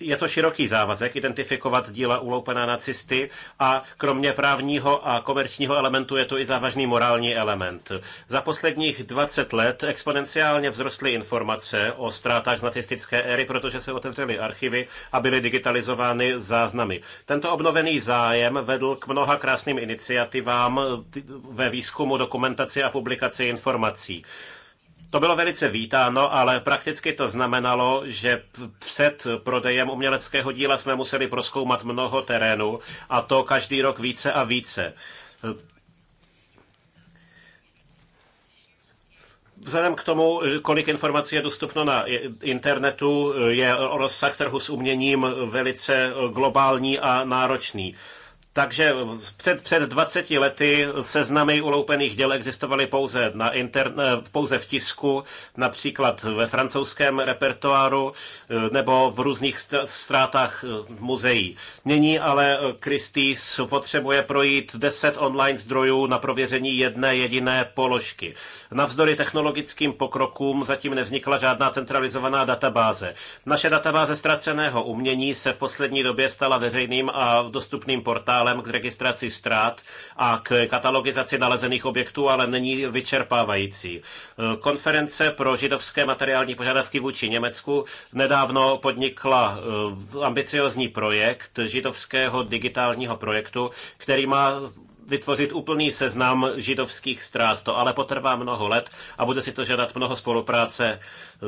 je to široký závazek identifikovat díla uloupená nacisty a kromě právního a komerčního elementu je to i závažný morální element. Za posledních 20 let exponenciálně vzrostly informace o ztrátách z nacistické éry, protože se otevřely archivy a byly digitalizovány záznamy. Tento obnovený zájem vedl k mnoha krásným iniciativám ve výzkumu, dokumentaci a publikaci informací. To bylo velice vítáno, ale prakticky to znamenalo, že před prodejem uměleckého díla jsme museli proskoumat mnoho terénu a to každý rok více a více. vzhledem k tomu, kolik informací je dostupno na internetu, je rozsah trhu s uměním velice globální a náročný. Takže před, před 20 lety seznamy uloupených děl existovaly pouze, na interne, eh, pouze v tisku, například ve francouzském repertoáru eh, nebo v různých ztrátách eh, muzeí. Nyní ale Christie's potřebuje projít 10 online zdrojů na prověření jedné jediné položky. Navzdory technologickým pokrokům zatím nevznikla žádná centralizovaná databáze. Naše databáze ztraceného umění se v poslední době stala veřejným a dostupným portálem materiálem k registraci ztrát a k katalogizaci nalezených objektů, ale není vyčerpávající. Konference pro židovské materiální požadavky vůči Německu nedávno podnikla eh, ambiciozní projekt židovského digitálního projektu, který má vytvořit úplný seznam židovských ztrát. To ale potrvá mnoho let a bude si to žádat mnoho spolupráce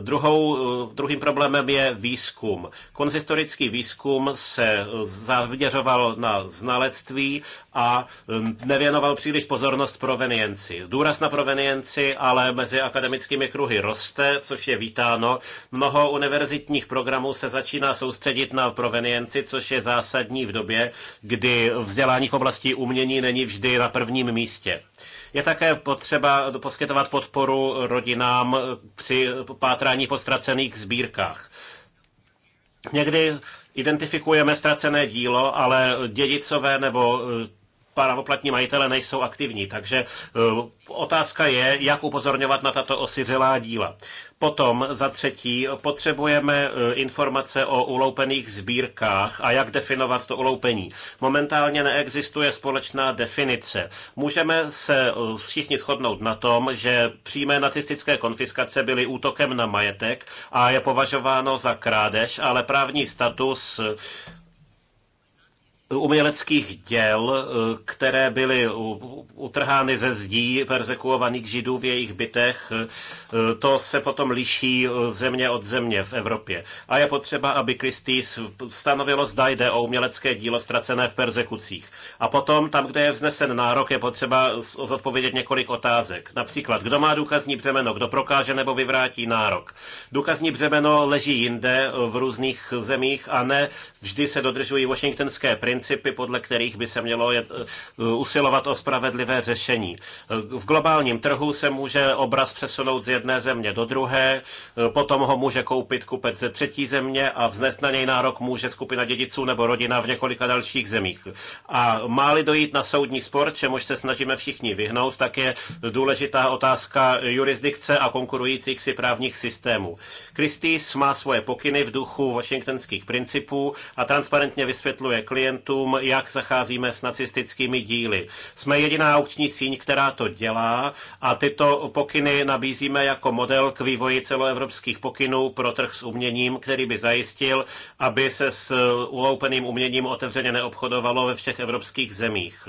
Druhou, eh, druhým problémem je výzkum. Konzistorický výzkum se eh, zaměřoval na znalectví a eh, nevěnoval příliš pozornost provenienci. Důraz na provenienci ale mezi akademickými kruhy roste, což je vítáno. Mnoho univerzitních programů se začíná soustředit na provenienci, což je zásadní v době, kdy vzdělání v oblasti umění není vždy na prvním místě. Je také potřeba poskytovat podporu rodinám při pátrání po ztracených sbírkách. Někdy identifikujeme ztracené dílo, ale dědicové nebo právoplatní majitele nejsou aktivní. Takže e, otázka je, jak upozorňovat na tato osiřelá díla. Potom za třetí potřebujeme e, informace o uloupených sbírkách a jak definovat to uloupení. Momentálně neexistuje společná definice. Můžeme se e, všichni shodnout na tom, že přímé nacistické konfiskace byly útokem na majetek a je považováno za krádež, ale právní status uměleckých děl, eh, které byly utrhány ze zdí persekuovaných židů v jejich bytech, eh, to se potom liší eh, země od země v Evropě. A je potřeba, aby Christie's stanovilo, zda jde o umělecké dílo ztracené v persekucích. A potom, tam, kde je vznesen nárok, je potřeba zodpovědět několik otázek. Například, kdo má důkazní břemeno, kdo prokáže nebo vyvrátí nárok. Důkazní břemeno leží jinde v různých zemích a ne vždy se dodržují washingtonské principy principy, podle kterých by se mělo eh, usilovat o spravedlivé řešení. Eh, v globálním trhu se může obraz přesunout z jedné země do druhé, eh, potom ho může koupit kupec ze třetí země a vznést na něj nárok může skupina dědiců nebo rodina v několika dalších zemích. A máli dojít na soudní spor, čemuž se snažíme všichni vyhnout, tak je důležitá otázka jurisdikce a konkurujících si právních systémů. Christie's má svoje pokyny v duchu washingtonských principů a transparentně vysvětluje klientům, klientům, jak zacházíme s nacistickými díly. Jsme jediná aukční síň, která to dělá a tyto pokyny nabízíme jako model k vývoji celoevropských pokynů pro trh s uměním, který by zajistil, aby se s uloupeným uměním otevřeně neobchodovalo ve všech evropských zemích.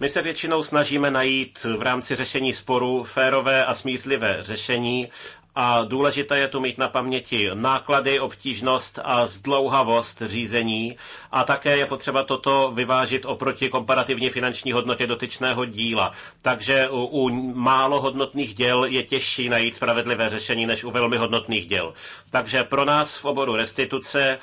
My se většinou snažíme najít v rámci řešení sporů férové a smířlivé řešení a důležité je tu mít na paměti náklady, obtížnost a zdlouhavost řízení a také je potřeba toto vyvážit oproti komparativní finanční hodnotě dotyčného díla. Takže u, u málo hodnotných děl je těžší najít spravedlivé řešení než u velmi hodnotných děl. Takže pro nás v oboru restituce e,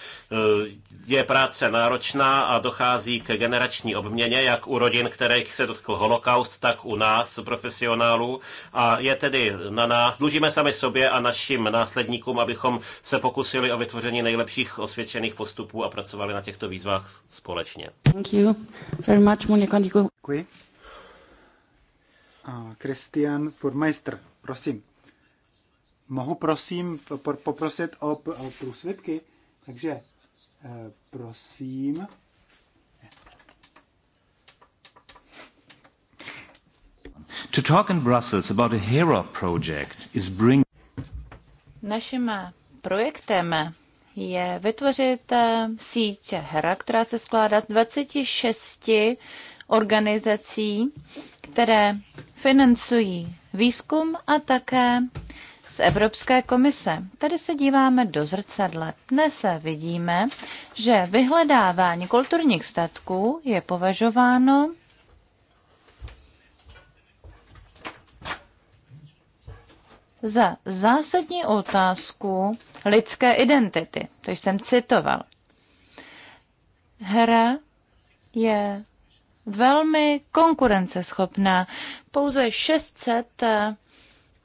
je práce náročná a dochází k generační obměně, jak u rodin, kterých se dotkl holokaust, tak u nás, profesionálů. A je tedy na nás, dlužíme sami sobě a našim následníkům, abychom se pokusili o vytvoření nejlepších osvědčených postupů a pracovali na těchto výzvách výzvách společně. Thank you very much, Monika. Děkuji. Christian Furmeister, prosím. Mohu prosím poprosit o, o průsvědky? Takže eh, prosím. To talk in Brussels about a hero project is bring... Našim projektem je vytvořit eh, síť hra, která se skládá z 26 organizací, které financují výzkum a také z Evropské komise. Tady se díváme do zrcadla. Dnes vidíme, že vyhledávání kulturních statků je považováno za zásadní otázku lidské identity. To jsem citoval. Hra je velmi konkurenceschopná. Pouze 600 eh,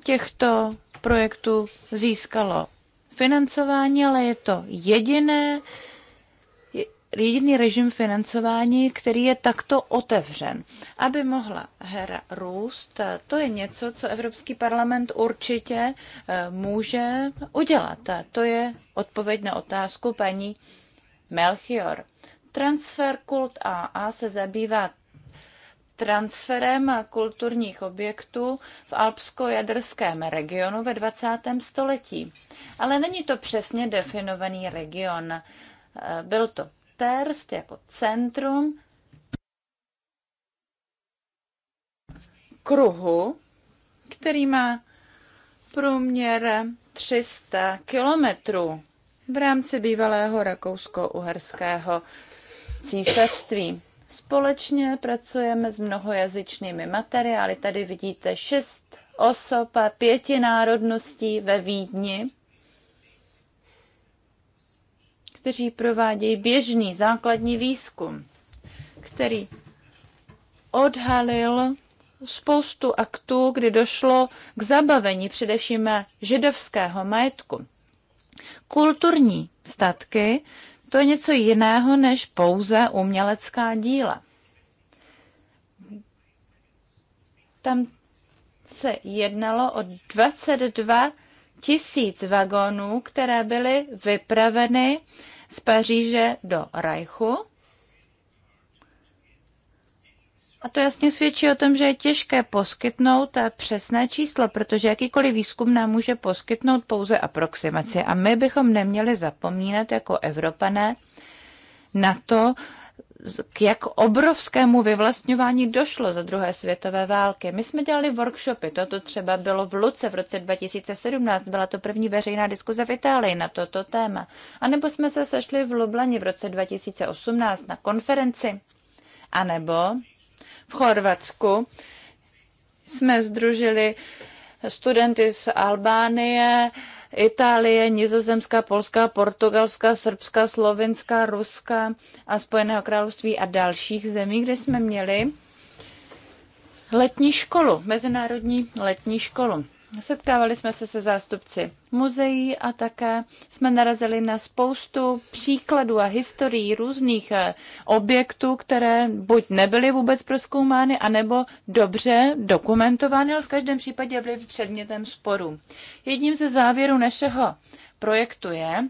těchto projektů získalo financování, ale je to jediné jediný režim financování, který je takto otevřen. Aby mohla hra růst, to je něco, co Evropský parlament určitě eh, může udělat. To je odpověď na otázku paní Melchior. Transfer Kult AA se zabývá transferem kulturních objektů v alpsko-jaderském regionu ve 20. století. Ale není to přesně definovaný region. Eh, byl to Terst jako centrum kruhu, který má průměr 300 kilometrů v rámci bývalého rakousko-uherského císařství. Společně pracujeme s mnohojazyčnými materiály. Tady vidíte šest osob a pěti národností ve Vídni kteří provádějí běžný základní výzkum, který odhalil spoustu aktů, kdy došlo k zabavení především židovského majetku. Kulturní statky to je něco jiného než pouze umělecká díla. Tam se jednalo o 22 tisíc vagónů, které byly vypraveny z Paříže do Rajchu. A to jasně svědčí o tom, že je těžké poskytnout přesné číslo, protože jakýkoliv výzkum nám může poskytnout pouze aproximaci. A my bychom neměli zapomínat jako Evropané na to, k jak obrovskému vyvlastňování došlo za druhé světové války. My jsme dělali workshopy, toto třeba bylo v Luce v roce 2017, byla to první veřejná diskuze v Itálii na toto téma. A nebo jsme se sešli v Lublani v roce 2018 na konferenci. A nebo v Chorvatsku jsme združili studenty z Albánie, Itálie, Nizozemska, Polska, Portugalska, Srbska, Slovenska, Ruska a Spojeného království a dalších zemí, kde jsme měli letní školu, mezinárodní letní školu. Setkávali jsme se se zástupci muzeí a také jsme narazili na spoustu příkladů a historií různých eh, objektů, které buď nebyly vůbec proskoumány, anebo dobře dokumentovány, ale v každém případě byly předmětem sporu. Jedním ze závěrů našeho projektu je,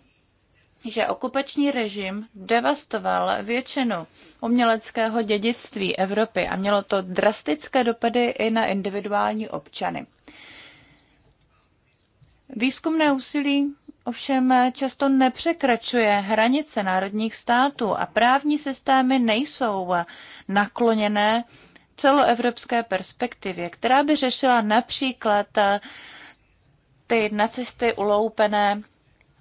že okupační režim devastoval většinu uměleckého dědictví Evropy a mělo to drastické dopady i na individuální občany. Výzkumné úsilí ovšem často nepřekračuje hranice národních států a právní systémy nejsou nakloněné celoevropské perspektivě, která by řešila například eh, ty nacisty uloupené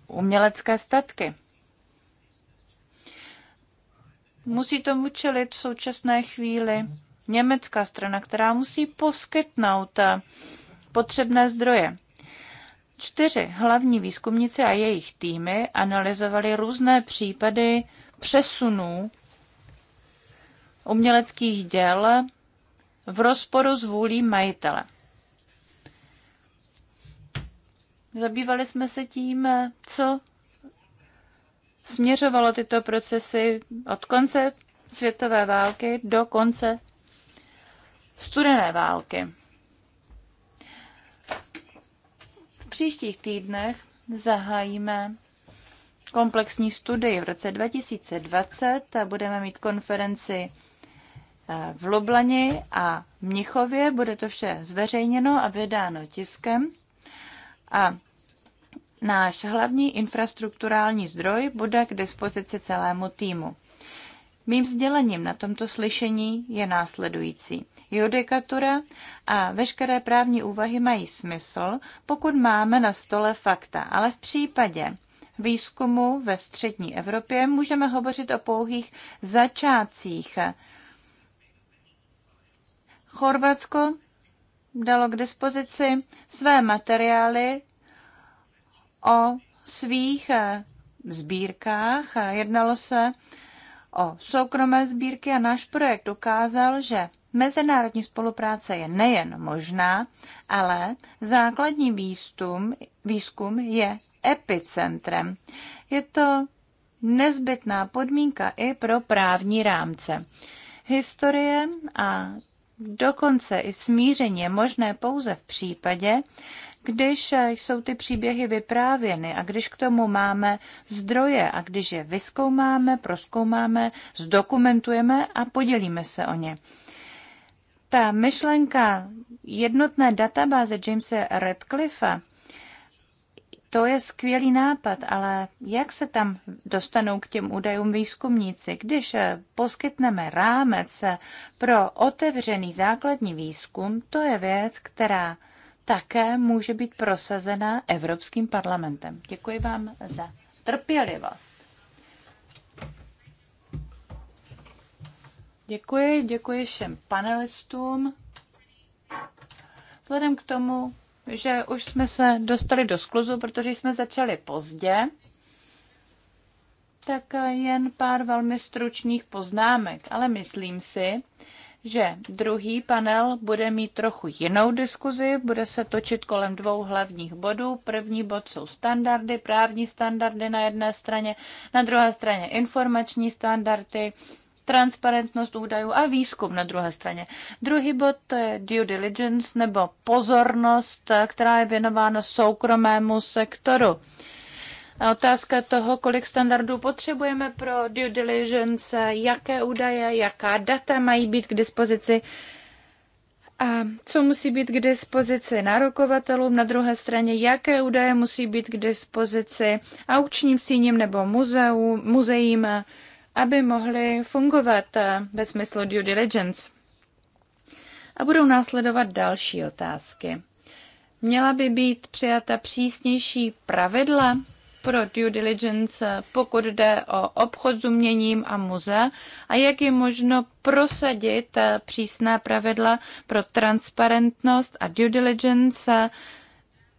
umělecké statky. Musí tomu čelit v současné chvíli německá strana, která musí poskytnout eh, potřebné zdroje. Čtyři hlavní výzkumníci a jejich týmy analyzovali různé případy přesunů uměleckých děl v rozporu s vůlí majitele. Zabývali jsme se tím, co směřovalo tyto procesy od konce světové války do konce studené války. příštích týdnech zahájíme komplexní studii. V roce 2020 budeme mít konferenci eh, v Lublani a Mnichově. Bude to vše zveřejněno a vydáno tiskem. A náš hlavní infrastrukturální zdroj bude k dispozici celému týmu. Mým sdělením na tomto slyšení je následující. Judikatura a veškeré právní úvahy mají smysl, pokud máme na stole fakta, ale v případě výzkumu ve střední Evropě můžeme hovořit o pouhých začátcích. Chorvatsko dalo k dispozici své materiály o svých eh, sbírkách. Jednalo se o soukromé sbírky a náš projekt ukázal, že mezinárodní spolupráce je nejen možná, ale základní výstum, výzkum je epicentrem. Je to nezbytná podmínka i pro právní rámce. Historie a dokonce i smíření je možné pouze v případě, když eh, jsou ty příběhy vyprávěny a když k tomu máme zdroje a když je vyskoumáme, proskoumáme, zdokumentujeme a podělíme se o ně. Ta myšlenka jednotné databáze Jamesa Radcliffe, to je skvělý nápad, ale jak se tam dostanou k těm údajům výzkumníci, když eh, poskytneme rámec eh, pro otevřený základní výzkum, to je věc, která také může být prosazena Evropským parlamentem. Děkuji vám za trpělivost. Děkuji, děkuji všem panelistům. Vzhledem k tomu, že už jsme se dostali do skluzu, protože jsme začali pozdě, tak jen pár velmi stručných poznámek, ale myslím si, že druhý panel bude mít trochu jinou diskuzi, bude se točit kolem dvou hlavních bodů. První bod jsou standardy, právní standardy na jedné straně, na druhé straně informační standardy, transparentnost údajů a výzkum na druhé straně. Druhý bod to je due diligence nebo pozornost, která je věnována soukromému sektoru. A otázka toho, kolik standardů potřebujeme pro due diligence, jaké údaje, jaká data mají být k dispozici a co musí být k dispozici nárokovatelům, na druhé straně, jaké údaje musí být k dispozici aukčním síním nebo muzeu, muzeím, aby mohly fungovat ve smyslu due diligence. A budou následovat další otázky. Měla by být přijata přísnější pravidla pro due diligence, pokud jde o obchod s uměním a muze a jak je možno prosadit eh, přísná pravidla pro transparentnost a due diligence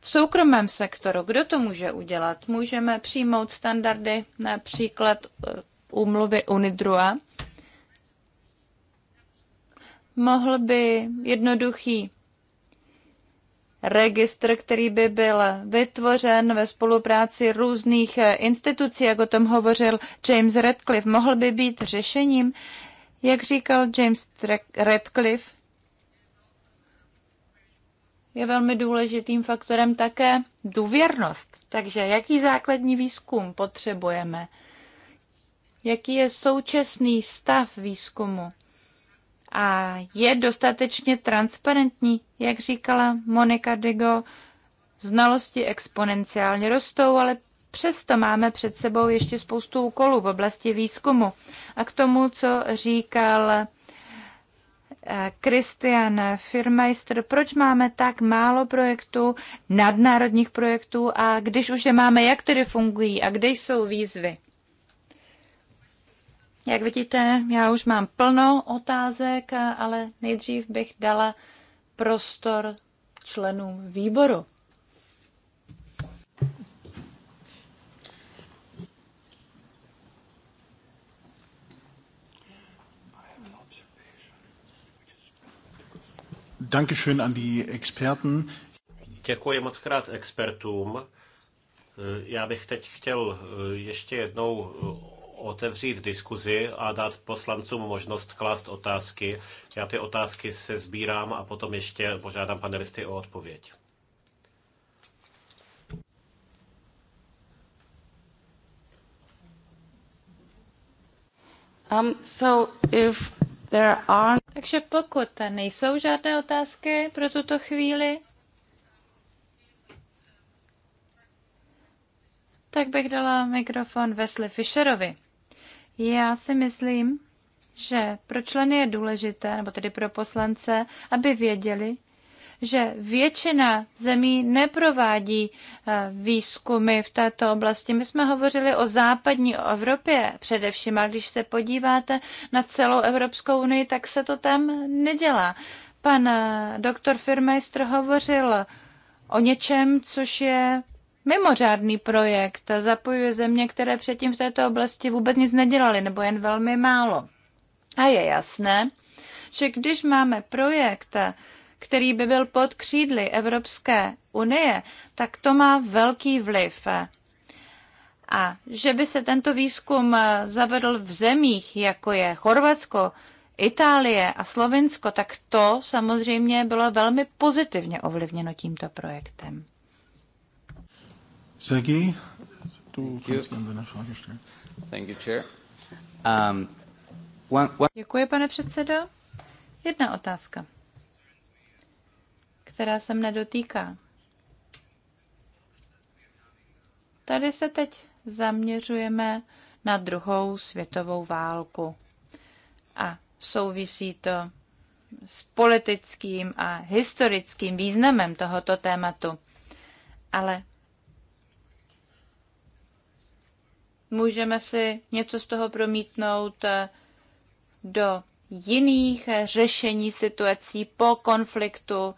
v soukromém sektoru. Kdo to může udělat? Můžeme přijmout standardy, například eh, úmluvy UNIDRUA. Mohl by jednoduchý registr, který by byl vytvořen ve spolupráci různých eh, institucí, jak o tom hovořil James Radcliffe, mohl by být řešením, jak říkal James Radcliffe, je velmi důležitým faktorem také důvěrnost. Takže jaký základní výzkum potřebujeme? Jaký je současný stav výzkumu? a je dostatečně transparentní, jak říkala Monika Dego, znalosti exponenciálně rostou, ale přesto máme před sebou ještě spoustu úkolů v oblasti výzkumu. A k tomu, co říkal eh, Christian Firmeister, proč máme tak málo projektů, nadnárodních projektů a když už je máme, jak tedy fungují a kde jsou výzvy? Jak vidíte, já už mám plno otázek, ale nejdřív bych dala prostor členům výboru. Dankeschön an die Experten. Děkuji moc krát expertům. Já bych teď chtěl ještě jednou otevřít diskuzi a dát poslancům možnost klást otázky. Já ty otázky se sbírám a potom ještě požádám panelisty o odpověď. Um, so if there are... Takže pokud nejsou žádné otázky pro tuto chvíli, tak bych dala mikrofon Wesley Fisherovi. Já si myslím, že pro členy je důležité, nebo tedy pro poslance, aby věděli, že většina zemí neprovádí eh, výzkumy v této oblasti. My jsme hovořili o západní Evropě především, a když se podíváte na celou Evropskou unii, tak se to tam nedělá. Pan eh, doktor Firmeister hovořil o něčem, což je mimořádný projekt, zapojuje země, které předtím v této oblasti vůbec nic nedělaly nebo jen velmi málo. A je jasné, že když máme projekt, který by byl pod křídly Evropské unie, tak to má velký vliv. A že by se tento výzkum zavedl v zemích, jako je Chorvatsko, Itálie a Slovinsko, tak to samozřejmě bylo velmi pozitivně ovlivněno tímto projektem. Sergei, du kannst gerne deine Frage stellen. Thank you, Chair. Um, one, one... Děkuji, pane předsedo. Jedna otázka, která se mne dotýká. Tady se teď zaměřujeme na druhou světovou válku a souvisí to s politickým a historickým významem tohoto tématu. Ale můžeme si něco z toho promítnout eh, do jiných eh, řešení situací po konfliktu.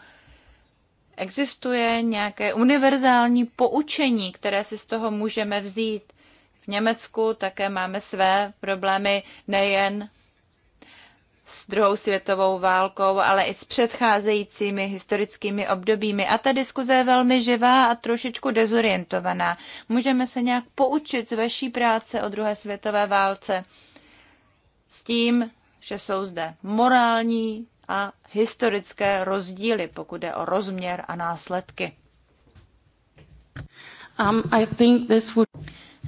Existuje nějaké univerzální poučení, které si z toho můžeme vzít. V Německu také máme své problémy nejen s druhou světovou válkou, ale i s předcházejícími historickými obdobími. A ta diskuze je velmi živá a trošičku dezorientovaná. Můžeme se nějak poučit z vaší práce o druhé světové válce s tím, že jsou zde morální a historické rozdíly, pokud jde o rozměr a následky. Um, I think this would...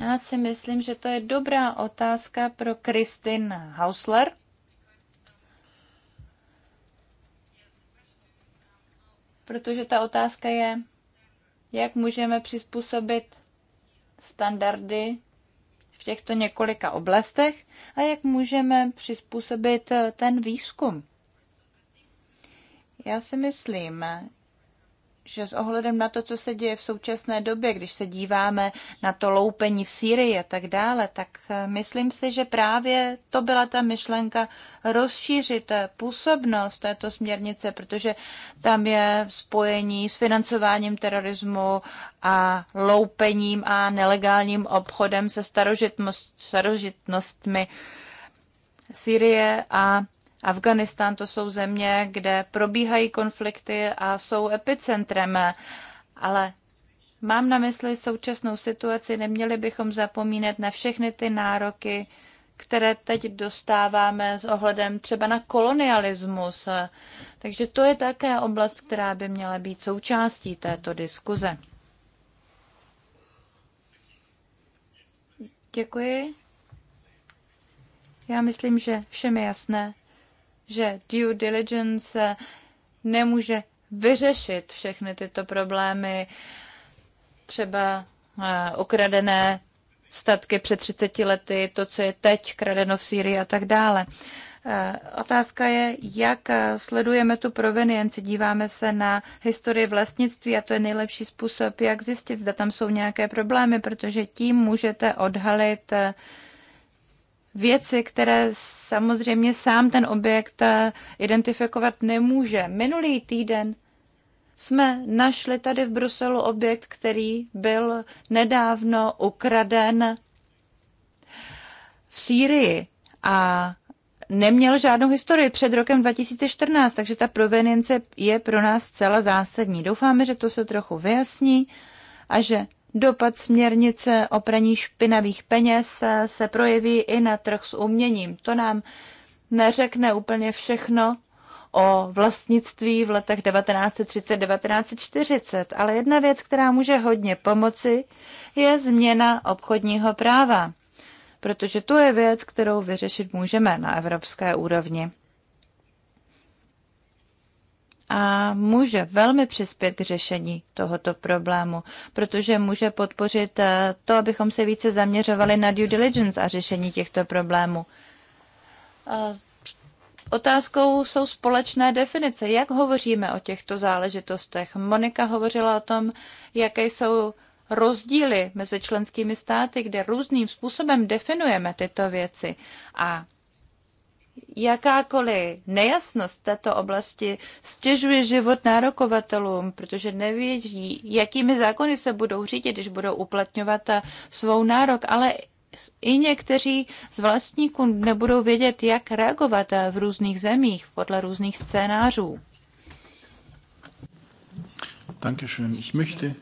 Já si myslím, že to je dobrá otázka pro Kristin Hausler, protože ta otázka je, jak můžeme přizpůsobit standardy v těchto několika oblastech a jak můžeme přizpůsobit ten výzkum. Já si myslím, že s ohledem na to, co se děje v současné době, když se díváme na to loupení v Sýrii a tak dále, tak eh, myslím si, že právě to byla ta myšlenka rozšířit eh, působnost této směrnice, protože tam je spojení s financováním terorismu a loupením a nelegálním obchodem se starožitnost, starožitnostmi Sýrie a Afganistán to jsou země, kde probíhají konflikty a jsou epicentrem, ale mám na mysli současnou situaci, neměli bychom zapomínat na všechny ty nároky, které teď dostáváme s ohledem třeba na kolonialismus. Takže to je také oblast, která by měla být součástí této diskuze. Děkuji. Já myslím, že všem je jasné, že due diligence nemůže vyřešit všechny tyto problémy, třeba okradené eh, statky před 30 lety, to, co je teď kradeno v Sýrii a tak dále. Eh, otázka je, jak eh, sledujeme tu provenienci. Díváme se na historii vlastnictví a to je nejlepší způsob, jak zjistit, zda tam jsou nějaké problémy, protože tím můžete odhalit věci, které samozřejmě sám ten objekt eh, identifikovat nemůže. Minulý týden jsme našli tady v Bruselu objekt, který byl nedávno ukraden v Sýrii a neměl žádnou historii před rokem 2014, takže ta provenience je pro nás zcela zásadní. Doufáme, že to se trochu vyjasní a že Dopad směrnice o praní špinavých peněz se projeví i na trh s uměním. To nám neřekne úplně všechno o vlastnictví v letech 1930-1940, ale jedna věc, která může hodně pomoci, je změna obchodního práva, protože to je věc, kterou vyřešit můžeme na evropské úrovni a může velmi přispět k řešení tohoto problému, protože může podpořit eh, to, abychom se více zaměřovali na due diligence a řešení těchto problémů. Otázkou jsou společné definice. Jak hovoříme o těchto záležitostech? Monika hovořila o tom, jaké jsou rozdíly mezi členskými státy, kde různým způsobem definujeme tyto věci. A jakákoliv nejasnost v této oblasti stěžuje život nárokovatelům, protože nevědí, jakými zákony se budou řídit, když budou uplatňovat eh, svou nárok, ale i někteří z vlastníků nebudou vědět, jak reagovat eh, v různých zemích podle různých scénářů. Dankeschön. Ich möchte.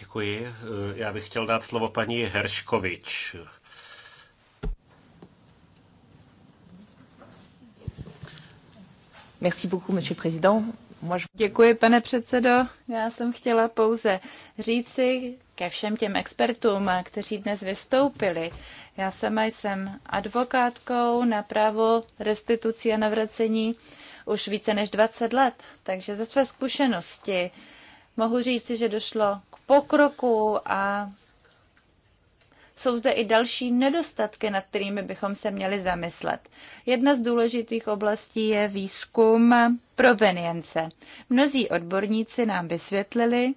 Děkuji. Já bych chtěl dát slovo paní Herškovič. Merci beaucoup, monsieur président. Děkuji, pane předsedo. Já jsem chtěla pouze říci ke všem těm expertům, kteří dnes vystoupili. Já sama jsem advokátkou na právo restitucí a navracení už více než 20 let, takže ze své zkušenosti mohu říci, že došlo k pokroku a jsou zde i další nedostatky, nad kterými bychom se měli zamyslet. Jedna z důležitých oblastí je výzkum provenience. Mnozí odborníci nám vysvětlili,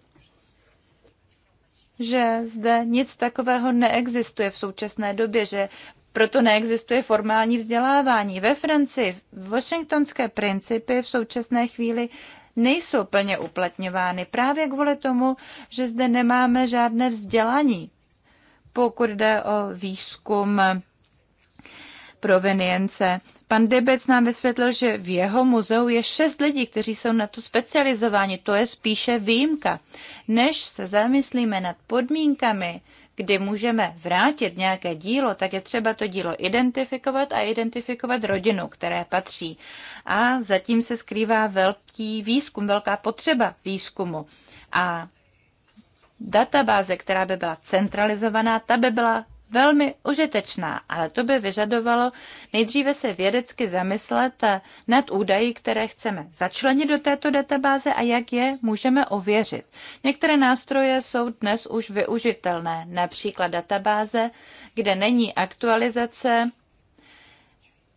že zde nic takového neexistuje v současné době, že proto neexistuje formální vzdělávání. Ve Francii washingtonské principy v současné chvíli nejsou plně uplatňovány právě kvůli tomu, že zde nemáme žádné vzdělání, pokud jde o výzkum provenience. Pan Debec nám vysvětlil, že v jeho muzeu je šest lidí, kteří jsou na to specializováni. To je spíše výjimka. Než se zamyslíme nad podmínkami, kdy můžeme vrátit nějaké dílo, tak je třeba to dílo identifikovat a identifikovat rodinu, které patří. A zatím se skrývá velký výzkum, velká potřeba výzkumu. A databáze, která by byla centralizovaná, ta by byla velmi užitečná, ale to by vyžadovalo nejdříve se vědecky zamyslet nad údaji, které chceme začlenit do této databáze a jak je můžeme ověřit. Některé nástroje jsou dnes už využitelné, například databáze, kde není aktualizace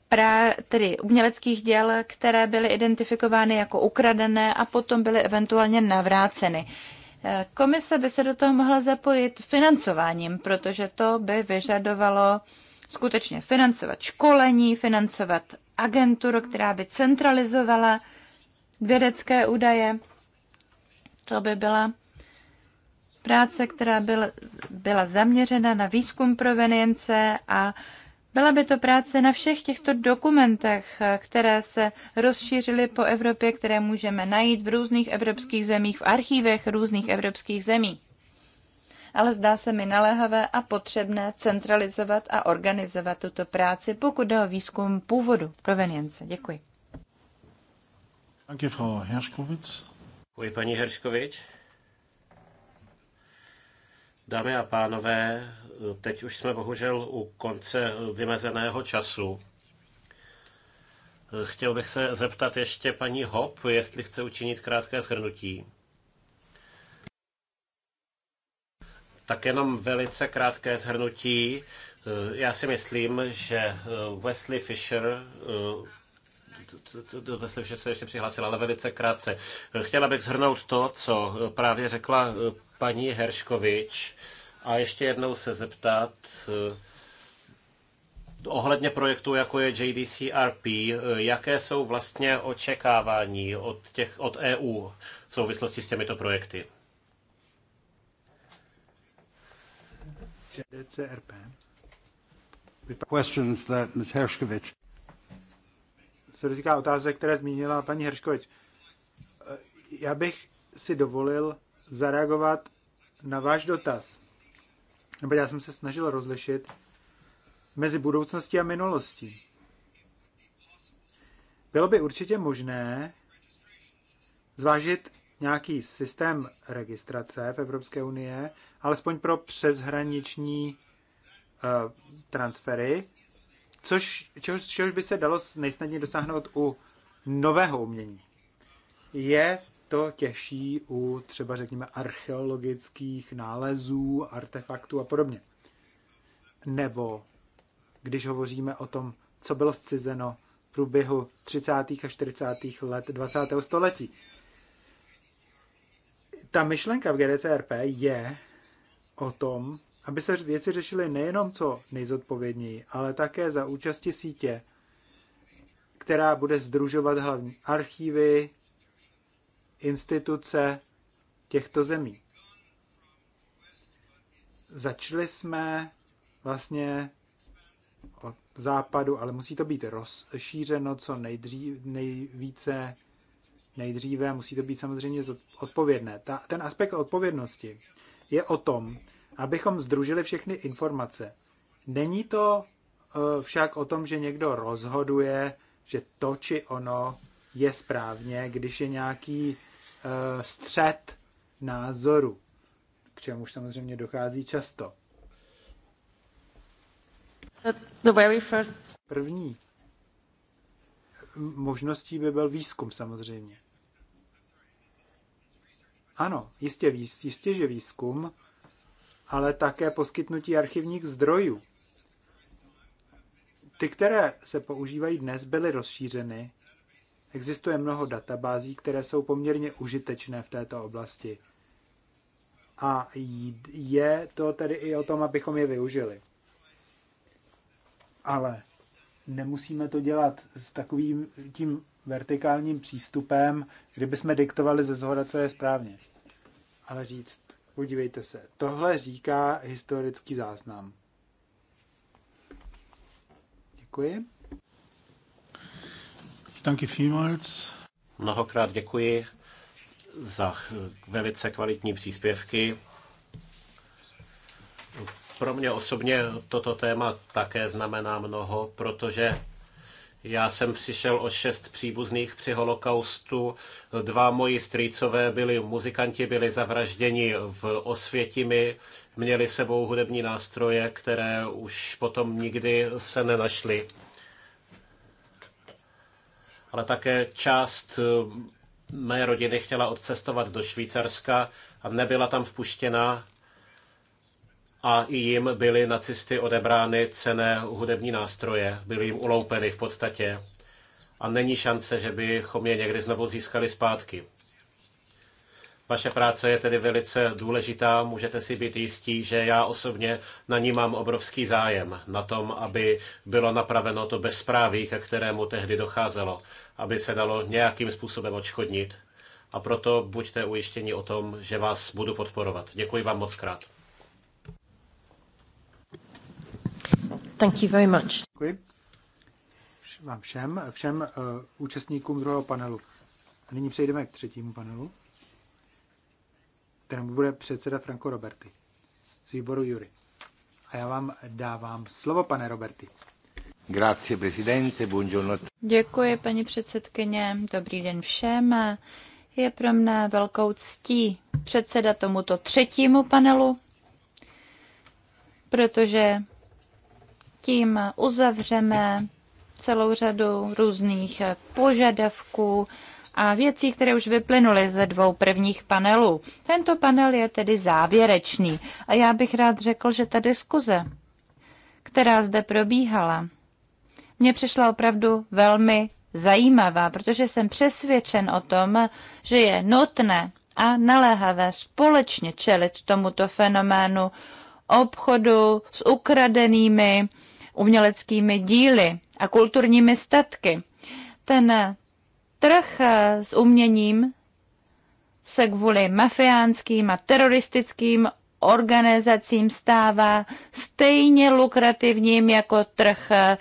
pra, tedy uměleckých děl, které byly identifikovány jako ukradené a potom byly eventuálně navráceny. Komise by se do toho mohla zapojit financováním, protože to by vyžadovalo skutečně financovat školení, financovat agenturu, která by centralizovala vědecké údaje. To by byla práce, která byla, zaměřena na výzkum provenience a byla by to práce na všech těchto dokumentech, které se rozšířily po Evropě, které můžeme najít v různých evropských zemích, v archívech různých evropských zemí. Ale zdá se mi naléhavé a potřebné centralizovat a organizovat tuto práci, pokud jde o výzkum původu provenience. Děkuji. Děkuji, paní Herškovič. Děkuji, paní Herškovič. Dámy a pánové, Teď už jsme bohužel u konce vymezeného času. Chtěl bych se zeptat ještě paní Hop, jestli chce učinit krátké shrnutí. Tak jenom velice krátké shrnutí. Já si myslím, že eh, Wesley Fisher eh, Wesley Fisher se ještě přihlásila, ale velice krátce. Chtěla bych zhrnout to, co právě řekla eh, paní Herškovič a ještě jednou se zeptat eh, ohledně projektu jako je JDCRP, eh, jaké jsou vlastně očekávání od, těch, od EU v souvislosti s těmito projekty? JDCRP. Questions that Ms. Hershkovich. Se dotýká otázek, které zmínila paní Herškovič. Eh, já bych si dovolil zareagovat na váš dotaz nebo já jsem se snažil rozlišit mezi budoucností a minulostí. Bylo by určitě možné zvážit nějaký systém registrace v Evropské unie, alespoň pro přeshraniční uh, transfery, což, čehož, čehož by se dalo nejsnadněji dosáhnout u nového umění. Je to těší u třeba řekněme archeologických nálezů, artefaktů a podobně. Nebo když hovoříme o tom, co bylo zcizeno v průběhu 30. a 40. let 20. století. Ta myšlenka v GDCRP je o tom, aby se věci řešily nejenom co nejzodpovědněji, ale také za účasti sítě, která bude združovat hlavní archívy, instituce těchto zemí. Začali jsme vlastně od západu, ale musí to být rozšířeno co nejdřív, nejvíce nejdříve, musí to být samozřejmě odpovědné. Ta, ten aspekt odpovědnosti je o tom, abychom združili všechny informace. Není to uh, však o tom, že někdo rozhoduje, že to či ono je správně, když je nějaký Eh, střed názoru, k čemu už samozřejmě dochází často. The very first... První možností by byl výzkum samozřejmě. Ano, jistě, jistě, že výzkum, ale také poskytnutí archivních zdrojů. Ty, které se používají dnes, byly rozšířeny Existuje mnoho databází, které jsou poměrně užitečné v této oblasti. A je to tedy i o tom, abychom je využili. Ale nemusíme to dělat s takovým tím vertikálním přístupem, kdyby jsme diktovali ze zhora, co je správně. Ale říct, podívejte se, tohle říká historický záznam. Děkuji. Danke vielmals. Mnohokrát děkuji za velice kvalitní příspěvky. Pro mě osobně toto téma také znamená mnoho, protože já jsem přišel o šest příbuzných při holokaustu. Dva moji strýcové byli muzikanti, byli zavražděni v Osvětimi, měli sebou hudební nástroje, které už potom nikdy se nenašly ale také část eh, mé rodiny chtěla odcestovat do Švýcarska a nebyla tam vpuštěna a i jim byly nacisty odebrány cené hudební nástroje, byly jim uloupeny v podstatě a není šance, že bychom je někdy znovu získali zpátky. Vaše práce je tedy velice důležitá, můžete si být jistí, že já osobně na ní mám obrovský zájem, na tom, aby bylo napraveno to bezpráví, ke kterému tehdy docházelo, aby se dalo nějakým způsobem odškodnit. A proto buďte ujištěni o tom, že vás budu podporovat. Děkuji vám moc krát. Thank you very much. Děkuji vám všem, všem uh, účastníkům druhého panelu. A nyní přejdeme k třetímu panelu kterému bude předseda Franco Roberti z výboru Jury. A já vám dávám slovo, pane Roberti. Grazie, presidente, buongiorno. Děkuji, paní předsedkyně. Dobrý den všem. Je pro mne velkou ctí předseda tomuto třetímu panelu, protože tím uzavřeme celou řadu různých požadavků, a věcí, které už vyplynuly ze dvou prvních panelů. Tento panel je tedy závěrečný a já bych rád řekl, že ta diskuze, která zde probíhala, mě přišla opravdu velmi zajímavá, protože jsem přesvědčen o tom, že je nutné a naléhavé společně čelit tomuto fenoménu obchodu s ukradenými uměleckými díly a kulturními statky. Ten Trh eh, s uměním se kvůli mafiánským a teroristickým organizacím stává stejně lukrativním jako trh eh,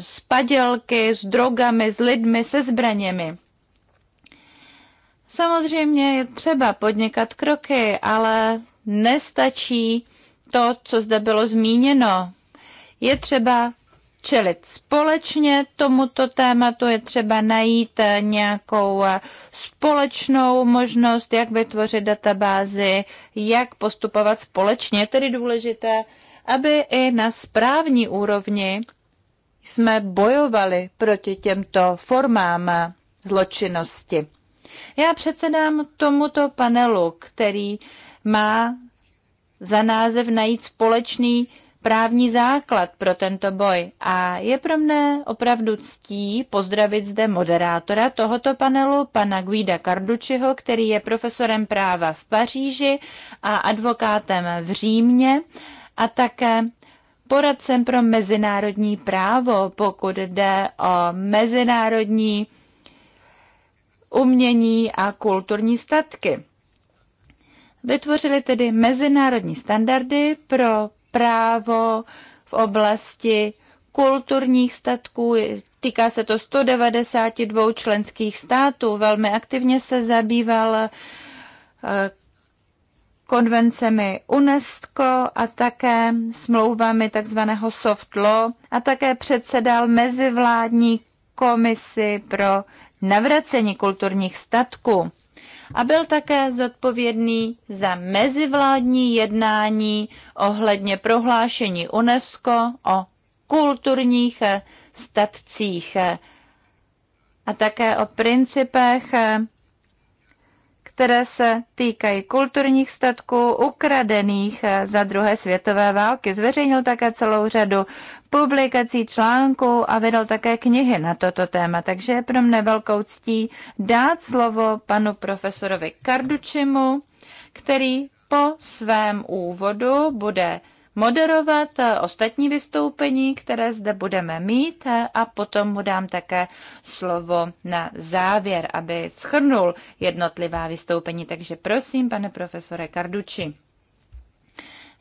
s padělky, s drogami, s lidmi, se zbraněmi. Samozřejmě je třeba podnikat kroky, ale nestačí to, co zde bylo zmíněno. Je třeba čelit společně tomuto tématu, je třeba najít eh, nějakou eh, společnou možnost, jak vytvořit databázy, jak postupovat společně, tedy důležité, aby i na správní úrovni jsme bojovali proti těmto formám eh, zločinnosti. Já předsedám tomuto panelu, který má za název najít společný právní základ pro tento boj a je pro mne opravdu ctí pozdravit zde moderátora tohoto panelu, pana Guida Cardučiho, který je profesorem práva v Paříži a advokátem v Římě a také poradcem pro mezinárodní právo, pokud jde o mezinárodní umění a kulturní statky. Vytvořili tedy mezinárodní standardy pro právo v oblasti kulturních statků. Týká se to 192 členských států. Velmi aktivně se zabýval eh, konvencemi UNESCO a také smlouvami tzv. soft law a také předsedal mezivládní komisi pro navracení kulturních statků a byl také zodpovědný za mezivládní jednání ohledně prohlášení UNESCO o kulturních statcích a také o principech, které se týkají kulturních statků ukradených za druhé světové války. Zveřejnil také celou řadu publikací, článků a vydal také knihy na toto téma, takže je pro mne velkou ctí dát slovo panu profesorovi Kardučimu, který po svém úvodu bude moderovat ostatní vystoupení, které zde budeme mít a potom mu dám také slovo na závěr, aby schrnul jednotlivá vystoupení. Takže prosím, pane profesore Karduči.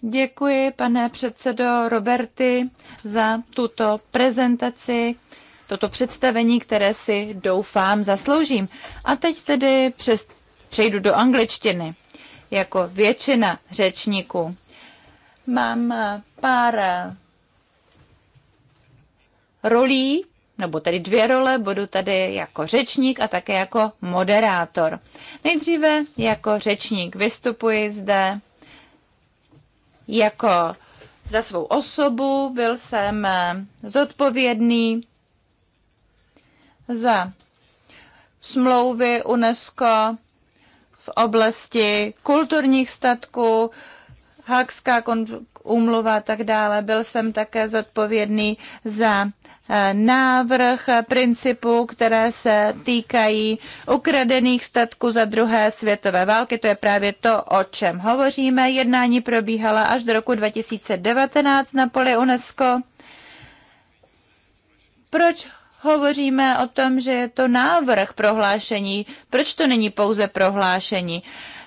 Děkuji, pane předsedo Roberty, za tuto prezentaci, toto představení, které si doufám zasloužím. A teď tedy přes, přejdu do angličtiny, jako většina řečníků. Mám eh, pár eh, rolí, nebo tedy dvě role, budu tady jako řečník a také jako moderátor. Nejdříve jako řečník vystupuji zde jako za svou osobu, byl jsem eh, zodpovědný za smlouvy UNESCO v oblasti kulturních statků, Hákská úmluva a tak dále. Byl jsem také zodpovědný za eh, návrh principů, které se týkají ukradených statků za druhé světové války. To je právě to, o čem hovoříme. Jednání probíhala až do roku 2019 na poli UNESCO. Proč hovoříme o tom, že je to návrh prohlášení? Proč to není pouze prohlášení?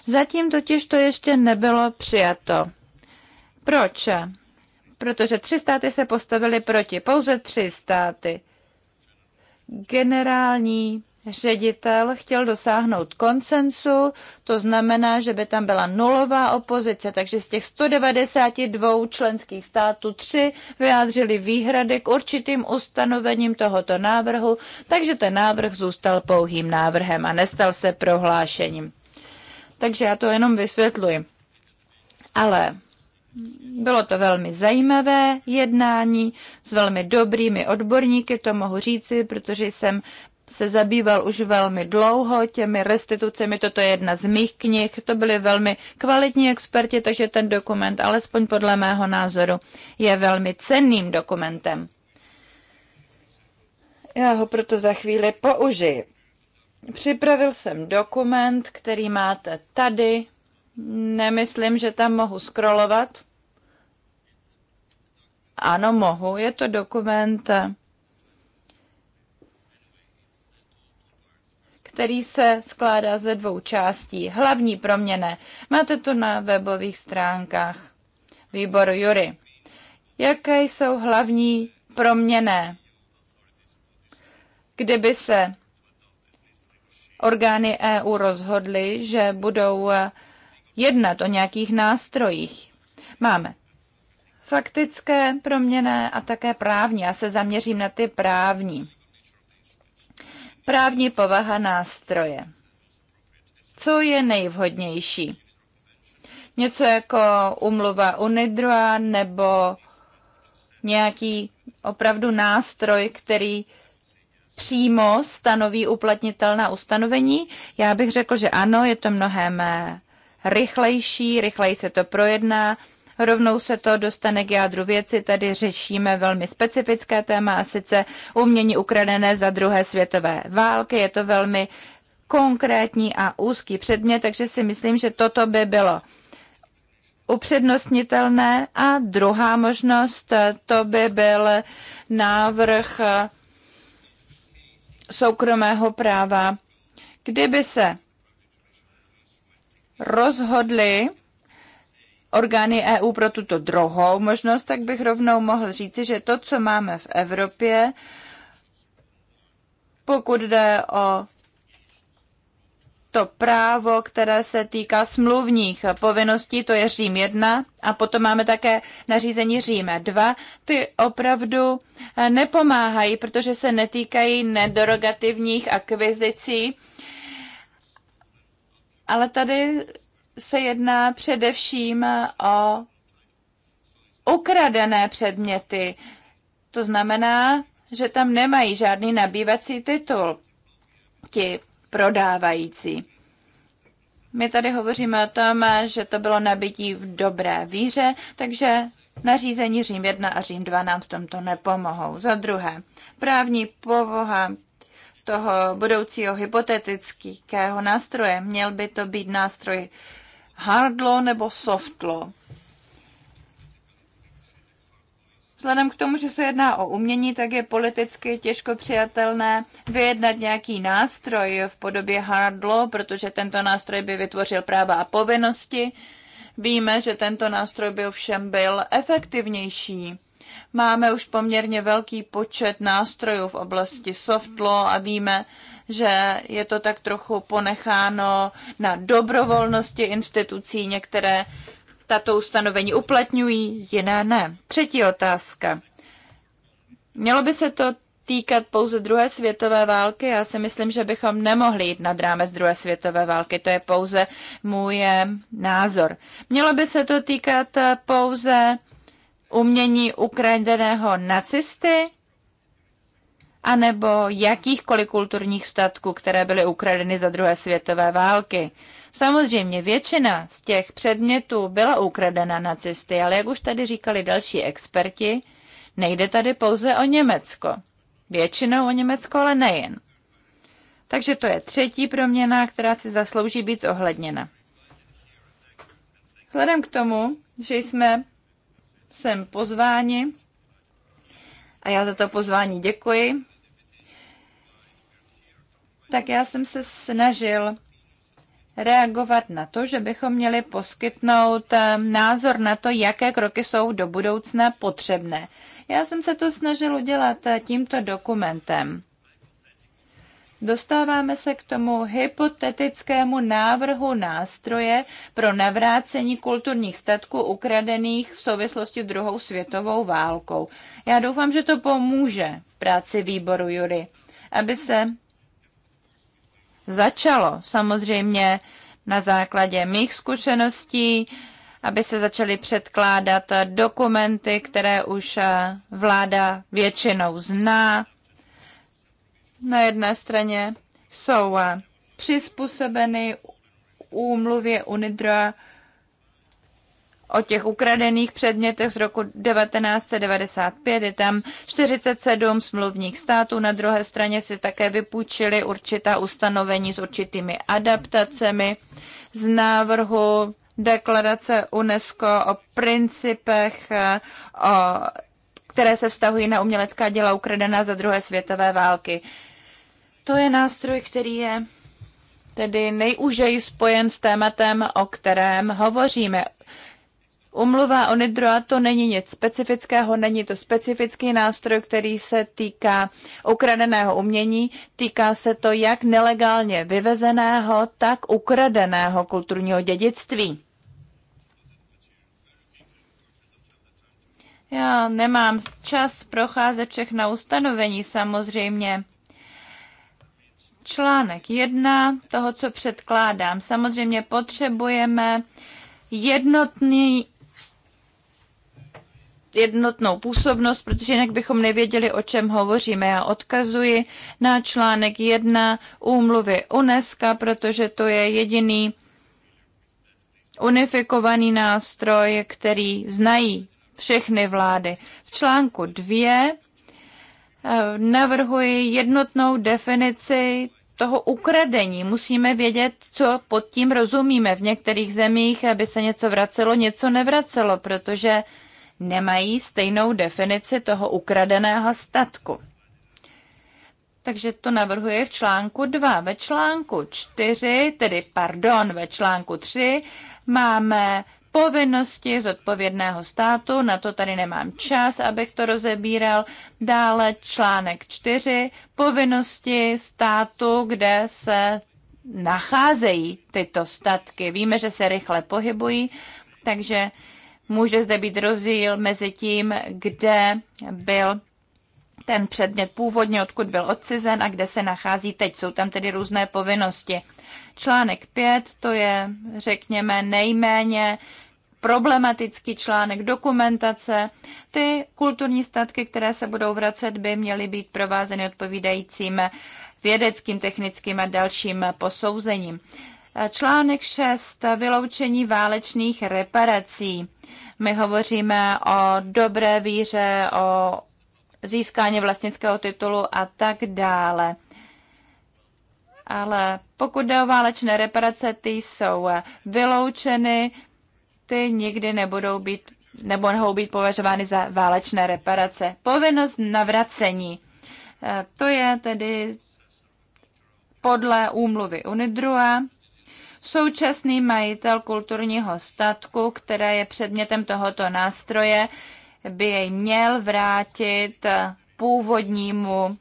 Zatím totiž to ještě nebylo přijato. Proč? Protože tři státy se postavily proti. Pouze tři státy. Generální ředitel chtěl dosáhnout koncensu, to znamená, že by tam byla nulová opozice, takže z těch 192 členských států tři vyjádřili výhrady k určitým ustanovením tohoto návrhu, takže ten návrh zůstal pouhým návrhem a nestal se prohlášením. Takže já to jenom vysvětluji. Ale bylo to velmi zajímavé jednání s velmi dobrými odborníky, to mohu říci, protože jsem se zabýval už velmi dlouho těmi restitucemi. Toto je jedna z mých knih. To byly velmi kvalitní experti, takže ten dokument, alespoň podle mého názoru, je velmi cenným dokumentem. Já ho proto za chvíli použiji. Připravil jsem dokument, který máte tady nemyslím, že tam mohu scrollovat. Ano, mohu. Je to dokument, který se skládá ze dvou částí. Hlavní proměny máte to na webových stránkách výboru Jury. Jaké jsou hlavní proměny? Kdyby se orgány EU rozhodly, že budou jednat o nějakých nástrojích. Máme faktické proměné a také právní. Já se zaměřím na ty právní. Právní povaha nástroje. Co je nejvhodnější? Něco jako umluva UNIDROA nebo nějaký opravdu nástroj, který přímo stanoví uplatnitelná ustanovení? Já bych řekl, že ano, je to mnohem rychlejší, rychleji se to projedná, rovnou se to dostane k jádru věci, tady řešíme velmi specifické téma a sice umění ukradené za druhé světové války. Je to velmi konkrétní a úzký předmět, takže si myslím, že toto by bylo upřednostnitelné. A druhá možnost, to by byl návrh soukromého práva, kdyby se rozhodly orgány EU pro tuto druhou možnost, tak bych rovnou mohl říci, že to, co máme v Evropě, pokud jde o to právo, které se týká smluvních povinností, to je Řím 1 a potom máme také nařízení Řím 2. Ty opravdu eh, nepomáhají, protože se netýkají nedorogativních akvizicí ale tady se jedná především o ukradené předměty. To znamená, že tam nemají žádný nabývací titul ti prodávající. My tady hovoříme o tom, že to bylo nabití v dobré víře, takže nařízení Řím 1 a Řím 2 nám v tomto nepomohou. Za druhé, právní povoha toho budoucího hypotetického nástroje. Měl by to být nástroj hard law nebo soft law. Vzhledem k tomu, že se jedná o umění, tak je politicky těžko přijatelné vyjednat nějaký nástroj v podobě hard law, protože tento nástroj by vytvořil práva a povinnosti. Víme, že tento nástroj by všem byl efektivnější Máme už poměrně velký počet nástrojů v oblasti soft law a víme, že je to tak trochu ponecháno na dobrovolnosti institucí. Některé tato ustanovení uplatňují, jiné ne. Třetí otázka. Mělo by se to týkat pouze druhé světové války. Já si myslím, že bychom nemohli jít nad rámec druhé světové války. To je pouze můj eh, názor. Mělo by se to týkat eh, pouze umění ukradeného nacisty? A nebo jakýchkoliv kulturních statků, které byly ukradeny za druhé světové války. Samozřejmě většina z těch předmětů byla ukradena nacisty, ale jak už tady říkali další experti, nejde tady pouze o Německo. Většinou o Německo, ale nejen. Takže to je třetí proměna, která si zaslouží být zohledněna. Vzhledem k tomu, že jsme sem pozváni a já za to pozvání děkuji, tak já jsem se snažil reagovat na to, že bychom měli poskytnout názor na to, jaké kroky jsou do budoucna potřebné. Já jsem se to snažil udělat eh, tímto dokumentem. Dostáváme se k tomu hypotetickému návrhu nástroje pro navrácení kulturních statků ukradených v souvislosti s druhou světovou válkou. Já doufám, že to pomůže v práci výboru Jury, aby se začalo samozřejmě na základě mých zkušeností, aby se začaly předkládat dokumenty, které už eh, vláda většinou zná, na jedné straně jsou eh, přizpůsobeny úmluvě UNIDRA o těch ukradených předmětech z roku 1995. Je tam 47 smluvních států. Na druhé straně si také vypůjčili určitá ustanovení s určitými adaptacemi z návrhu deklarace UNESCO o principech, eh, o, které se vztahují na umělecká děla ukradená za druhé světové války. To je nástroj, který je tedy nejúžeji spojen s tématem, o kterém hovoříme. Umluva o Nidroa to není nic specifického, není to specifický nástroj, který se týká ukradeného umění, týká se to jak nelegálně vyvezeného, tak ukradeného kulturního dědictví. Já nemám čas procházet všechna ustanovení samozřejmě, článek 1 toho, co předkládám. Samozřejmě potřebujeme jednotný, jednotnou působnost, protože jinak bychom nevěděli, o čem hovoříme. Já odkazuji na článek 1 úmluvy UNESCO, protože to je jediný unifikovaný nástroj, který znají všechny vlády. V článku 2 navrhuji jednotnou definici toho ukradení. Musíme vědět, co pod tím rozumíme. V některých zemích aby se něco vracelo, něco nevracelo, protože nemají stejnou definici toho ukradeného statku. Takže to navrhuji v článku 2. Ve článku 4, tedy pardon, ve článku 3 máme povinnosti zodpovědného státu, na to tady nemám čas, abych to rozebíral. Dále článek 4, povinnosti státu, kde se nacházejí tyto statky. Víme, že se rychle pohybují, takže může zde být rozdíl mezi tím, kde byl ten předmět původně, odkud byl odcizen a kde se nachází teď. Jsou tam tedy různé povinnosti. Článek 5 to je, řekněme, nejméně problematický článek dokumentace. Ty kulturní statky, které se budou vracet, by měly být provázeny odpovídajícím vědeckým, technickým a dalším posouzením. Článek 6. Vyloučení válečných reparací. My hovoříme o dobré víře, o získání vlastnického titulu a tak dále. Ale pokud jde o válečné reparace, ty jsou eh, vyloučeny, ty nikdy nebudou být nebo mohou být považovány za válečné reparace. Povinnost navracení. Eh, to je tedy podle úmluvy UNIDRUA. Současný majitel kulturního statku, které je předmětem tohoto nástroje, by jej měl vrátit eh, původnímu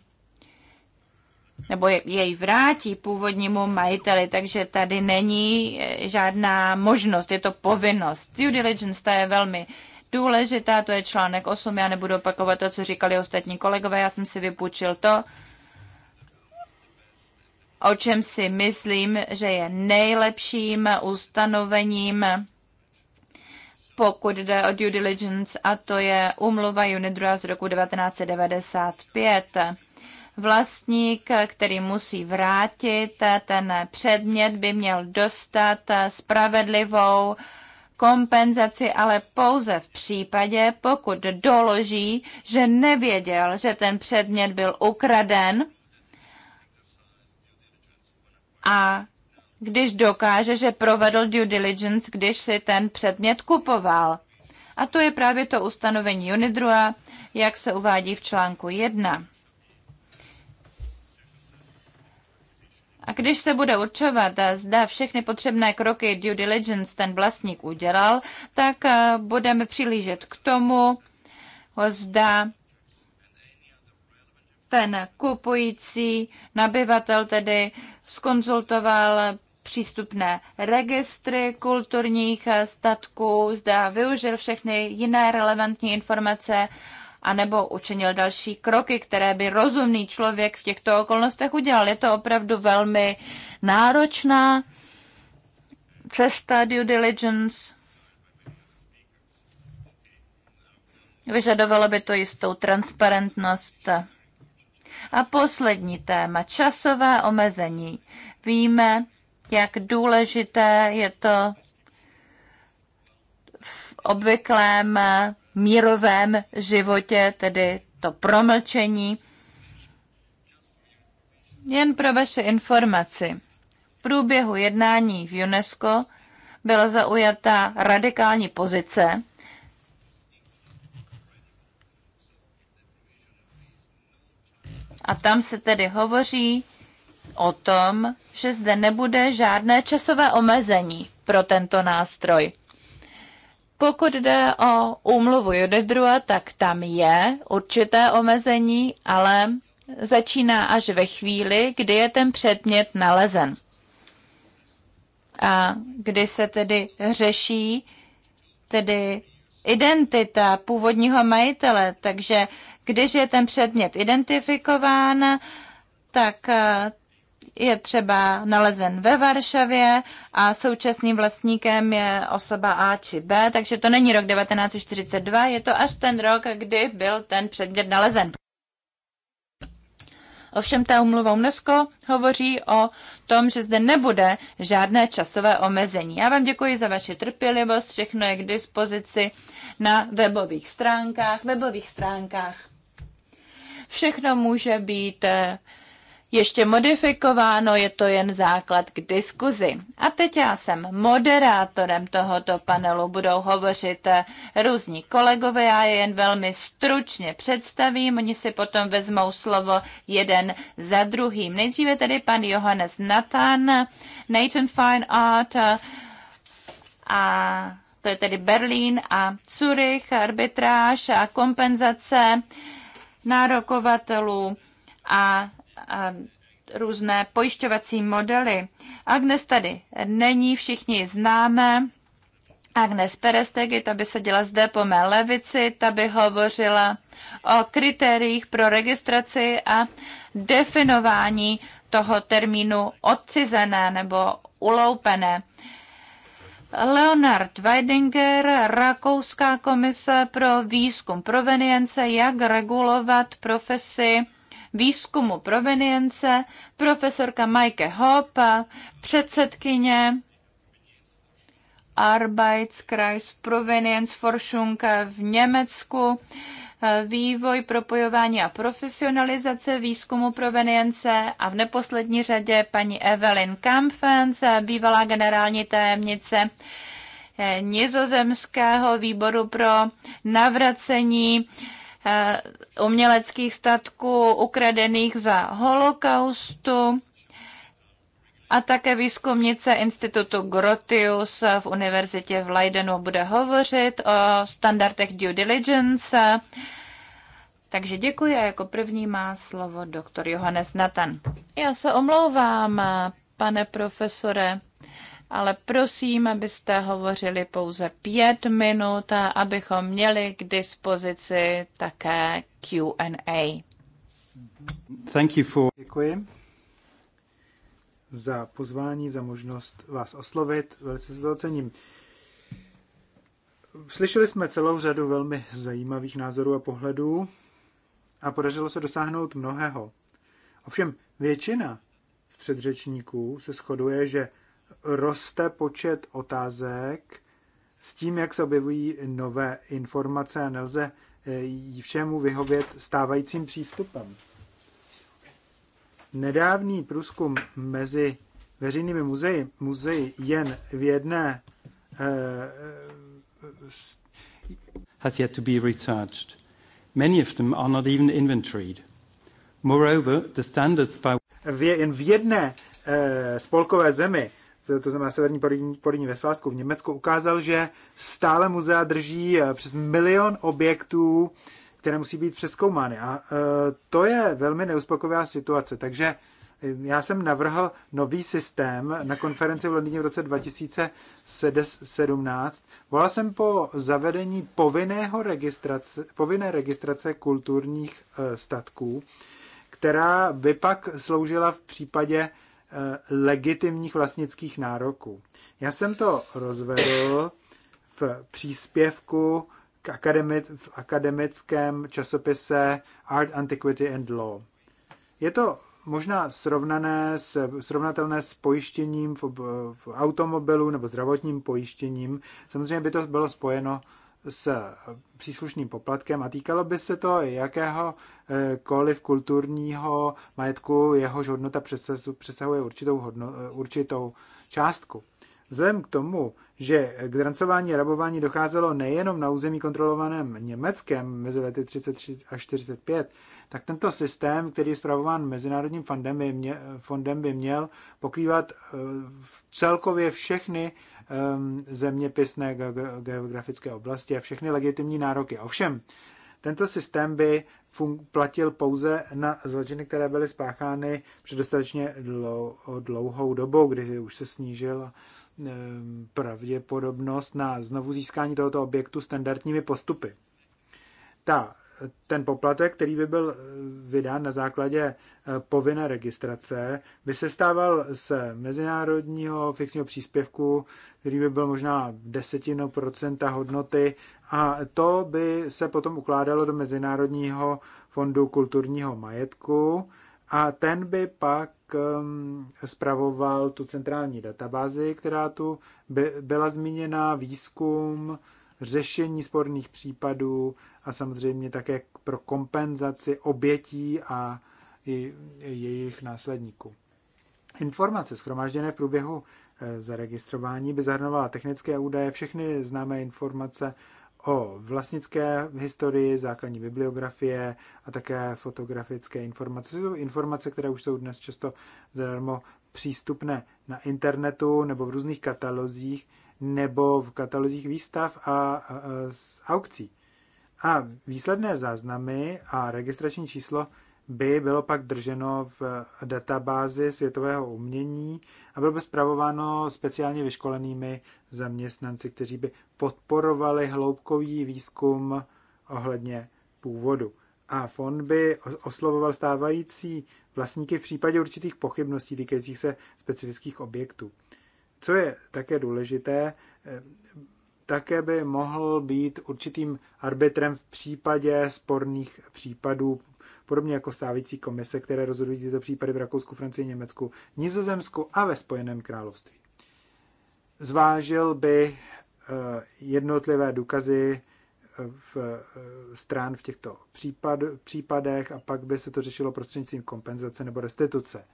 nebo jej vrátí původnímu majiteli, takže tady není eh, žádná možnost, je to povinnost. Due diligence ta je velmi důležitá, to je článek 8, já nebudu opakovat to, co říkali ostatní kolegové, já jsem si vypůjčil to, o čem si myslím, že je nejlepším ustanovením, pokud jde o due diligence, a to je umluva Unidra z roku 1995 vlastník, který musí vrátit ten předmět, by měl dostat spravedlivou kompenzaci, ale pouze v případě, pokud doloží, že nevěděl, že ten předmět byl ukraden a když dokáže, že provedl due diligence, když si ten předmět kupoval. A to je právě to ustanovení Unidrua, jak se uvádí v článku 1. A když se bude určovat, eh, zda všechny potřebné kroky due diligence ten vlastník udělal, tak eh, budeme přilížet k tomu, zda ten kupující nabyvatel tedy skonzultoval přístupné registry kulturních eh, statků, zda využil všechny jiné relevantní informace anebo učinil další kroky, které by rozumný člověk v těchto okolnostech udělal. Je to opravdu velmi náročná cesta due diligence. Vyžadovalo by to jistou transparentnost. A poslední téma, časové omezení. Víme, jak důležité je to v obvyklém mírovém životě, tedy to promlčení. Jen pro vaše informaci, v průběhu jednání v UNESCO byla zaujata radikální pozice, A tam se tedy hovoří o tom, že zde nebude žádné časové omezení pro tento nástroj. Pokud jde o úmluvu Jodedrua, tak tam je určité omezení, ale začíná až ve chvíli, kdy je ten předmět nalezen. A kdy se tedy řeší tedy identita původního majitele. Takže když je ten předmět identifikován, tak je třeba nalezen ve Varšavě a současným vlastníkem je osoba A či B, takže to není rok 1942, je to až ten rok, kdy byl ten předmět nalezen. Ovšem ta umluva UNESCO hovoří o tom, že zde nebude žádné časové omezení. Já vám děkuji za vaši trpělivost, všechno je k dispozici na webových stránkách, webových stránkách. Všechno může být eh, ještě modifikováno, je to jen základ k diskuzi. A teď já jsem moderátorem tohoto panelu, budou hovořit eh, různí kolegové, já je jen velmi stručně představím, oni si potom vezmou slovo jeden za druhým. Nejdříve tedy pan Johannes Nathan, Nathan Fine Art eh, a to je tedy Berlín a Zurich, arbitráž a kompenzace nárokovatelů a různé pojišťovací modely. Agnes tady není, všichni ji známe. Agnes Perestegy, ta by seděla zde po mé levici, ta by hovořila o kritériích pro registraci a definování toho termínu odcizené nebo uloupené. Leonard Weidinger, Rakouská komise pro výzkum provenience, jak regulovat profesi výzkumu provenience, profesorka Majke Hop, předsedkyně Arbeitskreis Forschung v Německu, vývoj, propojování a profesionalizace výzkumu provenience a v neposlední řadě paní Evelyn Kampfens, bývalá generální tajemnice eh, Nizozemského výboru pro navracení Eh, uměleckých statků ukradených za holokaustu a také výzkumnice Institutu Grotius v univerzitě v Leidenu bude hovořit o standardech due diligence. Takže děkuji a jako první má slovo doktor Johannes Natan. Já se omlouvám, pane profesore ale prosím, abyste hovořili pouze pět minut, abychom měli k dispozici také Q&A. Thank you for... Děkuji za pozvání, za možnost vás oslovit. Velice se to ocením. Slyšeli jsme celou řadu velmi zajímavých názorů a pohledů a podařilo se dosáhnout mnohého. Ovšem většina z předřečníků se shoduje, že roste počet otázek s tím, jak se objevují nové informace a nelze eh, všemu vyhovět stávajícím přístupem. Nedávný průzkum mezi veřejnými muzeji, muzeji jen v jedné eh, has yet to be researched. Many of them are not even inventoried. Moreover, the standards by v, jen v jedné uh, spolkové zemi to znamená Severní Porýní, ve Svázku v Německu, ukázal, že stále muzea drží eh, přes milion objektů, které musí být přeskoumány. A eh, to je velmi neuspokojivá situace. Takže eh, já jsem navrhl nový systém na konferenci v Londýně v roce 2017. Volal jsem po zavedení povinného registrace, povinné registrace kulturních statků, která by pak sloužila v případě Eh, legitimních vlastnických nároků. Já jsem to rozvedl v příspěvku k akademi- v akademickém časopise Art, Antiquity and Law. Je to možná srovnané s, srovnatelné s pojištěním v, v automobilu nebo zdravotním pojištěním. Samozřejmě by to bylo spojeno s příslušným poplatkem a týkalo by se to jakéhokoliv kulturního majetku, jehož hodnota přesahuje určitou, hodno, určitou částku. Vzhledem k tomu, že k drancování a rabování docházelo nejenom na území kontrolovaném Německem mezi lety 33 a 45, tak tento systém, který je zpravován Mezinárodním fondem, by, mě, fondem by měl pokrývat eh, celkově všechny ehm, zeměpisné geografické oblasti a všechny legitimní nároky. Ovšem, tento systém by platil pouze na zločiny, které byly spáchány před dostatečně dlouhou dobou, kdy už se snížil Ehm, pravděpodobnost na znovu získání tohoto objektu standardními postupy. Ta, ten poplatek, který by byl eh, vydán na základě eh, povinné registrace, by se stával z mezinárodního fixního příspěvku, který by byl možná desetinu procenta hodnoty a to by se potom ukládalo do Mezinárodního fondu kulturního majetku, a ten by pak um, spravoval tu centrální databázi, která tu by, byla zmíněna, výzkum, řešení sporných případů a samozřejmě také pro kompenzaci obětí a jejich následníků. Informace schromážděné v průběhu eh, zaregistrování by zahrnovala technické údaje, všechny známé informace o vlastnické historii, základní bibliografie a také fotografické informace. Jsou informace, které už jsou dnes často zadarmo přístupné na internetu nebo v různých katalozích nebo v katalozích výstav a, a, a z aukcí. A výsledné záznamy a registrační číslo by bylo pak drženo v databázi světového umění a bylo by zpravováno speciálně vyškolenými zaměstnanci, kteří by podporovali hloubkový výzkum ohledně původu. A fond by oslovoval stávající vlastníky v případě určitých pochybností týkajících se specifických objektů. Co je také důležité, také by mohl být určitým arbitrem v případě sporných případů podobně jako stávající komise, které rozhodují tyto případy v Rakousku, Francii, Německu, Nizozemsku a ve Spojeném království. Zvážil by eh, jednotlivé důkazy eh, v eh, strán v těchto případ, případech a pak by se to řešilo prostřednictvím kompenzace nebo restituce.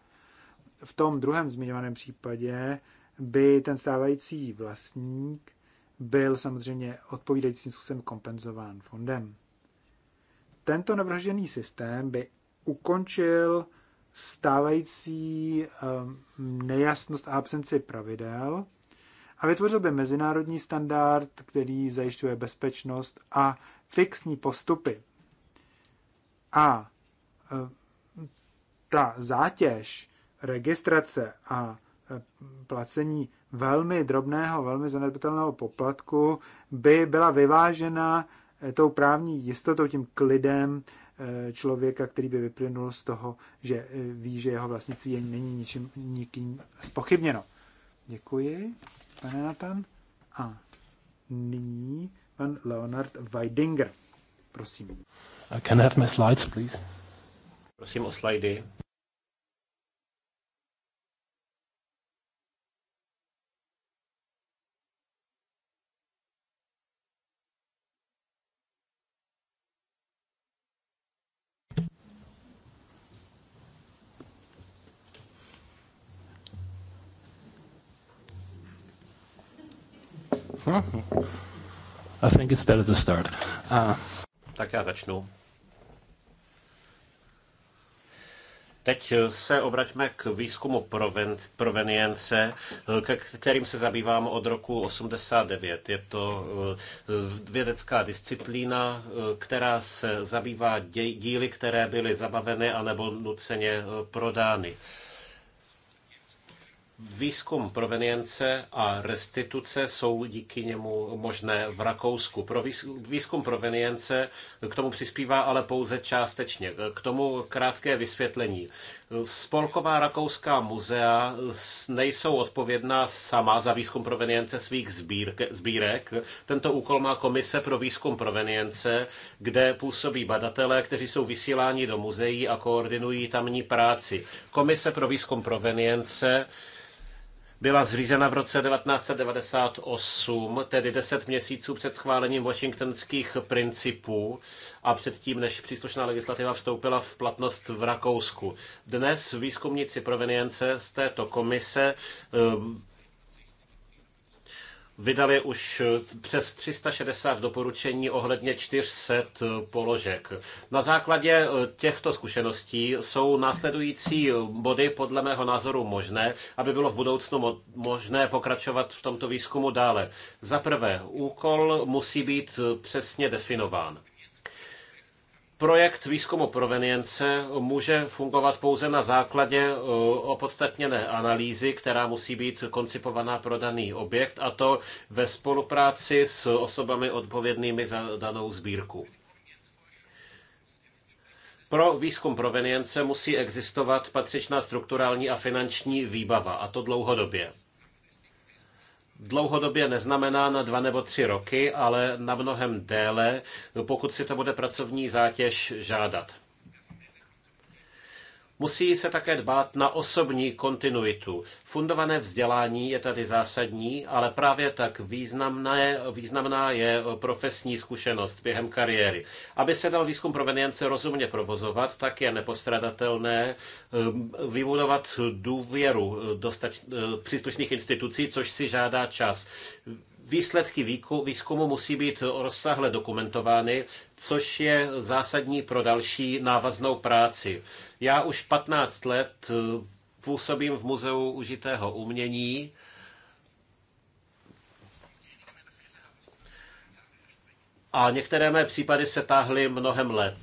V tom druhém zmiňovaném případě by ten stávající vlastník byl samozřejmě odpovídajícím způsobem kompenzován fondem. Tento navržený systém by ukončil stávající ehm, nejasnost a absenci pravidel a vytvořil by mezinárodní standard, který zajišťuje bezpečnost a fixní postupy. A ehm, ta zátěž registrace a ehm, placení velmi drobného, velmi zanedbatelného poplatku by byla vyvážena Eh, tou právní jistotou, tím klidem eh, člověka, který by vyplynul z toho, že eh, ví, že jeho vlastnictví není ničím, nikým spochybněno. Děkuji, pane Nathan. A nyní pan Leonard Weidinger. Prosím. Uh, can I have my slides, please? Prosím o slajdy. I think it's better to start. Uh. Tak já začnu. Teď se obraťme k výzkumu provenience, kterým se zabývám od roku 89. Je to eh, vědecká disciplína, eh, která se zabývá díly, které byly zabaveny anebo nuceně eh, prodány. Výzkum provenience a restituce jsou díky němu možné v Rakousku. Pro výzkum provenience k tomu přispívá ale pouze částečně. K tomu krátké vysvětlení. Spolková rakouská muzea nejsou odpovědná sama za výzkum provenience svých sbírek. Tento úkol má Komise pro výzkum provenience, kde působí badatelé, kteří jsou vysíláni do muzeí a koordinují tamní práci. Komise pro výzkum provenience byla zřízena v roce 1998, tedy 10 měsíců před schválením washingtonských principů a předtím, než příslušná legislativa vstoupila v platnost v Rakousku. Dnes výzkumníci provenience z této komise vydali už přes 360 doporučení ohledně 400 položek. Na základě těchto zkušeností jsou následující body podle mého názoru možné, aby bylo v budoucnu možné pokračovat v tomto výzkumu dále. Za prvé, úkol musí být přesně definován. Projekt výzkumu provenience může fungovat pouze na základě eh, opodstatněné analýzy, která musí být koncipovaná pro daný objekt, a to ve spolupráci s osobami odpovědnými za danou sbírku. Pro výzkum provenience musí existovat patřičná strukturální a finanční výbava, a to dlouhodobě dlouhodobě neznamená na dva nebo tři roky, ale na mnohem déle, pokud si to bude pracovní zátěž žádat. Musí se také dbát na osobní kontinuitu. Fundované vzdělání je tady zásadní, ale právě tak významné, významná je profesní zkušenost během kariéry. Aby se dal výzkum provenience rozumně provozovat, tak je nepostradatelné ehm, vybudovat důvěru dostač, ehm, příslušných institucí, což si žádá čas. Výsledky výzkumu musí být rozsáhle dokumentovány, což je zásadní pro další návaznou práci. Já už 15 let eh, působím v Muzeu užitého umění a některé mé případy se táhly mnohem let,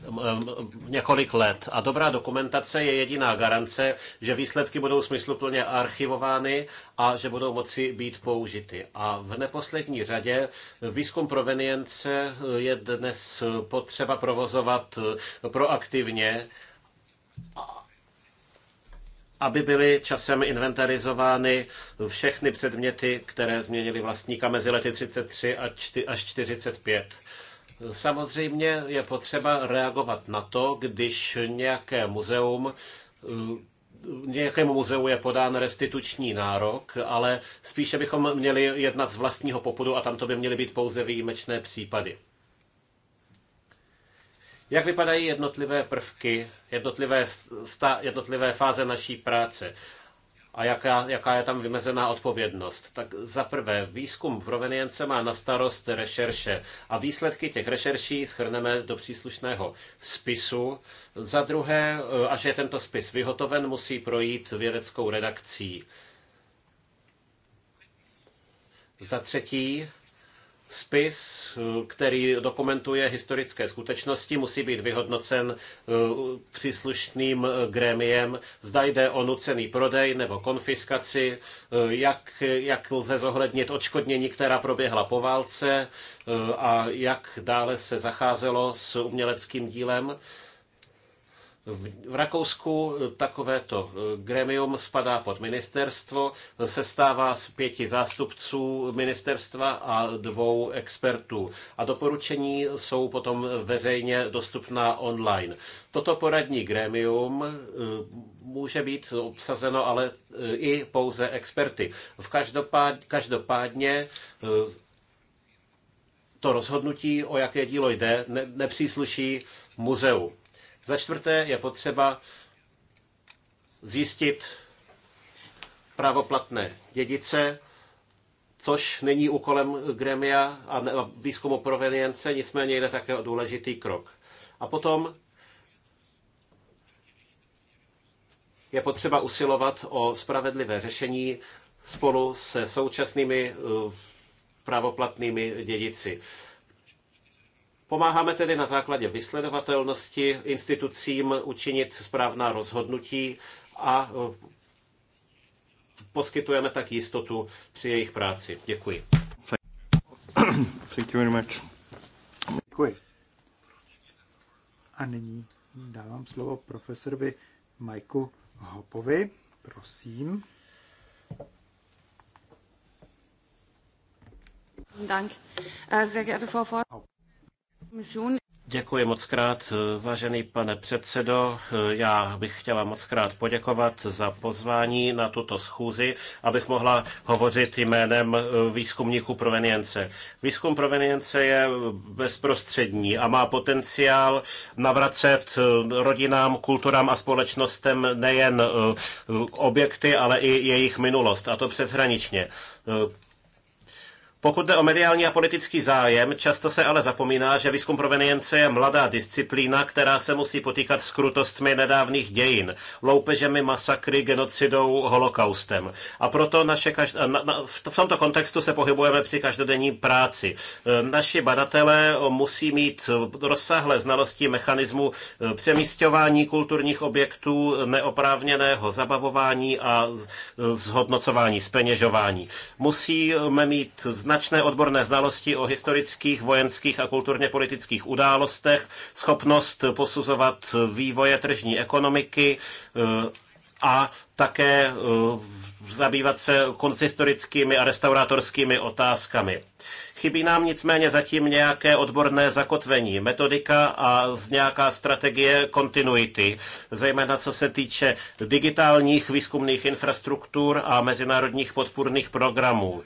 několik let. A dobrá dokumentace je jediná garance, že výsledky budou smysluplně archivovány a že budou moci být použity. A v neposlední řadě výzkum provenience je dnes potřeba provozovat proaktivně aby byly časem inventarizovány všechny předměty, které změnily vlastníka mezi lety 33 až 45. Samozřejmě je potřeba reagovat na to, když nějaké muzeum eh, nějakému muzeu je podán restituční nárok, ale spíše bychom měli jednat z vlastního popudu a tam to by měly být pouze výjimečné případy. Jak vypadají jednotlivé prvky, jednotlivé, sta, jednotlivé fáze naší práce? a jaká, jaká je tam vymezená odpovědnost. Tak za prvé, výzkum provenience má na starost rešerše a výsledky těch rešerší schrneme do příslušného spisu. Za druhé, e, až je tento spis vyhotoven, musí projít vědeckou redakcí. Za třetí, Spis, který dokumentuje historické skutečnosti, musí být vyhodnocen eh, příslušným grémiem. Zda jde o nucený prodej nebo konfiskaci, eh, jak, jak lze zohlednit odškodnění, která proběhla po válce eh, a jak dále se zacházelo s uměleckým dílem. V Rakousku eh, takovéto eh, gremium spadá pod ministerstvo, sestává z pěti zástupců ministerstva a dvou expertů. A doporučení jsou potom veřejně dostupná online. Toto poradní gremium eh, může být obsazeno ale i pouze experty. V každopád, každopádně to rozhodnutí, o jaké dílo jde, nepřísluší muzeu. Za čtvrté je potřeba zjistit právoplatné dědice, což není úkolem gremia a výzkumu provenience, nicméně jde také o důležitý krok. A potom je potřeba usilovat o spravedlivé řešení spolu se současnými eh, právoplatnými dědici. Pomáháme tedy na základě vysledovatelnosti institucím učinit správná rozhodnutí a eh, poskytujeme tak jistotu při jejich práci. Děkuji. Thank you very much. Děkuji. A nyní dávám slovo profesorovi Majku Hopovi. Prosím. Dank. Sehr geehrte Frau Děkuji moc krát, vážený pane předsedo. Já bych chtěla moc krát poděkovat za pozvání na tuto schůzi, abych mohla hovořit jménem výzkumníků provenience. Výzkum provenience je bezprostřední a má potenciál navracet rodinám, kulturám a společnostem nejen objekty, ale i jejich minulost, a to přeshraničně. Pokud jde o mediální a politický zájem, často se ale zapomíná, že výzkum provenience je mladá disciplína, která se musí potýkat s krutostmi nedávných dějin, loupežemi, masakry, genocidou, holokaustem. A proto naše každ- na, na, v tomto kontextu se pohybujeme při každodenní práci. E, naši badatelé musí mít rozsáhlé znalosti mechanismu e, přemístování kulturních objektů, neoprávněného zabavování a e, zhodnocování, speněžování. Musíme mít znalosti značné odborné znalosti o historických, vojenských a kulturně politických událostech, schopnost posuzovat vývoje tržní ekonomiky eh, a také eh, zabývat se konzistorickými a restaurátorskými otázkami. Chybí nám nicméně zatím nějaké odborné zakotvení, metodika a z nějaká strategie kontinuity, zejména co se týče digitálních výzkumných infrastruktur a mezinárodních podpůrných programů.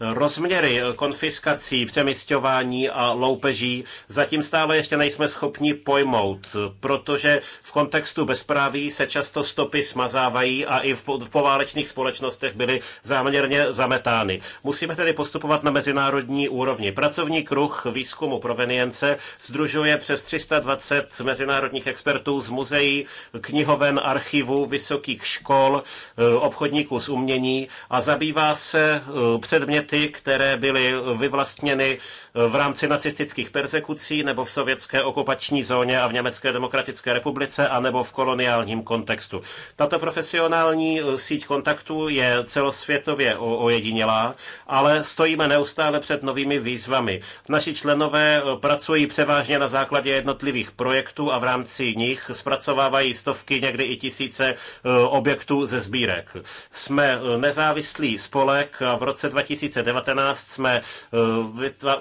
Rozměry konfiskací, přemysťování a loupeží zatím stále ještě nejsme schopni pojmout, protože v kontextu bezpráví se často stopy smazávají a i v poválečných společnostech byly záměrně zametány. Musíme tedy postupovat na mezinárodní úrovni. Pracovní kruh výzkumu provenience združuje přes 320 mezinárodních expertů z muzeí, knihoven, archivů, vysokých škol, eh, obchodníků z umění a zabývá se eh, předměty, které byly vyvlastněny eh, v rámci nacistických persekucí nebo v sovětské okupační zóně a v Německé demokratické republice a nebo v koloniálním kontextu. Tato profesionální síť kontaktů je celosvětově ojedinělá, ale stojíme neustále před novými svými výzvami. Naši členové eh, pracují převážně na základě jednotlivých projektů a v rámci nich zpracovávají stovky, někdy i tisíce eh, objektů ze sbírek. Jsme eh, nezávislý spolek a v roce 2019 jsme,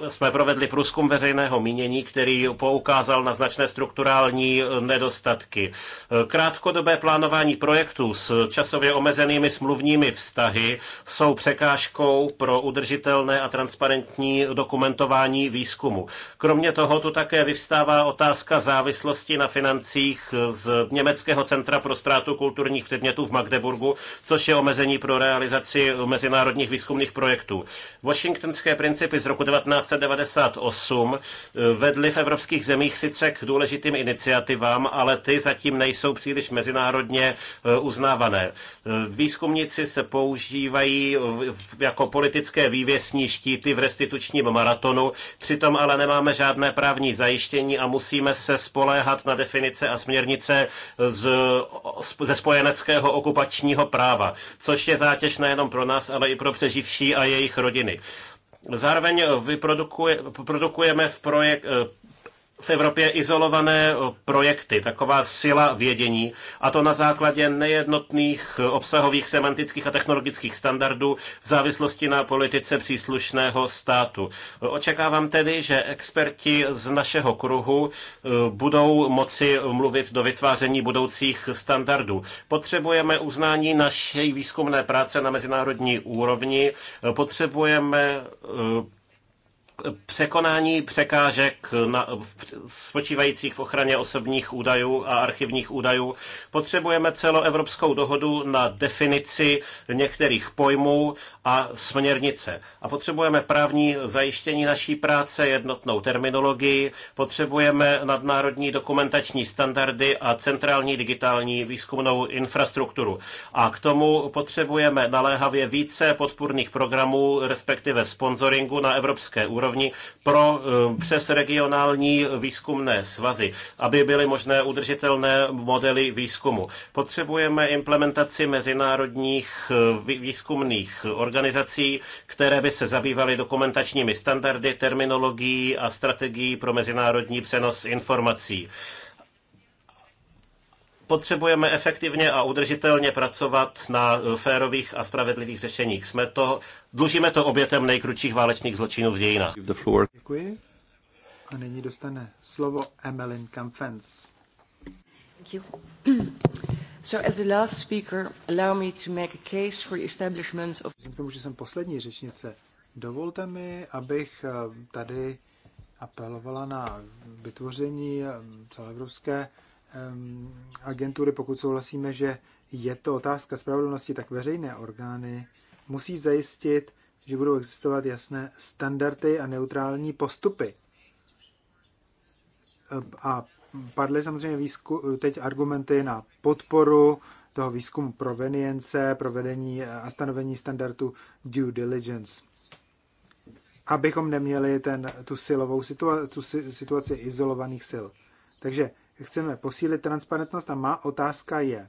jsme provedli průzkum veřejného mínění, který poukázal na značné strukturální nedostatky. Krátkodobé plánování projektů s časově omezenými smluvními vztahy jsou překážkou pro udržitelné a transparentní dokumentování výzkumu. Kromě toho tu také vyvstává otázka závislosti na financích z Německého centra pro ztrátu kulturních předmětů v Magdeburgu, což je omezení pro realizaci mezinárodních výzkumných projektů. Washingtonské principy z roku 1998 eh, vedly v evropských zemích sice k důležitým iniciativám, ale ty zatím nejsou příliš mezinárodně eh, uznávané. Eh, výzkumníci se používají jako politické vývěsní štíty v restituční silničním maratonu, přitom ale nemáme žádné právní zajištění a musíme se spoléhat na definice a směrnice z, ze spojeneckého okupačního práva, což je zátěž nejenom pro nás, ale i pro přeživší a jejich rodiny. Zároveň vyprodukujeme v projekt, v Evropě izolované eh, projekty, taková sila vědění, a to na základě nejednotných eh, obsahových, semantických a technologických standardů v závislosti na politice příslušného státu. Eh, očekávám tedy, že experti z našeho kruhu budou moci mluvit do vytváření budoucích standardů. Potřebujeme uznání naší výzkumné práce na mezinárodní úrovni, potřebujeme překonání překážek na, spočívajících v ochraně osobních údajů a archivních údajů potřebujeme celoevropskou dohodu na definici některých pojmů a směrnice. A potřebujeme právní zajištění naší práce, jednotnou terminologii, potřebujeme nadnárodní dokumentační standardy a centrální digitální výzkumnou infrastrukturu. A k tomu potřebujeme naléhavě více podpůrných programů, respektive sponsoringu na evropské úrovni pro eh, přes regionální výzkumné svazy, aby byly možné udržitelné modely výzkumu. Potřebujeme implementaci mezinárodních eh, výzkumných organizací, organizací, které by se zabývaly dokumentačními standardy, terminologií a strategií pro mezinárodní přenos informací potřebujeme efektivně a udržitelně pracovat na férových a spravedlivých řešeních. Jsme to, dlužíme to obětem nejkrutších válečných zločinů v dějinách. Děkuji. A nyní dostane slovo Emeline Kampfens. So as the last speaker, allow me to make a case for the establishment of... Vzhledem k tomu, že jsem poslední řečnice, dovolte mi, abych eh, tady apelovala na vytvoření eh, celoevropské agentury, pokud souhlasíme, že je to otázka spravedlnosti, tak veřejné orgány musí zajistit, že budou existovat jasné standardy a neutrální postupy. Eh, a padly samozřejmě výzku, teď argumenty na podporu toho výzkumu provenience, provedení a stanovení standardu due diligence. Abychom neměli ten, tu silovou situa- tu situaci izolovaných sil. Takže chceme posílit transparentnost a má otázka je,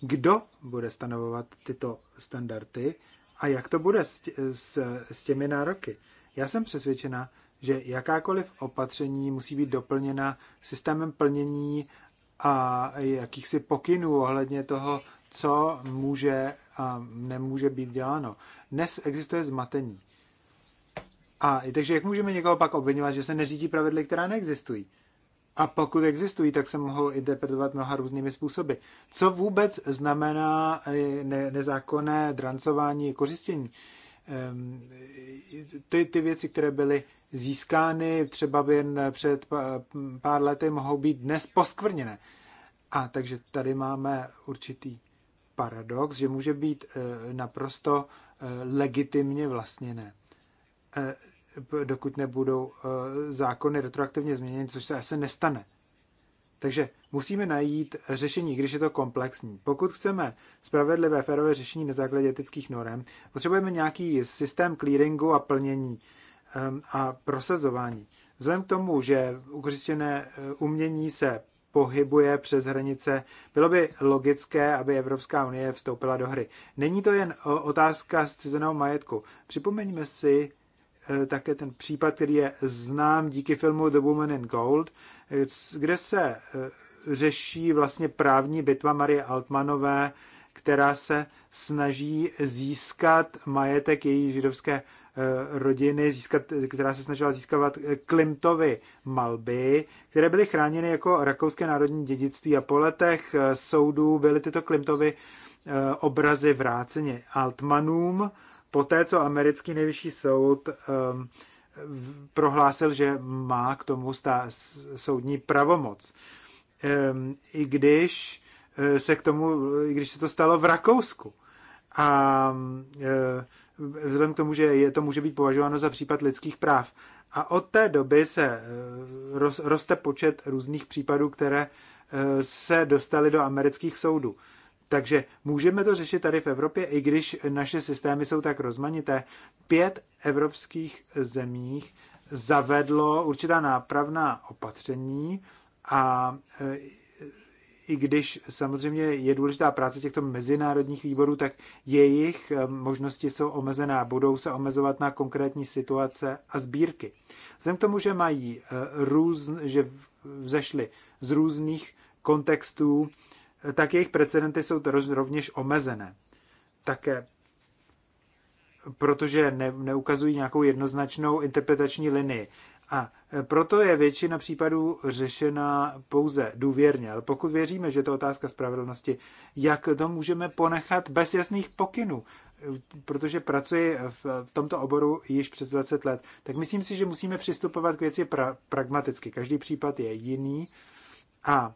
kdo bude stanovovat tyto standardy a jak to bude s, s, s těmi nároky. Já jsem přesvědčena, že jakákoliv opatření musí být doplněna systémem plnění a jakýchsi pokynů ohledně toho, co může a nemůže být děláno. Dnes existuje zmatení. A takže jak můžeme někoho pak obvinovat, že se neřídí pravidly, která neexistují? A pokud existují, tak se mohou interpretovat mnoha různými způsoby. Co vůbec znamená eh, ne- nezákonné drancování kořistění? Ehm, ty, ty věci, které byly získány třeba jen před pár lety, mohou být dnes poskvrněné. A takže tady máme určitý paradox, že může být eh, naprosto eh, legitimně vlastněné, eh, dokud nebudou zákony retroaktivně změněny, což se asi nestane. Takže musíme najít řešení, když je to komplexní. Pokud chceme spravedlivé, férové řešení na základě etických norem, potřebujeme nějaký systém clearingu a plnění ehm, a prosazování. Vzhledem k tomu, že ukřištěné eh, umění se pohybuje přes hranice, bylo by logické, aby Evropská unie vstoupila do hry. Není to jen otázka zcizeného majetku. Připomeňme si Eh, také ten případ, který je znám díky filmu The Woman in Gold, eh, kde se eh, řeší vlastně právní bitva Marie Altmanové, která se snaží získat majetek její židovské rodiny, získat, která se snažila získávat Klimtovy malby, které byly chráněny jako rakouské národní dědictví a po letech soudů byly tyto Klimtovy obrazy vráceny Altmanům poté co americký nejvyšší soud um, prohlásil, že má k tomu stá, soudní pravomoc. Um, I když eh, se k tomu, i když se to stalo v Rakousku. A eh, vzhledem k tomu, že je, to může být považováno za případ lidských práv. A od té doby se eh, roz, roste počet různých případů, které se dostaly do amerických soudů. Takže můžeme to řešit tady v Evropě, i když naše systémy jsou tak rozmanité. Pět evropských zemích zavedlo určitá nápravná opatření a e, i když samozřejmě je důležitá práce těchto mezinárodních výborů, tak jejich e, možnosti jsou omezená, budou se omezovat na konkrétní situace a sbírky. Vzhledem k tomu, že mají e, různ, že vzešly z různých kontextů, tak jejich precedenty jsou to rovněž omezené. Také protože ne, neukazují nějakou jednoznačnou interpretační linii. A proto je většina případů řešena pouze důvěrně. Ale pokud věříme, že je to otázka spravedlnosti, jak to můžeme ponechat bez jasných pokynů? Protože pracuji v, v tomto oboru již přes 20 let, tak myslím si, že musíme přistupovat k věci pra, pragmaticky. Každý případ je jiný a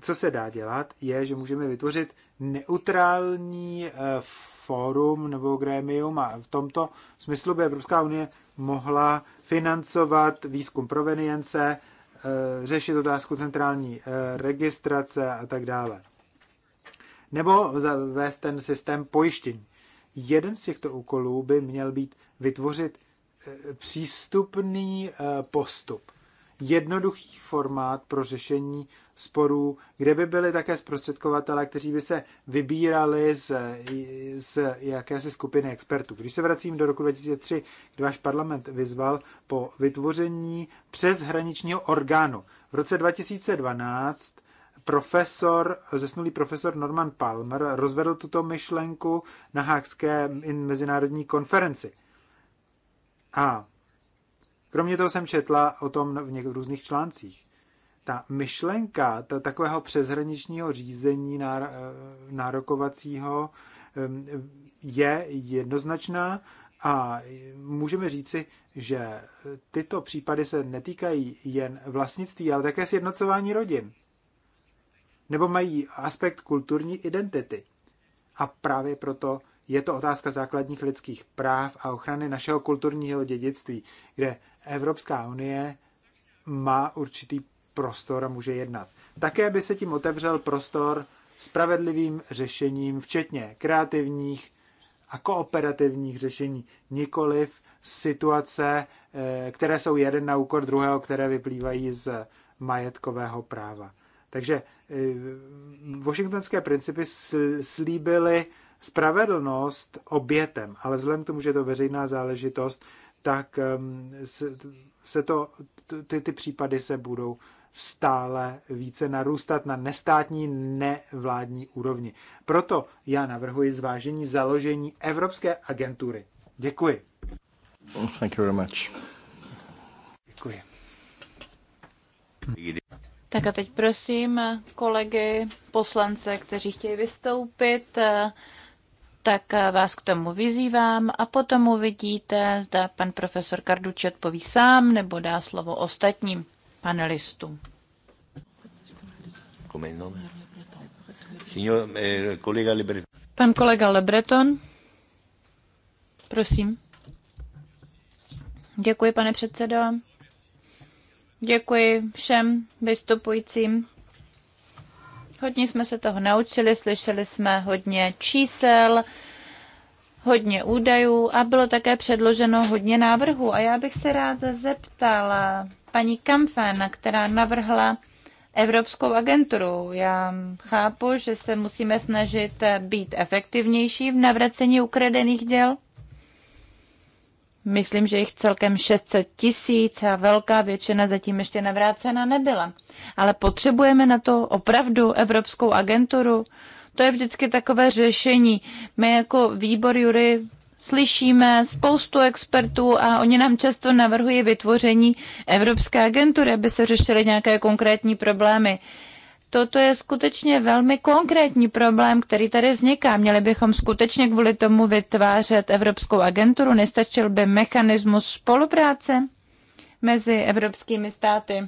co se dá dělat, je, že můžeme vytvořit neutrální eh, fórum nebo grémium a v tomto smyslu by Evropská unie mohla financovat výzkum provenience, eh, řešit otázku centrální eh, registrace a tak dále. Nebo vést ten systém pojištění. Jeden z těchto úkolů by měl být vytvořit přístupný postup jednoduchý formát pro řešení sporů, kde by byly také zprostředkovatele, kteří by se vybírali z, z jakési skupiny expertů. Když se vracím do roku 2003, kdy váš parlament vyzval po vytvoření přeshraničního orgánu. V roce 2012 profesor, zesnulý profesor Norman Palmer rozvedl tuto myšlenku na Hákské mezinárodní konferenci. A Kromě toho jsem četla o tom v, něk- různých článcích. Ta myšlenka ta, takového přeshraničního řízení náro- eh, nárokovacího je jednoznačná a můžeme říci, že tyto případy se netýkají jen vlastnictví, ale také sjednocování rodin. Nebo mají aspekt kulturní identity. A právě proto je to otázka základních lidských práv a ochrany našeho kulturního dědictví, kde Evropská unie má určitý prostor a může jednat. Také by se tím otevřel prostor spravedlivým řešením, včetně kreativních a kooperativních řešení, nikoliv situace, eh, které jsou jeden na úkor druhého, které vyplývají z majetkového práva. Takže eh, washingtonské principy slíbily spravedlnost obětem, ale vzhledem k tomu, že je to veřejná záležitost, tak se to, ty, ty případy se budou stále více narůstat na nestátní, nevládní úrovni. Proto já navrhuji zvážení založení Evropské agentury. Děkuji. Thank you very much. Děkuji. Tak a teď prosím kolegy, poslance, kteří chtějí vystoupit, tak vás k tomu vyzývám a potom uvidíte, zda pan profesor Karduči odpoví sám nebo dá slovo ostatním panelistům. Eh, pan kolega Lebreton, prosím. Děkuji, pane předsedo. Děkuji všem vystupujícím Hodně jsme se toho naučili, slyšeli jsme hodně čísel, hodně údajů a bylo také předloženo hodně návrhů. A já bych se rád zeptala paní Kamfena, která navrhla Evropskou agenturu. Já chápu, že se musíme snažit být efektivnější v navracení ukradených děl, Myslím, že jich celkem 600 tisíc a velká většina zatím ještě navrácena nebyla. Ale potřebujeme na to opravdu Evropskou agenturu. To je vždycky takové řešení. My jako výbor Jury slyšíme spoustu expertů a oni nám často navrhují vytvoření Evropské agentury, aby se řešily nějaké konkrétní problémy. Toto je skutečně velmi konkrétní problém, který tady vzniká. Měli bychom skutečně kvůli tomu vytvářet Evropskou agenturu? Nestačil by mechanismus spolupráce mezi evropskými státy?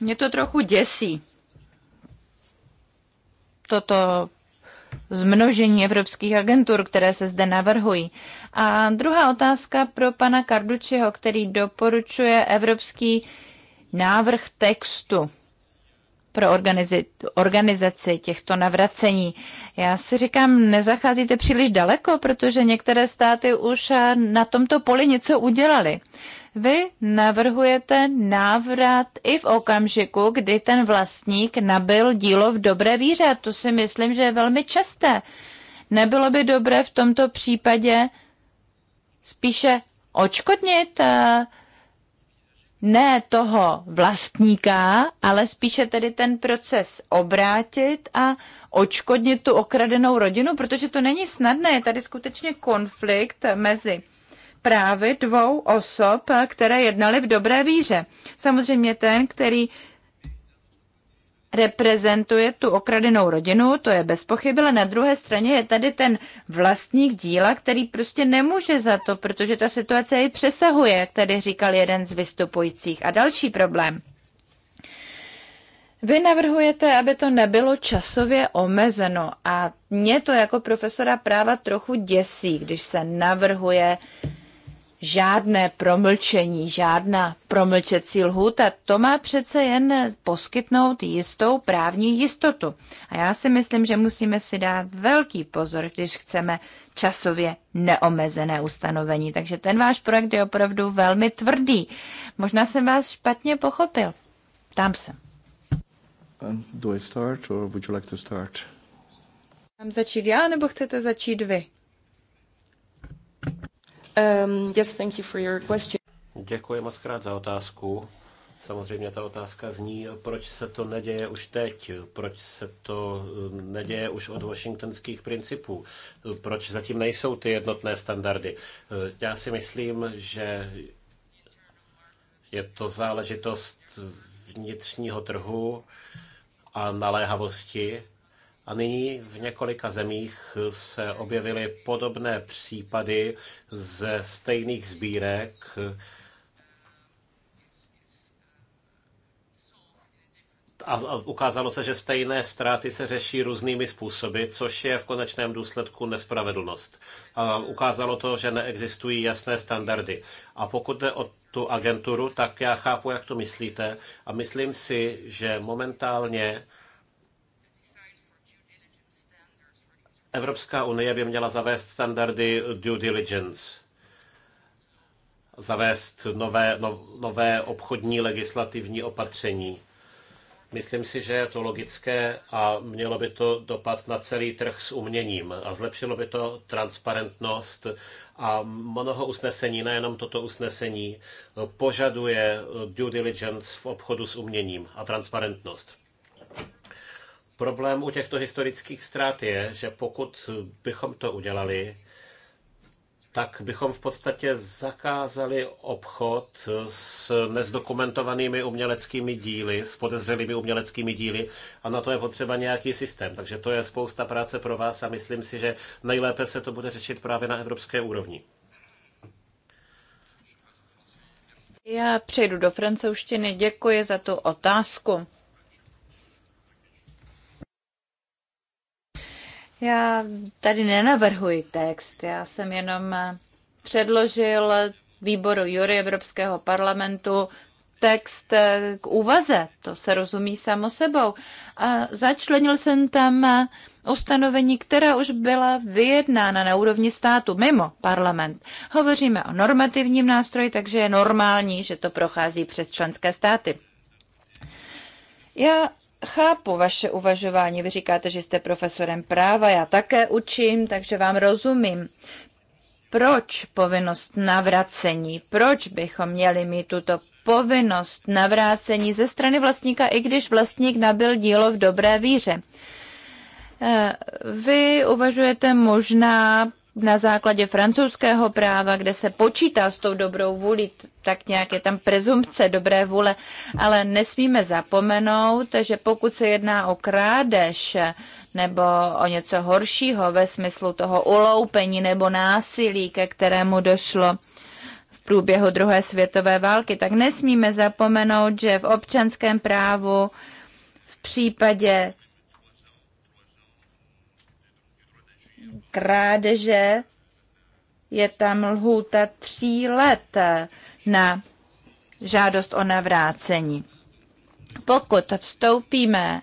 Mě to trochu děsí. Toto zmnožení evropských agentur, které se zde navrhují. A druhá otázka pro pana Kardučiho, který doporučuje evropský návrh textu pro organizi, organizaci těchto navracení. Já si říkám, nezacházíte příliš daleko, protože některé státy už na tomto poli něco udělali. Vy navrhujete návrat i v okamžiku, kdy ten vlastník nabil dílo v dobré víře. To si myslím, že je velmi časté. Nebylo by dobré v tomto případě spíše očkodnit uh, eh, ne toho vlastníka, ale spíše tedy ten proces obrátit a očkodnit tu okradenou rodinu, protože to není snadné. Je tady skutečně konflikt mezi právy dvou osob, které jednaly v dobré víře. Samozřejmě ten, který reprezentuje tu okradenou rodinu, to je bez pochyby, ale na druhé straně je tady ten vlastník díla, který prostě nemůže za to, protože ta situace ji přesahuje, jak tady říkal jeden z vystupujících. A další problém. Vy navrhujete, aby to nebylo časově omezeno a mě to jako profesora práva trochu děsí, když se navrhuje žádné promlčení, žádná promlčecí lhůta, to má přece jen poskytnout jistou právní jistotu. A já si myslím, že musíme si dát velký pozor, když chceme časově neomezené ustanovení. Takže ten váš projekt je opravdu velmi tvrdý. Možná jsem vás špatně pochopil. Tam se. Um, do I start, or would you like to start? Mám začít já, nebo chcete začít vy? Um, yes, thank you for your question. Děkuji moc krát za otázku. Samozřejmě ta otázka zní, proč se to neděje už teď, proč se to um, neděje už od washingtonských principů, proč zatím nejsou ty jednotné standardy. Uh, já si myslím, že je to záležitost vnitřního trhu a naléhavosti a nyní v několika zemích se objevily podobné případy ze stejných sbírek, a ukázalo se, že stejné ztráty se řeší různými způsoby, což je v konečném důsledku nespravedlnost. A ukázalo to, že neexistují jasné standardy. A pokud jde o tu agenturu, tak já chápu, jak to myslíte. A myslím si, že momentálně Evropská unie by měla zavést standardy due diligence, zavést nové, no, nové obchodní legislativní opatření. Myslím si, že je to logické a mělo by to dopad na celý trh s uměním a zlepšilo by to transparentnost a mnoho usnesení, nejenom toto usnesení, požaduje due diligence v obchodu s uměním a transparentnost. Problém u těchto historických ztrát je, že pokud bychom to udělali, tak bychom v podstatě zakázali obchod s nezdokumentovanými uměleckými díly, s podezřelými uměleckými díly a na to je potřeba nějaký systém. Takže to je spousta práce pro vás a myslím si, že nejlépe se to bude řešit právě na evropské úrovni. Já přejdu do francouzštiny. Děkuji za tu otázku. Já tady nenavrhuji text, já jsem jenom předložil výboru Jury Evropského parlamentu text k úvaze, to se rozumí samo sebou. A začlenil jsem tam ustanovení, která už byla vyjednána na úrovni státu mimo parlament. Hovoříme o normativním nástroji, takže je normální, že to prochází přes členské státy. Já chápu vaše uvažování. Vy říkáte, že jste profesorem práva, já také učím, takže vám rozumím. Proč povinnost navracení? Proč bychom měli mít tuto povinnost navrácení ze strany vlastníka, i když vlastník nabil dílo v dobré víře? Eh, vy uvažujete možná na základě francouzského práva, kde se počítá s tou dobrou vůli, tak nějak je tam prezumpce dobré vůle, ale nesmíme zapomenout, že pokud se jedná o krádež nebo o něco horšího ve smyslu toho uloupení nebo násilí, ke kterému došlo, v průběhu druhé světové války, tak nesmíme zapomenout, že v občanském právu v případě krádeže je tam lhůta tří let na žádost o navrácení. Pokud vstoupíme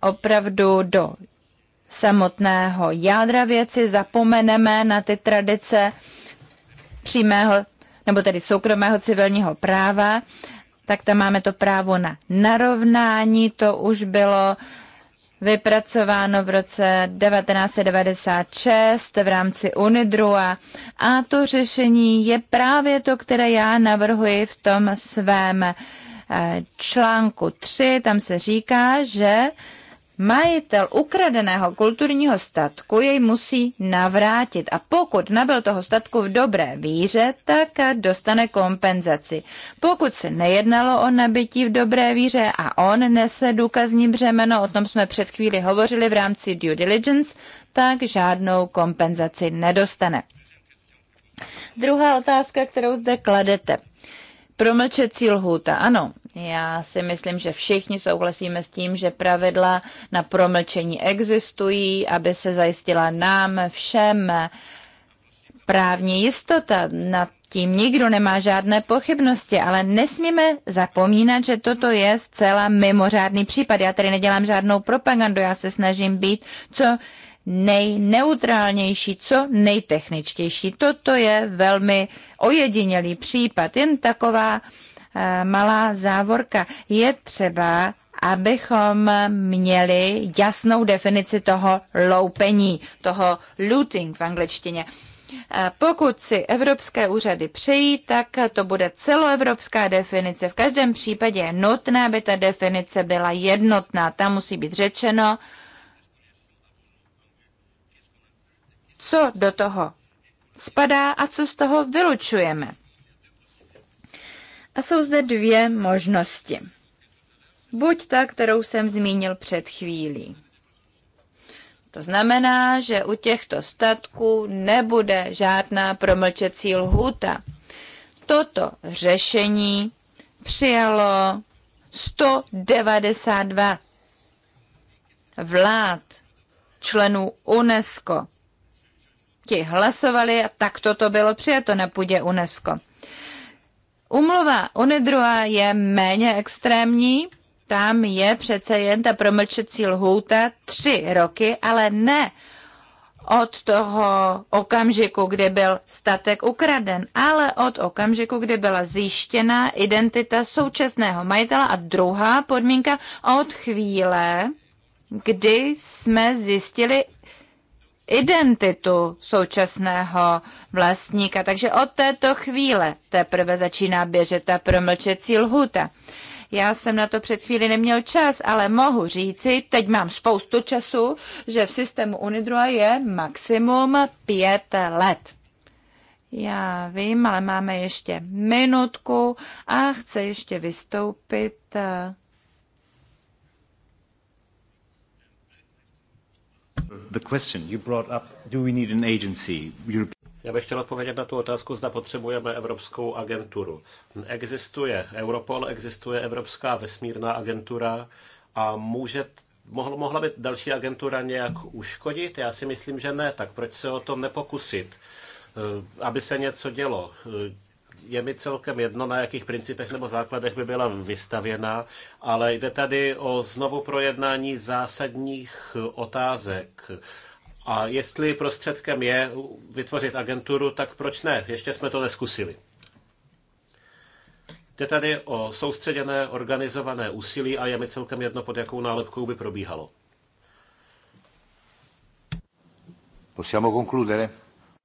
opravdu do samotného jádra věci, zapomeneme na ty tradice přímého nebo tedy soukromého civilního práva, tak tam máme to právo na narovnání, to už bylo vypracováno v roce 1996 v rámci UNIDRUA a to řešení je právě to, které já navrhuji v tom svém eh, článku 3. Tam se říká, že majitel ukradeného kulturního statku jej musí navrátit a pokud nabyl toho statku v dobré víře, tak dostane kompenzaci. Pokud se nejednalo o nabití v dobré víře a on nese důkazní břemeno, o tom jsme před chvíli hovořili v rámci due diligence, tak žádnou kompenzaci nedostane. Druhá otázka, kterou zde kladete. Promlčecí lhůta. Ano, já si myslím, že všichni souhlasíme s tím, že pravidla na promlčení existují, aby se zajistila nám všem právní jistota. Na tím nikdo nemá žádné pochybnosti, ale nesmíme zapomínat, že toto je zcela mimořádný případ. Já tady nedělám žádnou propagandu, já se snažím být co nejneutrálnější, co nejtechničtější. Toto je velmi ojedinělý případ, jen taková Eh, malá závorka. Je třeba abychom měli jasnou definici toho loupení, toho looting v angličtině. Eh, pokud si evropské úřady přejí, tak to bude celoevropská definice. V každém případě je nutné, aby ta definice byla jednotná. Tam musí být řečeno, co do toho spadá a co z toho vylučujeme. A jsou zde dvě možnosti. Buď ta, kterou jsem zmínil před chvílí. To znamená, že u těchto statků nebude žádná promlčecí lhůta. Toto řešení přijalo 192 vlád členů UNESCO. Ti hlasovali a tak toto bylo přijato na půdě UNESCO. Umluva UNEDROA je méně extrémní, tam je přece jen ta promlčecí lhůta tři roky, ale ne od toho okamžiku, kdy byl statek ukraden, ale od okamžiku, kdy byla zjištěna identita současného majitele. A druhá podmínka od chvíle, kdy jsme zjistili identitu současného vlastníka. Takže od této chvíle teprve začíná běžet ta promlčecí lhuta. Já jsem na to před chvíli neměl čas, ale mohu říci, teď mám spoustu času, že v systému Unidroa je maximum pět let. Já vím, ale máme ještě minutku a chce ještě vystoupit eh, Já bych chtěl odpovědět na tu otázku, zda potřebujeme Evropskou agenturu. Existuje Europol, existuje Evropská vesmírná agentura a může mohla, mohla by další agentura nějak uškodit? Já si myslím, že ne, tak proč se o to nepokusit, eh, aby se něco dělo? Eh, je mi celkem jedno, na jakých principech nebo základech by byla vystavěna, ale jde tady o znovu projednání zásadních otázek. A jestli prostředkem je vytvořit agenturu, tak proč ne? Ještě jsme to neskusili. Jde tady o soustředěné, organizované úsilí a je mi celkem jedno, pod jakou nálepkou by probíhalo. Possiamo concludere?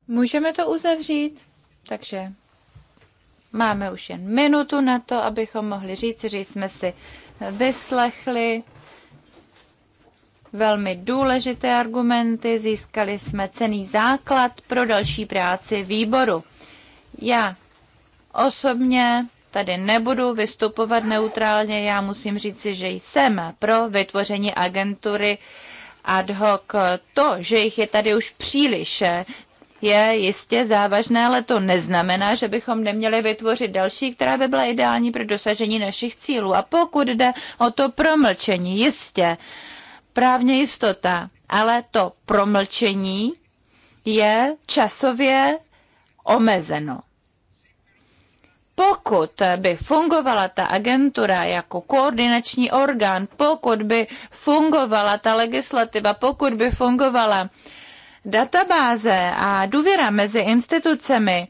Můžeme to uzavřít, takže Máme už jen minutu na to, abychom mohli říct, že jsme si vyslechli velmi důležité argumenty, získali jsme cený základ pro další práci výboru. Já osobně tady nebudu vystupovat neutrálně, já musím říci, že jsem pro vytvoření agentury ad hoc. To, že jich je tady už příliš, je jistě závažné, ale to neznamená, že bychom neměli vytvořit další, která by byla ideální pro dosažení našich cílů. A pokud jde o to promlčení, jistě, právně jistota, ale to promlčení je časově omezeno pokud by fungovala ta agentura jako koordinační orgán, pokud by fungovala ta legislativa, pokud by fungovala databáze a důvěra mezi institucemi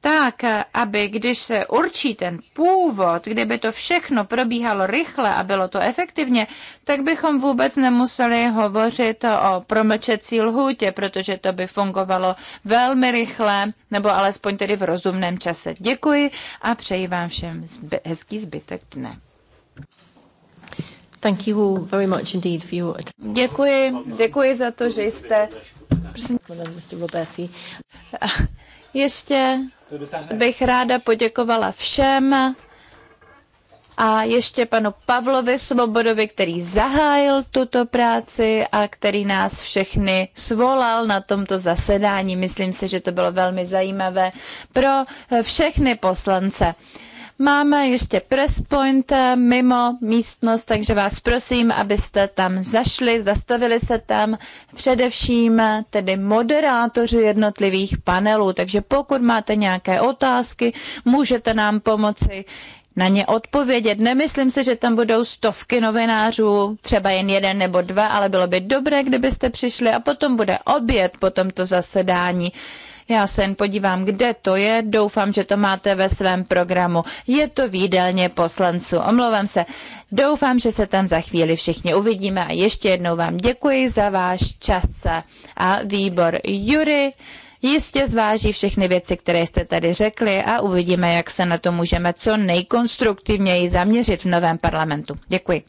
tak, aby když se určí ten původ, kdyby to všechno probíhalo rychle a bylo to efektivně, tak bychom vůbec nemuseli hovořit o promlčecí lhůtě, protože to by fungovalo velmi rychle, nebo alespoň tedy v rozumném čase. Děkuji a přeji vám všem hezký zbytek dne. Thank you very much indeed for your... Děkuji, děkuji za to, že jste... Prosím. Ještě bych ráda poděkovala všem a ještě panu Pavlovi Svobodovi, který zahájil tuto práci a který nás všechny svolal na tomto zasedání. Myslím si, že to bylo velmi zajímavé pro všechny poslance. Máme ještě press point eh, mimo místnost, takže vás prosím, abyste tam zašli, zastavili se tam především eh, tedy moderátoři jednotlivých panelů. Takže pokud máte nějaké otázky, můžete nám pomoci na ně odpovědět. Nemyslím si, že tam budou stovky novinářů, třeba jen jeden nebo dva, ale bylo by dobré, kdybyste přišli a potom bude oběd po tomto zasedání. Já se jen podívám, kde to je, doufám, že to máte ve svém programu. Je to výdelně poslanců, omlouvám se. Doufám, že se tam za chvíli všichni uvidíme a ještě jednou vám děkuji za váš čas a výbor Jury. Jistě zváží všechny věci, které jste tady řekli a uvidíme, jak se na to můžeme co nejkonstruktivněji zaměřit v novém parlamentu. Děkuji.